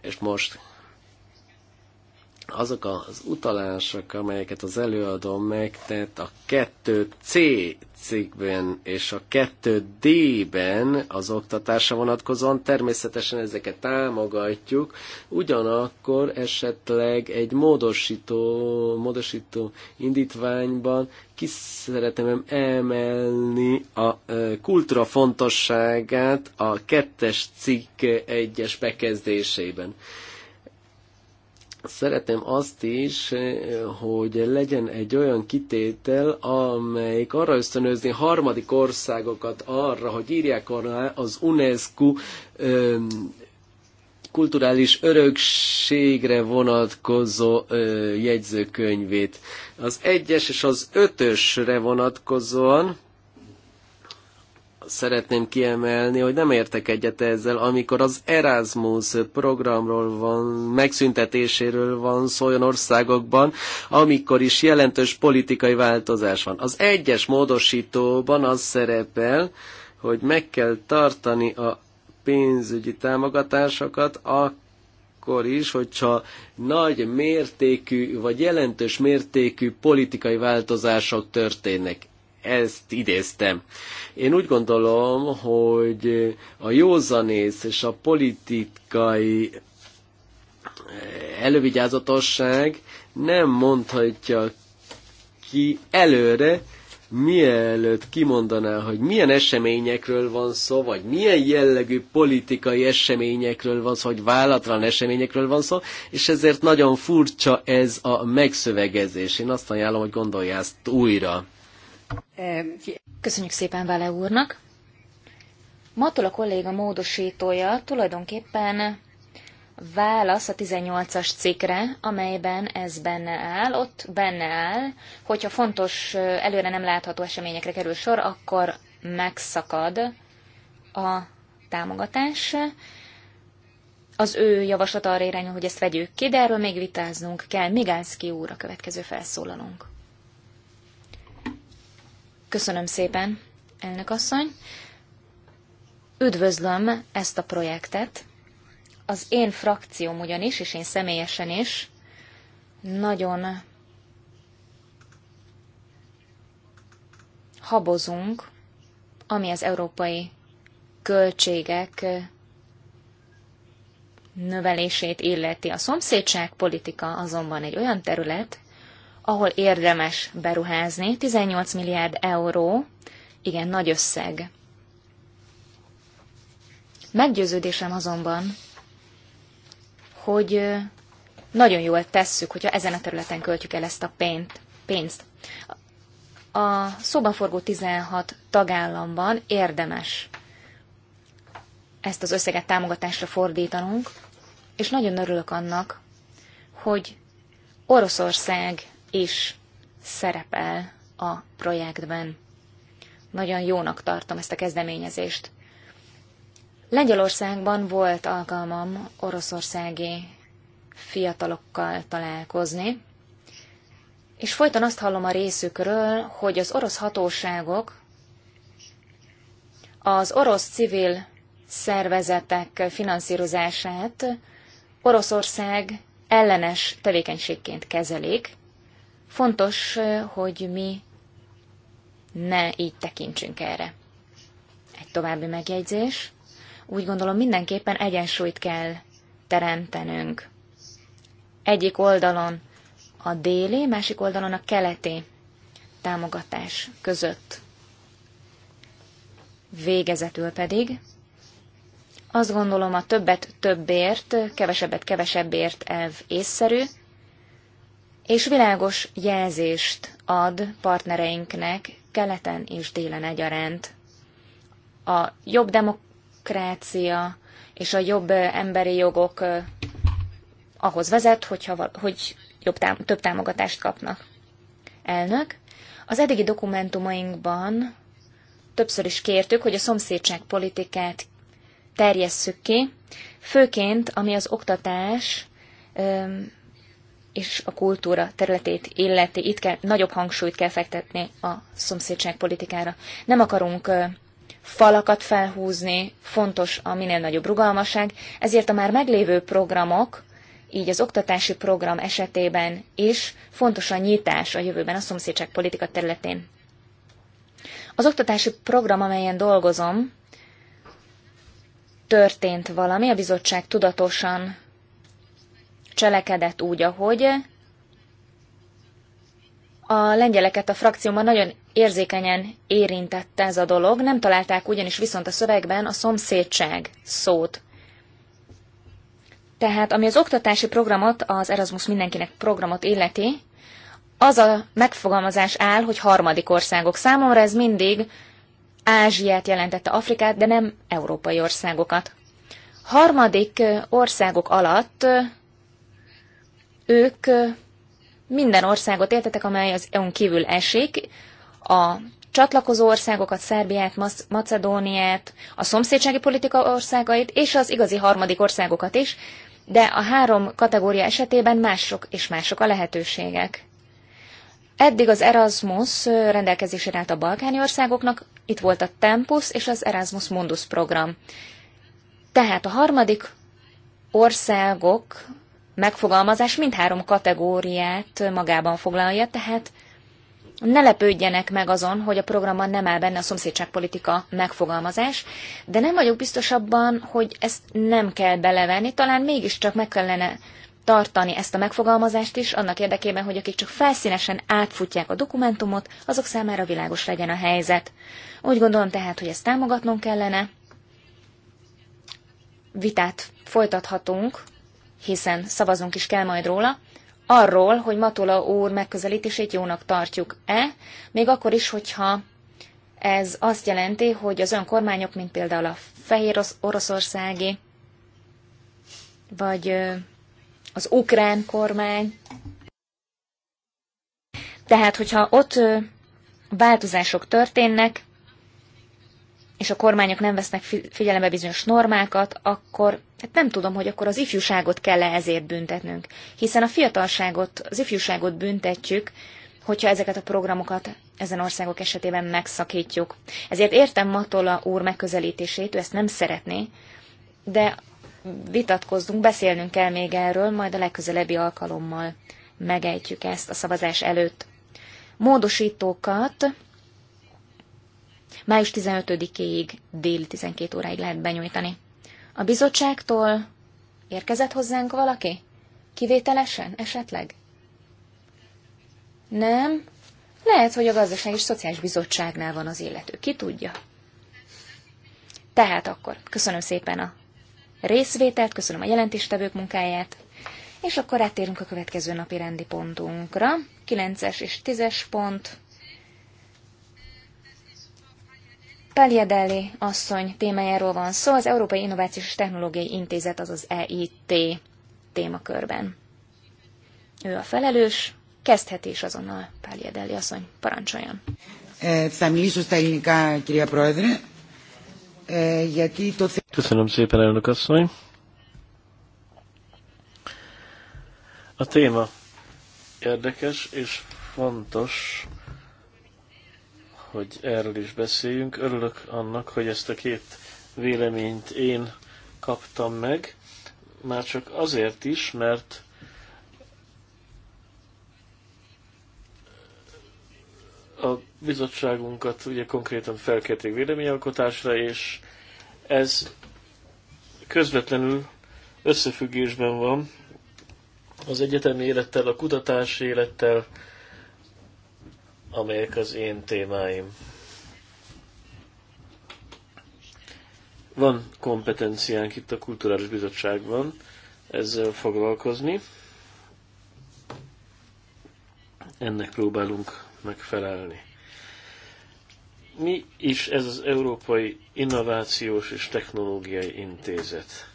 És most azok az utalások, amelyeket az előadó megtett a 2C cikkben és a 2D-ben az oktatásra vonatkozóan, természetesen ezeket támogatjuk, ugyanakkor esetleg egy módosító, módosító indítványban ki szeretném emelni a kultúra fontosságát a kettes cikk egyes bekezdésében szeretném azt is, eh, hogy legyen egy olyan kitétel, amelyik arra ösztönözni harmadik országokat arra, hogy írják alá az UNESCO eh, kulturális örökségre vonatkozó eh, jegyzőkönyvét. Az egyes és az ötösre vonatkozóan szeretném kiemelni, hogy nem értek egyet ezzel, amikor az Erasmus programról van, megszüntetéséről van szó olyan országokban, amikor is jelentős politikai változás van. Az egyes módosítóban az szerepel, hogy meg kell tartani a pénzügyi támogatásokat, akkor is, hogyha nagy mértékű vagy jelentős mértékű politikai változások történnek ezt idéztem. Én úgy gondolom, hogy a józanész és a politikai eh, elővigyázatosság nem mondhatja ki előre, mielőtt kimondaná, hogy milyen eseményekről van szó, vagy milyen jellegű politikai eseményekről van szó, vagy vállatlan eseményekről van szó, és ezért nagyon furcsa ez a megszövegezés. Én azt ajánlom, hogy gondolj ezt újra. Köszönjük szépen Vele úrnak. Matól kolléga módosítója tulajdonképpen válasz a 18-as cikkre, amelyben ez benne áll. Ott benne áll, hogyha fontos, előre nem látható eseményekre kerül sor, akkor megszakad a támogatás. Az ő javaslat arra irányul, hogy ezt vegyük ki, de erről még vitáznunk kell. Migánszki úr a következő felszólalunk. Köszönöm szépen, elnök asszony. Üdvözlöm ezt a projektet. Az én frakcióm ugyanis, és én személyesen is, nagyon habozunk, ami az európai költségek növelését illeti. A szomszédságpolitika azonban egy olyan terület, ahol érdemes beruházni. 18 milliárd euró, igen, nagy összeg. Meggyőződésem azonban, hogy nagyon jól tesszük, hogyha ezen a területen költjük el ezt a pénzt. A szobaforgó 16 tagállamban érdemes ezt az összeget támogatásra fordítanunk, és nagyon örülök annak, hogy Oroszország is szerepel a projektben. Nagyon jónak tartom ezt a kezdeményezést. Lengyelországban volt alkalmam oroszországi fiatalokkal találkozni, és folyton azt hallom a részükről, hogy az orosz hatóságok az orosz civil szervezetek finanszírozását Oroszország ellenes tevékenységként kezelik, Fontos, hogy mi ne így tekintsünk erre. Egy további megjegyzés. Úgy gondolom, mindenképpen egyensúlyt kell teremtenünk. Egyik oldalon a déli, másik oldalon a keleti támogatás között. Végezetül pedig azt gondolom a többet többért, kevesebbet kevesebbért elv észszerű, és világos jelzést ad partnereinknek keleten és délen egyaránt. A jobb demokrácia és a jobb emberi jogok ahhoz vezet, hogyha, hogy jobb több támogatást kapnak. Elnök, az eddigi dokumentumainkban többször is kértük, hogy a szomszédság politikát terjesszük ki, főként ami az oktatás, és a kultúra területét illeti. Itt kell, nagyobb hangsúlyt kell fektetni a szomszédságpolitikára. Nem akarunk falakat felhúzni, fontos a minél nagyobb rugalmaság, ezért a már meglévő programok, így az oktatási program esetében is fontos a nyitás a jövőben a szomszédság politika területén. Az oktatási program, amelyen dolgozom, történt valami, a bizottság tudatosan cselekedett úgy, ahogy. A lengyeleket a frakcióban nagyon érzékenyen érintette ez a dolog, nem találták ugyanis viszont a szövegben a szomszédság szót. Tehát ami az oktatási programot, az Erasmus mindenkinek programot illeti, az a megfogalmazás áll, hogy harmadik országok. Számomra ez mindig Ázsiát jelentette Afrikát, de nem európai országokat. Harmadik országok alatt ők minden országot értetek, amely az EU-n kívül esik, a csatlakozó országokat, Szerbiát, Macedóniát, a szomszédsági politika országait és az igazi harmadik országokat is, de a három kategória esetében mások és mások a lehetőségek. Eddig az Erasmus rendelkezésére állt a balkáni országoknak, itt volt a Tempus és az Erasmus Mundus program. Tehát a harmadik országok megfogalmazás mindhárom kategóriát magában foglalja, tehát ne lepődjenek meg azon, hogy a programban nem áll benne a szomszédságpolitika megfogalmazás, de nem vagyok biztos abban, hogy ezt nem kell belevenni, talán mégiscsak meg kellene tartani ezt a megfogalmazást is, annak érdekében, hogy akik csak felszínesen átfutják a dokumentumot, azok számára világos legyen a helyzet. Úgy gondolom tehát, hogy ezt támogatnunk kellene, vitát folytathatunk hiszen szavazunk is kell majd róla, arról, hogy matola úr megközelítését jónak tartjuk-e, még akkor is, hogyha ez azt jelenti, hogy az önkormányok, mint például a Fehér Oroszországi, vagy az ukrán kormány, tehát, hogyha ott változások történnek, és a kormányok nem vesznek figyelembe bizonyos normákat, akkor Hát nem tudom, hogy akkor az ifjúságot kell -e ezért büntetnünk, hiszen a fiatalságot, az ifjúságot büntetjük, hogyha ezeket a programokat ezen országok esetében megszakítjuk. Ezért értem Matola úr megközelítését, ő ezt nem szeretné, de vitatkozzunk, beszélnünk kell még erről, majd a legközelebbi alkalommal megejtjük ezt a szavazás előtt. Módosítókat május 15 ig déli 12 óráig lehet benyújtani. A bizottságtól érkezett hozzánk valaki? Kivételesen esetleg? Nem. Lehet, hogy a Gazdaság és Szociális Bizottságnál van az illető. Ki tudja? Tehát akkor köszönöm szépen a részvételt, köszönöm a jelentéstevők munkáját, és akkor áttérünk a következő napi rendi pontunkra. 9-es és 10-es pont. Paljadelli asszony témájáról van szó, az Európai Innovációs és Technológiai Intézet, azaz EIT témakörben. Ő a felelős, kezdheti is azonnal Paljadelli asszony, parancsoljon. Köszönöm szépen, elnök asszony. A téma érdekes és fontos hogy erről is beszéljünk. Örülök annak, hogy ezt a két véleményt én kaptam meg, már csak azért is, mert a bizottságunkat ugye konkrétan felkérték véleményalkotásra, és ez közvetlenül összefüggésben van az egyetemi élettel, a kutatási élettel, amelyek az én témáim. Van kompetenciánk itt a Kulturális Bizottságban ezzel foglalkozni. Ennek próbálunk megfelelni. Mi is ez az Európai Innovációs és Technológiai Intézet?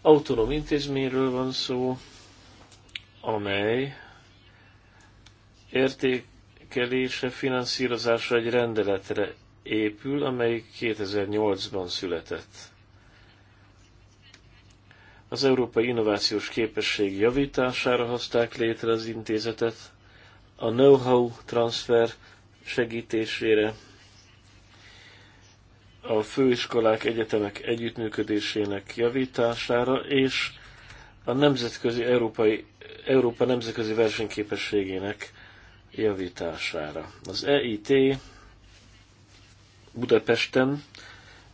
Autonóm intézményről van szó, amely értékelése, finanszírozása egy rendeletre épül, amely 2008-ban született. Az Európai Innovációs Képesség javítására hozták létre az intézetet, a know-how transfer segítésére, a főiskolák, egyetemek együttműködésének javítására, és a nemzetközi európai, Európa nemzetközi versenyképességének javítására. Az EIT Budapesten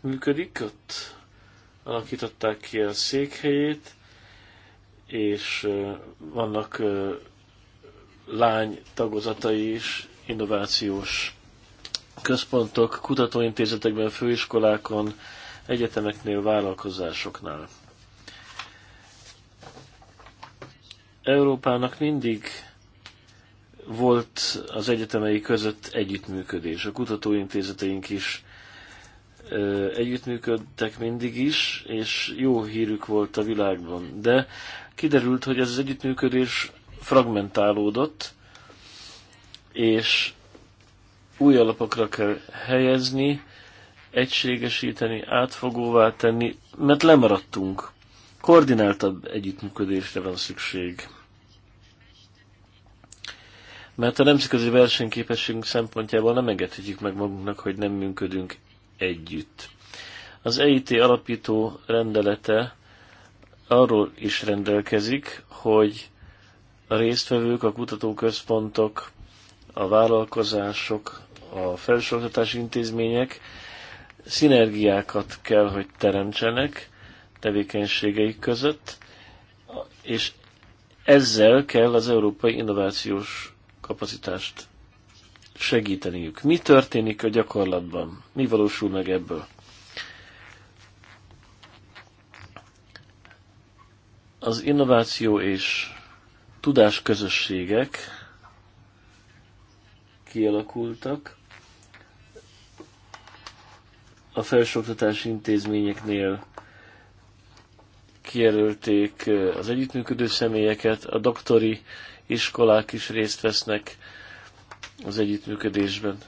működik, ott alakították ki a székhelyét, és vannak lány tagozatai is, innovációs központok, kutatóintézetekben, főiskolákon, egyetemeknél, vállalkozásoknál. Európának mindig volt az egyetemei között együttműködés. A kutatóintézeteink is együttműködtek mindig is, és jó hírük volt a világban. De kiderült, hogy ez az együttműködés fragmentálódott, és új alapokra kell helyezni, egységesíteni, átfogóvá tenni, mert lemaradtunk. Koordináltabb együttműködésre van szükség mert a nemzetközi versenyképességünk szempontjából nem engedhetjük meg magunknak, hogy nem működünk együtt. Az EIT alapító rendelete arról is rendelkezik, hogy a résztvevők, a kutatóközpontok, a vállalkozások, a felsőoktatási intézmények szinergiákat kell, hogy teremtsenek tevékenységeik között, és ezzel kell az európai innovációs kapacitást segíteniük. Mi történik a gyakorlatban? Mi valósul meg ebből? Az innováció és tudás közösségek kialakultak a felsőoktatási intézményeknél kijelölték eh, az együttműködő személyeket, a doktori iskolák is részt vesznek az együttműködésben.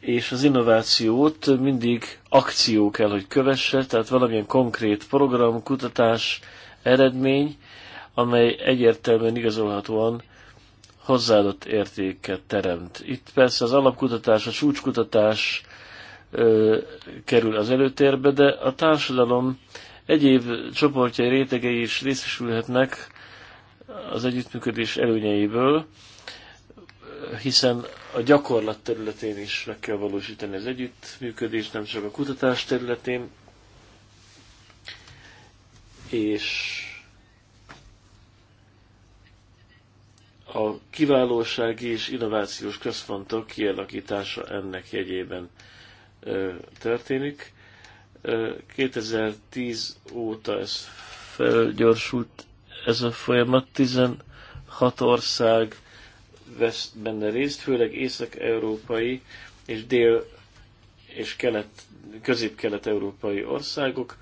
És az innovációt mindig akció kell, hogy kövesse, tehát valamilyen konkrét program, kutatás, eredmény, amely egyértelműen igazolhatóan hozzáadott értéket teremt. Itt persze az alapkutatás, a csúcskutatás ö, kerül az előtérbe, de a társadalom Egyéb csoportjai, rétegei is részesülhetnek az együttműködés előnyeiből, hiszen a gyakorlat területén is meg kell valósítani az együttműködést, nem csak a kutatás területén, és a kiválósági és innovációs központok kialakítása ennek jegyében történik. 2010 óta ez felgyorsult ez a folyamat. 16 ország vesz benne részt, főleg észak-európai és dél- és kelet, közép-kelet-európai országok.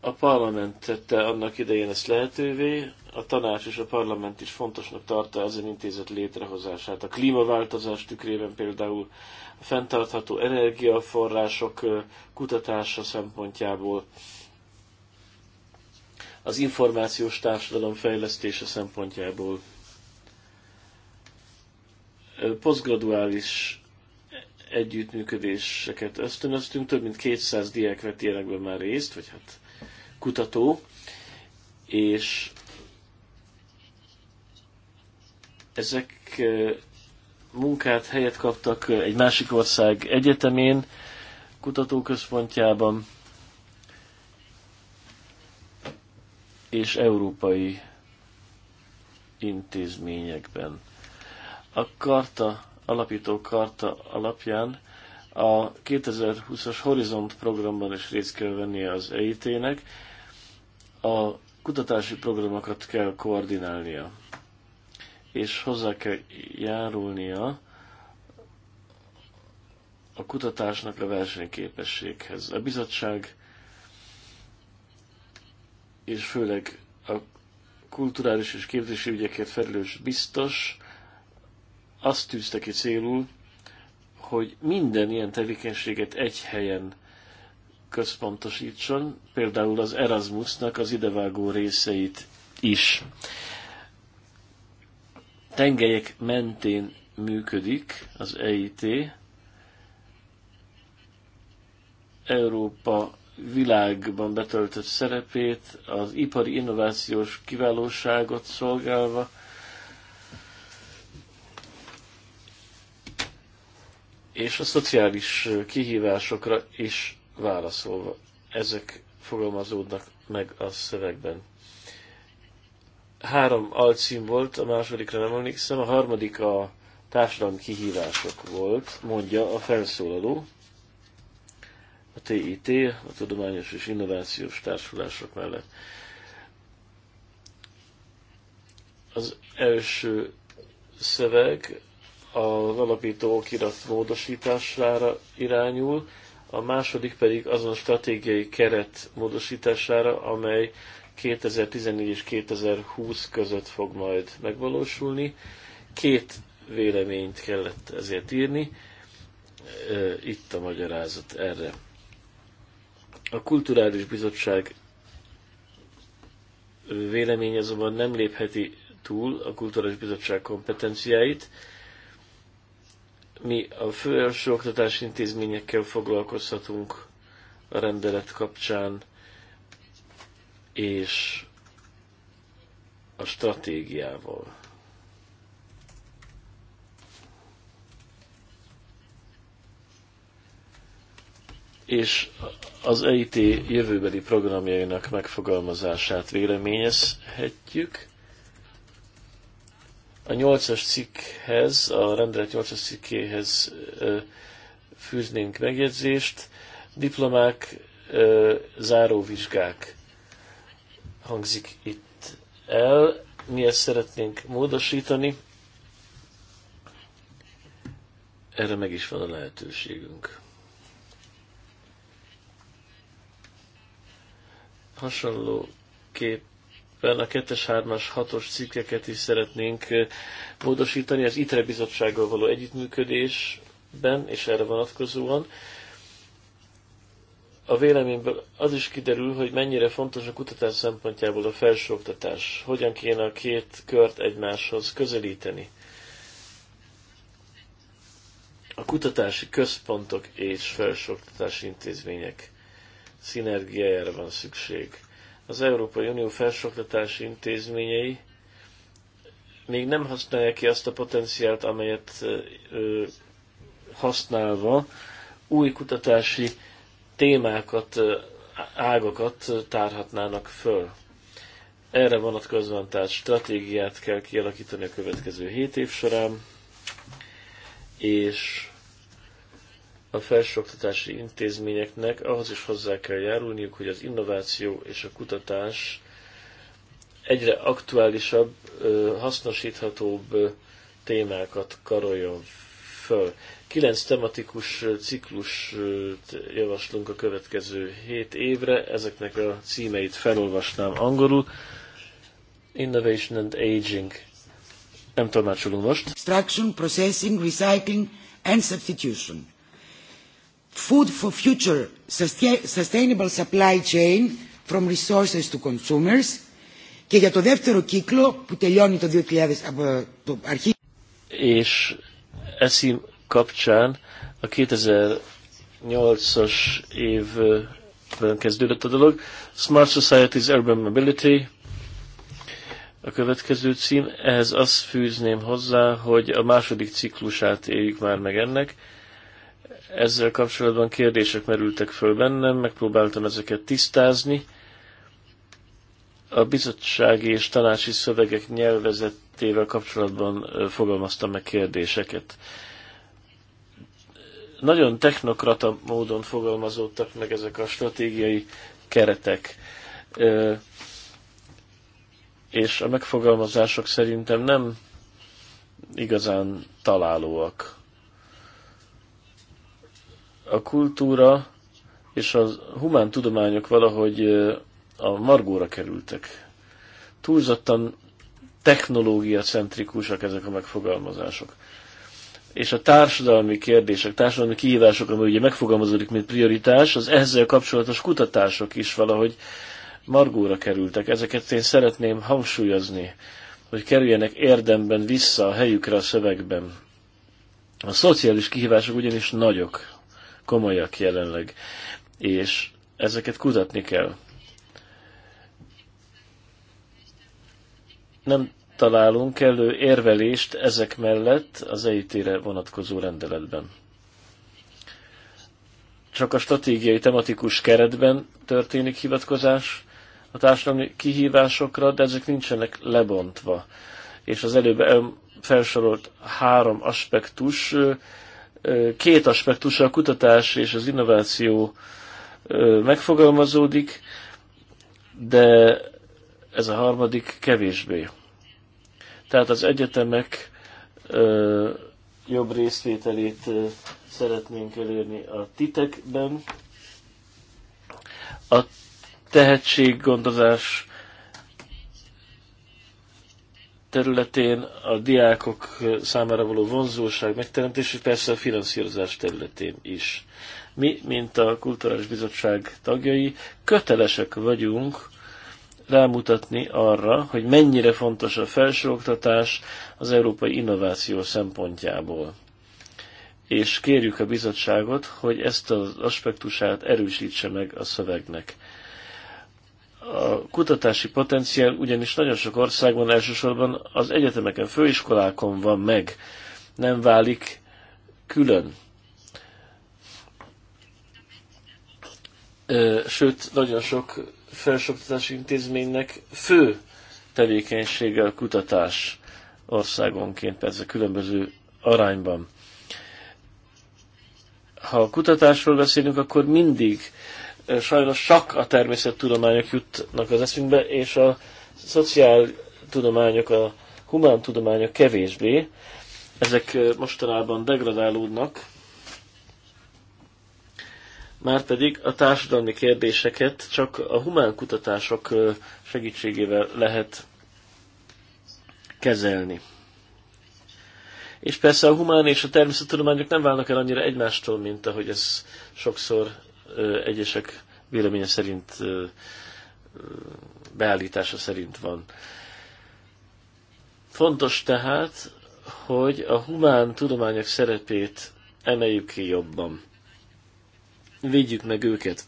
A parlament tette annak idején ezt lehetővé, a tanács és a parlament is fontosnak tartta ezen intézet létrehozását. A klímaváltozás tükrében például fenntartható energiaforrások kutatása szempontjából, az információs társadalom fejlesztése szempontjából. Posztgraduális együttműködéseket ösztönöztünk, több mint 200 diák vett ilyenekben már részt, vagy hát kutató, és ezek munkát, helyet kaptak egy másik ország egyetemén, kutatóközpontjában, és európai intézményekben. A karta, alapító karta alapján a 2020-as Horizont programban is részt kell vennie az EIT-nek, a kutatási programokat kell koordinálnia és hozzá kell járulnia a kutatásnak a versenyképességhez. A bizottság és főleg a kulturális és képzési ügyekért felelős biztos azt tűzte ki célul, hogy minden ilyen tevékenységet egy helyen központosítson, például az Erasmusnak az idevágó részeit is tengelyek mentén működik az EIT. Európa világban betöltött szerepét, az ipari innovációs kiválóságot szolgálva, és a szociális kihívásokra is válaszolva. Ezek fogalmazódnak meg a szövegben. Három alcím volt, a másodikra nem emlékszem, a harmadik a társadalmi kihívások volt, mondja a felszólaló. A TIT, a Tudományos és Innovációs Társulások mellett. Az első szöveg az alapító okirat módosítására irányul, a második pedig azon stratégiai keret módosítására, amely 2014 és 2020 között fog majd megvalósulni. Két véleményt kellett ezért írni. Itt a magyarázat erre. A Kulturális Bizottság vélemény azonban nem lépheti túl a Kulturális Bizottság kompetenciáit. Mi a oktatási intézményekkel foglalkozhatunk a rendelet kapcsán, és a stratégiával. És az EIT jövőbeli programjainak megfogalmazását véleményezhetjük. A 8-as cikkhez, a rendelet 8-as cikkéhez fűznénk megjegyzést. Diplomák, záróvizsgák hangzik itt el, mi ezt szeretnénk módosítani. Erre meg is van a lehetőségünk. Hasonlóképpen a 2-es, 3-as, 6-os cikkeket is szeretnénk módosítani az ITRE bizottsággal való együttműködésben, és erre vonatkozóan a véleményből az is kiderül, hogy mennyire fontos a kutatás szempontjából a felsőoktatás. Hogyan kéne a két kört egymáshoz közelíteni. A kutatási központok és felsőoktatási intézmények szinergiájára van szükség. Az Európai Unió felsőoktatási intézményei még nem használják ki azt a potenciált, amelyet ö, használva új kutatási témákat, ágakat tárhatnának föl. Erre vonatkozóan tehát stratégiát kell kialakítani a következő 7 év során, és a felsőoktatási intézményeknek ahhoz is hozzá kell járulniuk, hogy az innováció és a kutatás egyre aktuálisabb, hasznosíthatóbb témákat karoljon föl. Kilenc tematikus ciklus javaslunk a következő hét évre, ezeknek a címeit felolvasnám angolul. Innovation and Aging. Nem tolmácsolunk most. Extraction, processing, recycling and substitution. Food for future sustainable supply chain from resources to consumers. Και για το δεύτερο κύκλο που τελειώνει το 2000 από το αρχή. És εσύ, kapcsán a 2008-as évben kezdődött a dolog. Smart Societies Urban Mobility a következő cím. Ehhez azt fűzném hozzá, hogy a második ciklusát éljük már meg ennek. Ezzel kapcsolatban kérdések merültek föl bennem, megpróbáltam ezeket tisztázni. A bizottsági és tanácsi szövegek nyelvezettével kapcsolatban fogalmaztam meg kérdéseket. Nagyon technokrata módon fogalmazódtak meg ezek a stratégiai keretek. És a megfogalmazások szerintem nem igazán találóak. A kultúra és a humán tudományok valahogy a margóra kerültek. Túlzottan technológia centrikusak ezek a megfogalmazások és a társadalmi kérdések, társadalmi kihívások, ami ugye megfogalmazódik, mint prioritás, az ezzel kapcsolatos kutatások is valahogy margóra kerültek. Ezeket én szeretném hangsúlyozni, hogy kerüljenek érdemben vissza a helyükre a szövegben. A szociális kihívások ugyanis nagyok, komolyak jelenleg, és ezeket kutatni kell. Nem találunk kellő érvelést ezek mellett az EIT-re vonatkozó rendeletben. Csak a stratégiai tematikus keretben történik hivatkozás a társadalmi kihívásokra, de ezek nincsenek lebontva. És az előbb felsorolt három aspektus, két aspektus, a kutatás és az innováció megfogalmazódik, de ez a harmadik kevésbé. Tehát az egyetemek ö, jobb részvételét ö, szeretnénk elérni a titekben. A tehetséggondozás területén a diákok számára való vonzóság megteremtés, és persze a finanszírozás területén is. Mi, mint a Kulturális Bizottság tagjai, kötelesek vagyunk rámutatni arra, hogy mennyire fontos a felsőoktatás az európai innováció szempontjából. És kérjük a bizottságot, hogy ezt az aspektusát erősítse meg a szövegnek. A kutatási potenciál ugyanis nagyon sok országban elsősorban az egyetemeken, főiskolákon van meg, nem válik külön. sőt, nagyon sok felsőoktatási intézménynek fő tevékenysége a kutatás országonként, persze különböző arányban. Ha a kutatásról beszélünk, akkor mindig sajnos csak a természettudományok jutnak az eszünkbe, és a szociáltudományok, a humántudományok kevésbé. Ezek mostanában degradálódnak, márpedig a társadalmi kérdéseket csak a humán kutatások segítségével lehet kezelni. És persze a humán és a természettudományok nem válnak el annyira egymástól, mint ahogy ez sokszor egyesek véleménye szerint, beállítása szerint van. Fontos tehát, hogy a humán tudományok szerepét emeljük ki jobban védjük meg őket.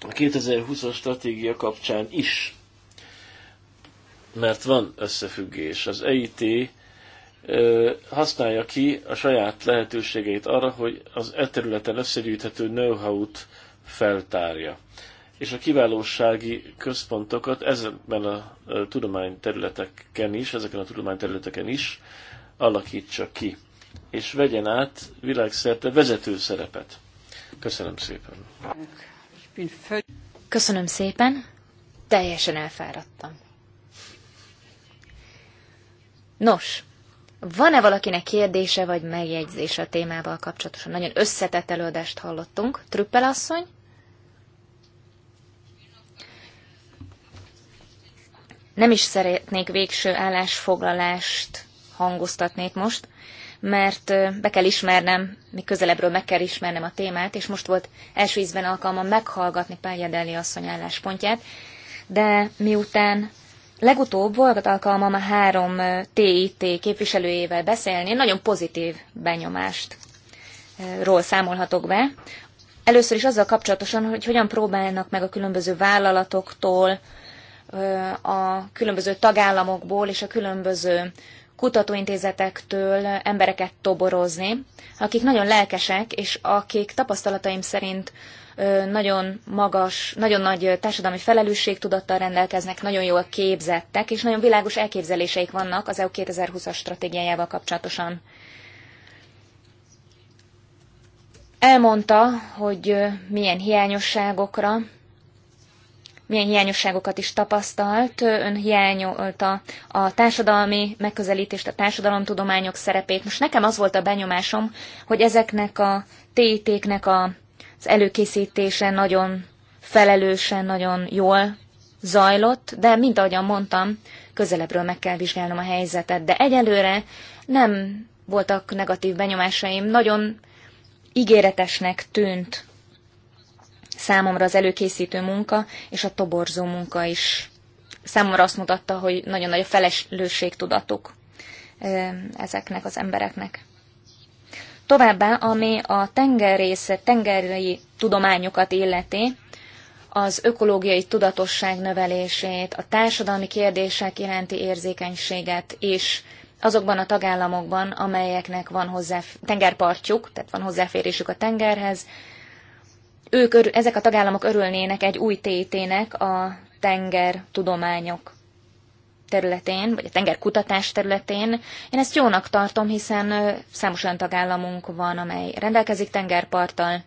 A 2020-as stratégia kapcsán is, mert van összefüggés. Az EIT használja ki a saját lehetőségeit arra, hogy az e területen összegyűjthető know-how-t feltárja. És a kiválósági központokat ezekben a tudományterületeken is, ezeken a tudományterületeken is alakítsa ki, és vegyen át világszerte vezető szerepet. Köszönöm szépen. Köszönöm szépen. Teljesen elfáradtam. Nos, van-e valakinek kérdése vagy megjegyzése a témával kapcsolatosan? Nagyon összetett előadást hallottunk. Trüppel asszony? Nem is szeretnék végső állásfoglalást hangoztatni most, mert be kell ismernem, még közelebbről meg kell ismernem a témát, és most volt első ízben alkalmam meghallgatni Pályadeli asszony álláspontját, de miután legutóbb volt alkalmam a három TIT képviselőjével beszélni, nagyon pozitív benyomást ról számolhatok be. Először is azzal kapcsolatosan, hogy hogyan próbálnak meg a különböző vállalatoktól, a különböző tagállamokból és a különböző kutatóintézetektől embereket toborozni, akik nagyon lelkesek, és akik tapasztalataim szerint nagyon magas, nagyon nagy társadalmi felelősségtudattal rendelkeznek, nagyon jól képzettek, és nagyon világos elképzeléseik vannak az EU 2020-as stratégiájával kapcsolatosan. Elmondta, hogy milyen hiányosságokra milyen hiányosságokat is tapasztalt. Ön hiányolta a társadalmi megközelítést, a társadalomtudományok szerepét. Most nekem az volt a benyomásom, hogy ezeknek a tétéknek a, az előkészítése nagyon felelősen, nagyon jól zajlott, de mint ahogyan mondtam, közelebbről meg kell vizsgálnom a helyzetet. De egyelőre nem voltak negatív benyomásaim, nagyon ígéretesnek tűnt Számomra az előkészítő munka és a toborzó munka is számomra azt mutatta, hogy nagyon nagy a tudatok ezeknek az embereknek. Továbbá, ami a tengerészet, tengeri tudományokat illeti, az ökológiai tudatosság növelését, a társadalmi kérdések iránti érzékenységet is azokban a tagállamokban, amelyeknek van hozzá tengerpartjuk, tehát van hozzáférésük a tengerhez, ők, ezek a tagállamok örülnének egy új tétének a tenger tudományok területén, vagy a tengerkutatás területén. Én ezt jónak tartom, hiszen számos olyan tagállamunk van, amely rendelkezik tengerparttal,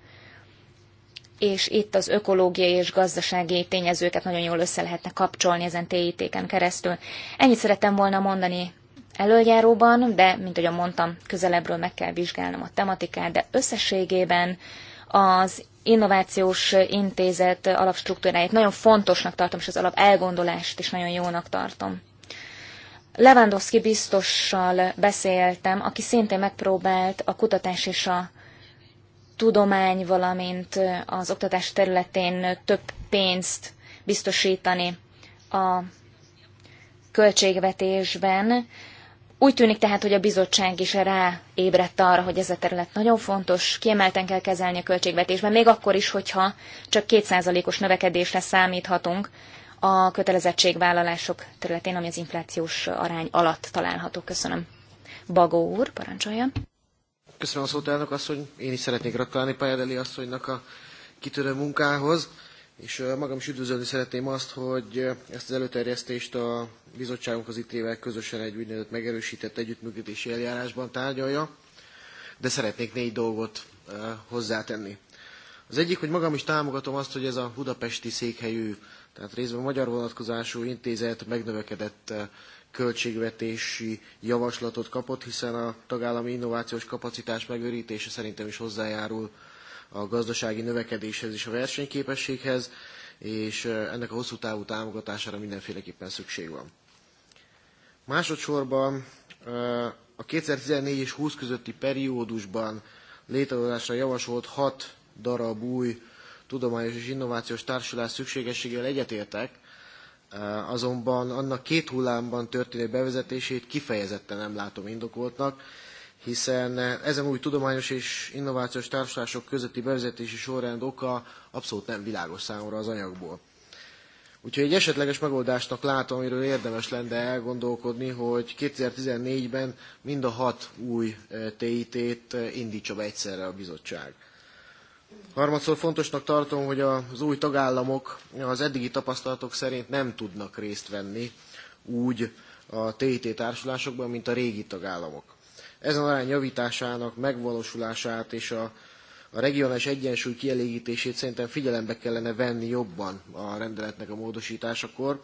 és itt az ökológiai és gazdasági tényezőket nagyon jól össze lehetne kapcsolni ezen tit keresztül. Ennyit szerettem volna mondani előjáróban, de, mint ahogy mondtam, közelebbről meg kell vizsgálnom a tematikát, de összességében az innovációs intézet alapstruktúráját nagyon fontosnak tartom, és az alap elgondolást is nagyon jónak tartom. Lewandowski biztossal beszéltem, aki szintén megpróbált a kutatás és a tudomány, valamint az oktatás területén több pénzt biztosítani a költségvetésben. Úgy tűnik tehát, hogy a bizottság is rá ébredt arra, hogy ez a terület nagyon fontos, kiemelten kell kezelni a költségvetésben, még akkor is, hogyha csak kétszázalékos növekedésre számíthatunk a kötelezettségvállalások területén, ami az inflációs arány alatt található. Köszönöm. Bagó úr, parancsoljon. Köszönöm a szót, elnök asszony. Én is szeretnék gratulálni Pajadeli asszonynak a kitörő munkához. És magam is üdvözölni szeretném azt, hogy ezt az előterjesztést a bizottságunk az ítével közösen egy úgynevezett megerősített együttműködési eljárásban tárgyalja, de szeretnék négy dolgot hozzátenni. Az egyik, hogy magam is támogatom azt, hogy ez a budapesti székhelyű, tehát részben magyar vonatkozású intézet megnövekedett költségvetési javaslatot kapott, hiszen a tagállami innovációs kapacitás megőrítése szerintem is hozzájárul a gazdasági növekedéshez és a versenyképességhez, és ennek a hosszú távú támogatására mindenféleképpen szükség van. Másodszorban a 2014 és 20 közötti periódusban létrehozásra javasolt hat darab új tudományos és innovációs társulás szükségességével egyetértek, azonban annak két hullámban történő bevezetését kifejezetten nem látom indokoltnak, hiszen eh, ezen új tudományos és innovációs társulások közötti bevezetési sorrend oka abszolút nem világos számomra az anyagból. Úgyhogy egy esetleges megoldásnak látom, amiről érdemes lenne elgondolkodni, hogy 2014-ben mind a hat új eh, TIT-t eh, indítsa be egyszerre a bizottság. Harmadszor fontosnak tartom, hogy az új tagállamok az eddigi tapasztalatok szerint nem tudnak részt venni úgy a TIT társulásokban, mint a régi tagállamok ezen arány javításának megvalósulását és a, a regionális egyensúly kielégítését szerintem figyelembe kellene venni jobban a rendeletnek a módosításakor,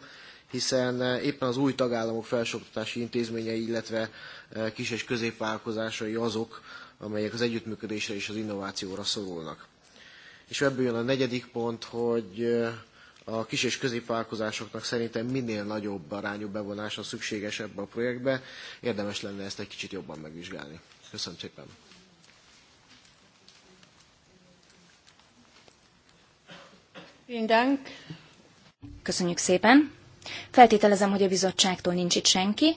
hiszen e, éppen az új tagállamok felsőoktatási intézményei, illetve e, kis- és középvállalkozásai azok, amelyek az együttműködésre és az innovációra szorulnak. És ebből jön a negyedik pont, hogy e, a kis és középvállalkozásoknak szerintem minél nagyobb arányú bevonása szükséges ebbe a projektbe. Érdemes lenne ezt egy kicsit jobban megvizsgálni. Köszönöm szépen! Köszönjük szépen. Feltételezem, hogy a bizottságtól nincs itt senki.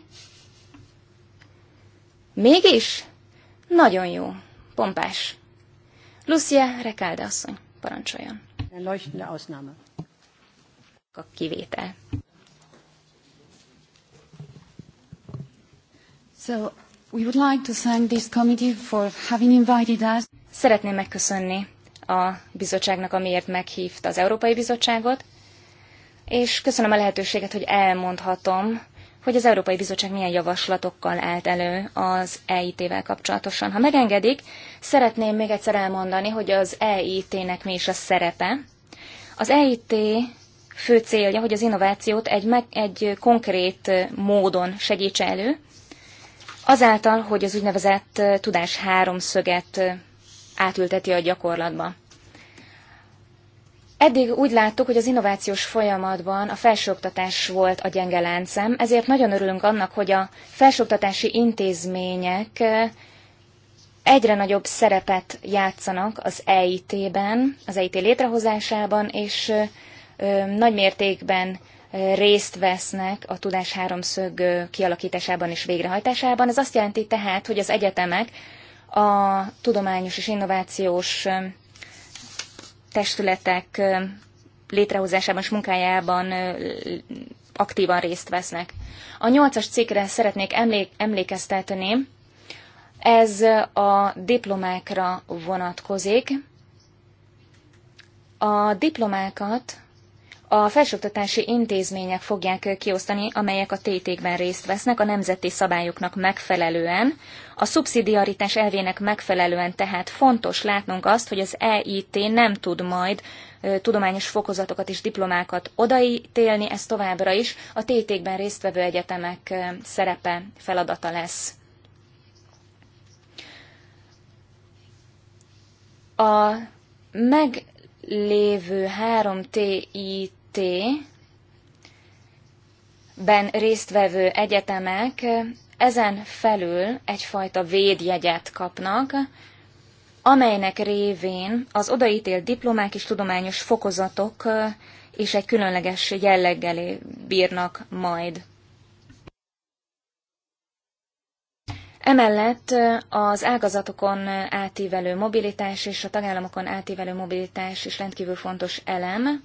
Mégis? Nagyon jó. Pompás. Lucia Rekalde asszony, parancsoljon. Leuchtende Ausnahme a kivétel. So, we would like to thank this committee for having invited us. Szeretném megköszönni a bizottságnak, amiért meghívta az Európai Bizottságot, és köszönöm a lehetőséget, hogy elmondhatom, hogy az Európai Bizottság milyen javaslatokkal állt elő az EIT-vel kapcsolatosan. Ha megengedik, szeretném még egyszer elmondani, hogy az EIT-nek mi is a szerepe. Az EIT fő célja, hogy az innovációt egy, meg, egy konkrét módon segítse elő, azáltal, hogy az úgynevezett tudás háromszöget átülteti a gyakorlatba. Eddig úgy láttuk, hogy az innovációs folyamatban a felsőoktatás volt a gyenge láncem, ezért nagyon örülünk annak, hogy a felsőoktatási intézmények eh, egyre nagyobb szerepet játszanak az EIT-ben, az EIT létrehozásában, és eh, nagy mértékben részt vesznek a tudás háromszög kialakításában és végrehajtásában. Ez azt jelenti tehát, hogy az egyetemek a tudományos és innovációs testületek létrehozásában és munkájában aktívan részt vesznek. A nyolcas cikkre szeretnék emlékeztetni, ez a diplomákra vonatkozik. A diplomákat a felsőoktatási intézmények fogják kiosztani, amelyek a tétékben részt vesznek a nemzeti szabályoknak megfelelően. A szubszidiaritás elvének megfelelően tehát fontos látnunk azt, hogy az EIT nem tud majd tudományos fokozatokat és diplomákat odaítélni, ez továbbra is a tétékben résztvevő egyetemek szerepe, feladata lesz. A meglévő három TIT t ben résztvevő egyetemek ezen felül egyfajta védjegyet kapnak, amelynek révén az odaítélt diplomák és tudományos fokozatok és egy különleges jelleggel bírnak majd. Emellett az ágazatokon átívelő mobilitás és a tagállamokon átívelő mobilitás is rendkívül fontos elem.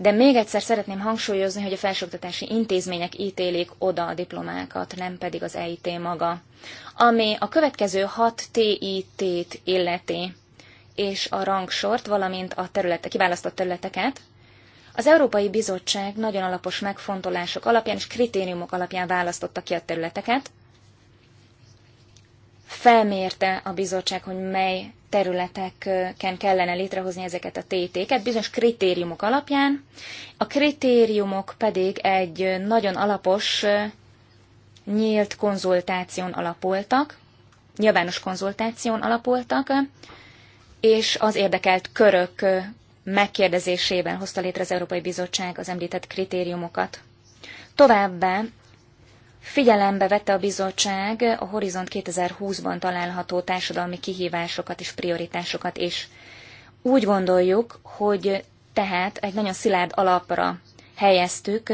De még egyszer szeretném hangsúlyozni, hogy a felsőoktatási intézmények ítélik oda a diplomákat, nem pedig az EIT maga. Ami a következő hat TIT-t illeti, és a rangsort, valamint a területe, kiválasztott területeket, az Európai Bizottság nagyon alapos megfontolások alapján és kritériumok alapján választotta ki a területeket, felmérte a bizottság, hogy mely területeken kellene létrehozni ezeket a tétéket, bizonyos kritériumok alapján. A kritériumok pedig egy nagyon alapos, nyílt konzultáción alapultak, nyilvános konzultáción alapultak, és az érdekelt körök megkérdezésében hozta létre az Európai Bizottság az említett kritériumokat. Továbbá Figyelembe vette a bizottság a Horizont 2020-ban található társadalmi kihívásokat és prioritásokat is. Úgy gondoljuk, hogy tehát egy nagyon szilárd alapra helyeztük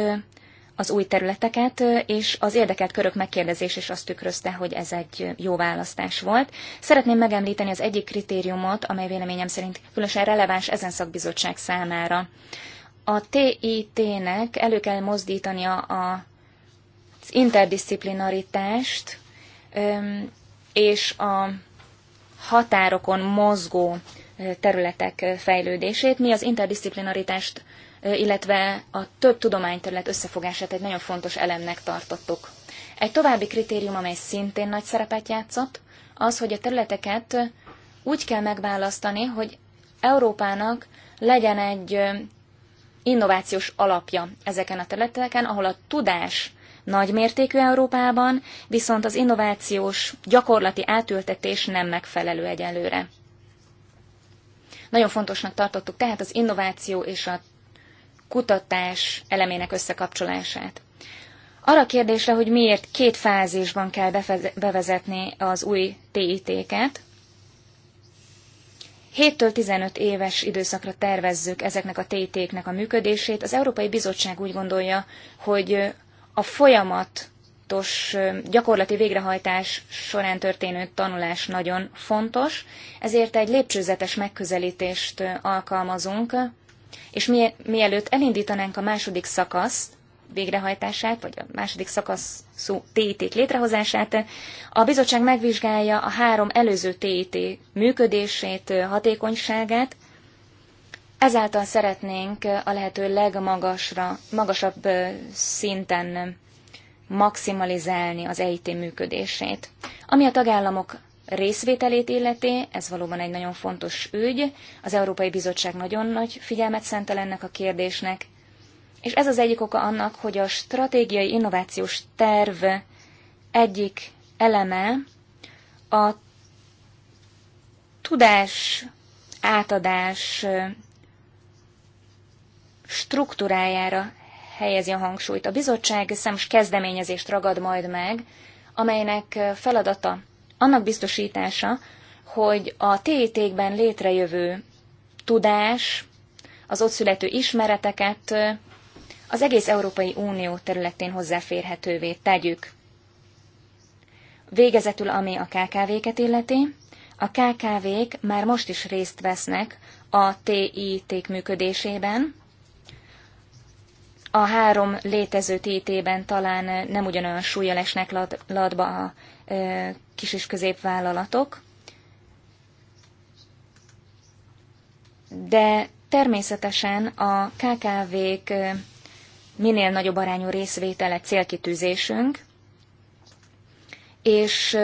az új területeket, és az érdekelt körök megkérdezés is azt tükrözte, hogy ez egy jó választás volt. Szeretném megemlíteni az egyik kritériumot, amely véleményem szerint különösen releváns ezen szakbizottság számára. A TIT-nek elő kell mozdítania a interdisziplinaritást és a határokon mozgó területek fejlődését. Mi az interdisziplinaritást, illetve a több tudományterület összefogását egy nagyon fontos elemnek tartottuk. Egy további kritérium, amely szintén nagy szerepet játszott, az, hogy a területeket úgy kell megválasztani, hogy Európának legyen egy innovációs alapja ezeken a területeken, ahol a tudás mértékű Európában, viszont az innovációs gyakorlati átültetés nem megfelelő egyelőre. Nagyon fontosnak tartottuk tehát az innováció és a kutatás elemének összekapcsolását. Arra a kérdésre, hogy miért két fázisban kell bevezetni az új TIT-ket, 7-től 15 éves időszakra tervezzük ezeknek a TIT-knek a működését. Az Európai Bizottság úgy gondolja, hogy a folyamatos gyakorlati végrehajtás során történő tanulás nagyon fontos, ezért egy lépcsőzetes megközelítést alkalmazunk, és mielőtt elindítanánk a második szakaszt, végrehajtását, vagy a második szakasz szó TIT létrehozását, a bizottság megvizsgálja a három előző TIT működését, hatékonyságát, Ezáltal szeretnénk a lehető legmagasra, magasabb szinten maximalizálni az EIT működését. Ami a tagállamok részvételét illeti, ez valóban egy nagyon fontos ügy, az Európai Bizottság nagyon nagy figyelmet szentel ennek a kérdésnek, és ez az egyik oka annak, hogy a stratégiai innovációs terv egyik eleme a tudás átadás struktúrájára helyezi a hangsúlyt. A bizottság számos kezdeményezést ragad majd meg, amelynek feladata annak biztosítása, hogy a TIT-kben létrejövő tudás, az ott születő ismereteket az egész Európai Unió területén hozzáférhetővé tegyük. Végezetül, ami a KKV-ket illeti, a KKV-k már most is részt vesznek a TIT-k működésében, a három létező tétében talán nem ugyanolyan súlyjal esnek lad, ladba a e, kis és középvállalatok, de természetesen a KKV-k minél nagyobb arányú részvétele célkitűzésünk, és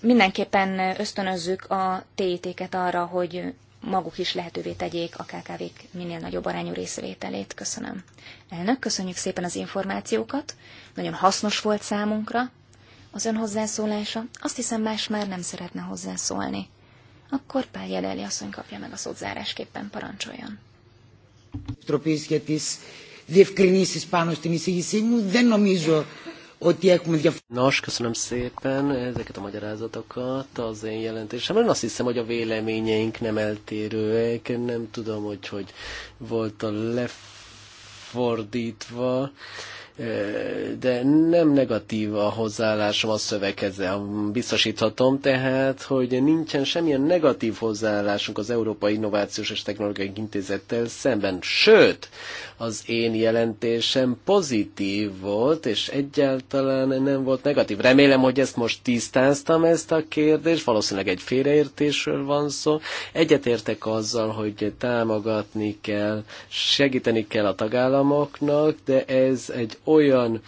mindenképpen ösztönözzük a tétéket arra, hogy maguk is lehetővé tegyék a KKV-k minél nagyobb arányú részvételét. Köszönöm. Elnök, köszönjük szépen az információkat. Nagyon hasznos volt számunkra az ön hozzászólása. Azt hiszem, más már nem szeretne hozzászólni. Akkor Pál Jedeli asszony kapja meg a szót zárásképpen, parancsoljon. Τροπής για διευκρινήσεις πάνω στην εισήγησή μου. Δεν νομίζω Nos, köszönöm szépen ezeket a magyarázatokat az én Én Azt hiszem, hogy a véleményeink nem eltérőek. Nem tudom, hogy hogy volt a lefordítva de nem negatív a hozzáállásom a szöveghez, biztosíthatom tehát, hogy nincsen semmilyen negatív hozzáállásunk az Európai Innovációs és Technológiai Intézettel szemben. Sőt, az én jelentésem pozitív volt, és egyáltalán nem volt negatív. Remélem, hogy ezt most tisztáztam ezt a kérdést, valószínűleg egy félreértésről van szó. Egyetértek azzal, hogy támogatni kell, segíteni kell a tagállamoknak, de ez egy olyan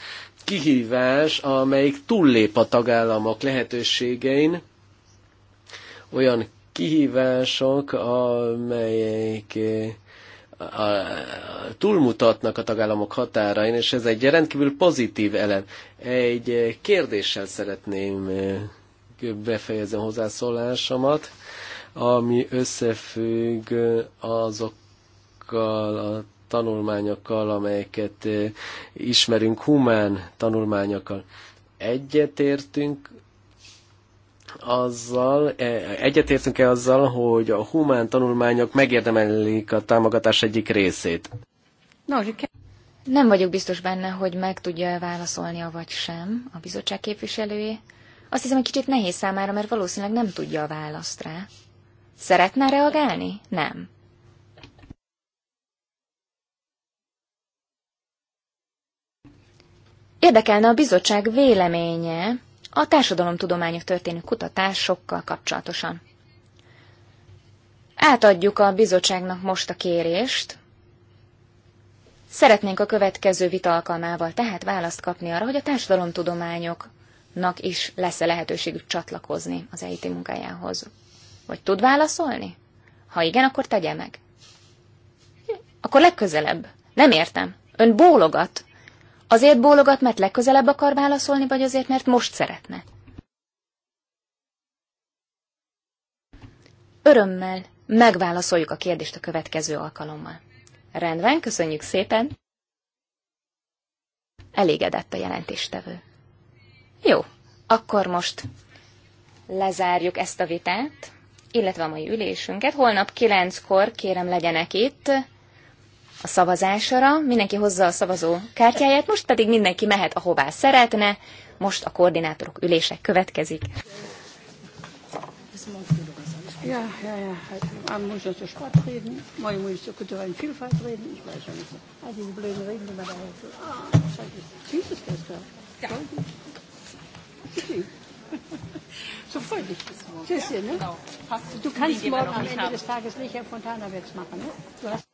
kihívás, amelyik túllép a tagállamok lehetőségein, olyan kihívások, amelyek eh, túlmutatnak a tagállamok határain, és ez egy rendkívül pozitív elem. Egy kérdéssel szeretném eh, befejezni a hozzászólásomat, ami összefügg eh, azokkal a tanulmányokkal, amelyeket eh, ismerünk, humán tanulmányokkal. Egyetértünk azzal, e, egyetértünk-e azzal, hogy a humán tanulmányok megérdemelik a támogatás egyik részét? Nem vagyok biztos benne, hogy meg tudja a vagy sem a bizottság képviselője. Azt hiszem, egy kicsit nehéz számára, mert valószínűleg nem tudja a választ rá. Szeretne reagálni? Nem. Érdekelne a bizottság véleménye a társadalomtudományok történő kutatásokkal kapcsolatosan. Átadjuk a bizottságnak most a kérést. Szeretnénk a következő vita alkalmával tehát választ kapni arra, hogy a társadalomtudományoknak is lesz-e lehetőségük csatlakozni az EIT munkájához. Vagy tud válaszolni? Ha igen, akkor tegye meg. Akkor legközelebb. Nem értem. Ön bólogat. Azért bólogat, mert legközelebb akar válaszolni, vagy azért, mert most szeretne? Örömmel megválaszoljuk a kérdést a következő alkalommal. Rendben, köszönjük szépen! Elégedett a jelentéstevő. Jó, akkor most lezárjuk ezt a vitát, illetve a mai ülésünket. Holnap kilenckor kérem legyenek itt, a szavazásra, mindenki hozza a szavazó kártyáját, most pedig mindenki mehet, ahová szeretne, most a koordinátorok ülése következik. Ja, ja, ja, hát man muss hát ja zur Sport reden, man muss zur kulturellen Vielfalt reden, ich weiß ja nicht. All diese blöden Reden, die man da hält. Ah, süßes gestern. Ja. So freundlich. Tschüsschen, ne? Genau. Du hát, kannst morgen am Ende des Tages nicht Herr Fontana jetzt machen, ne? Du hast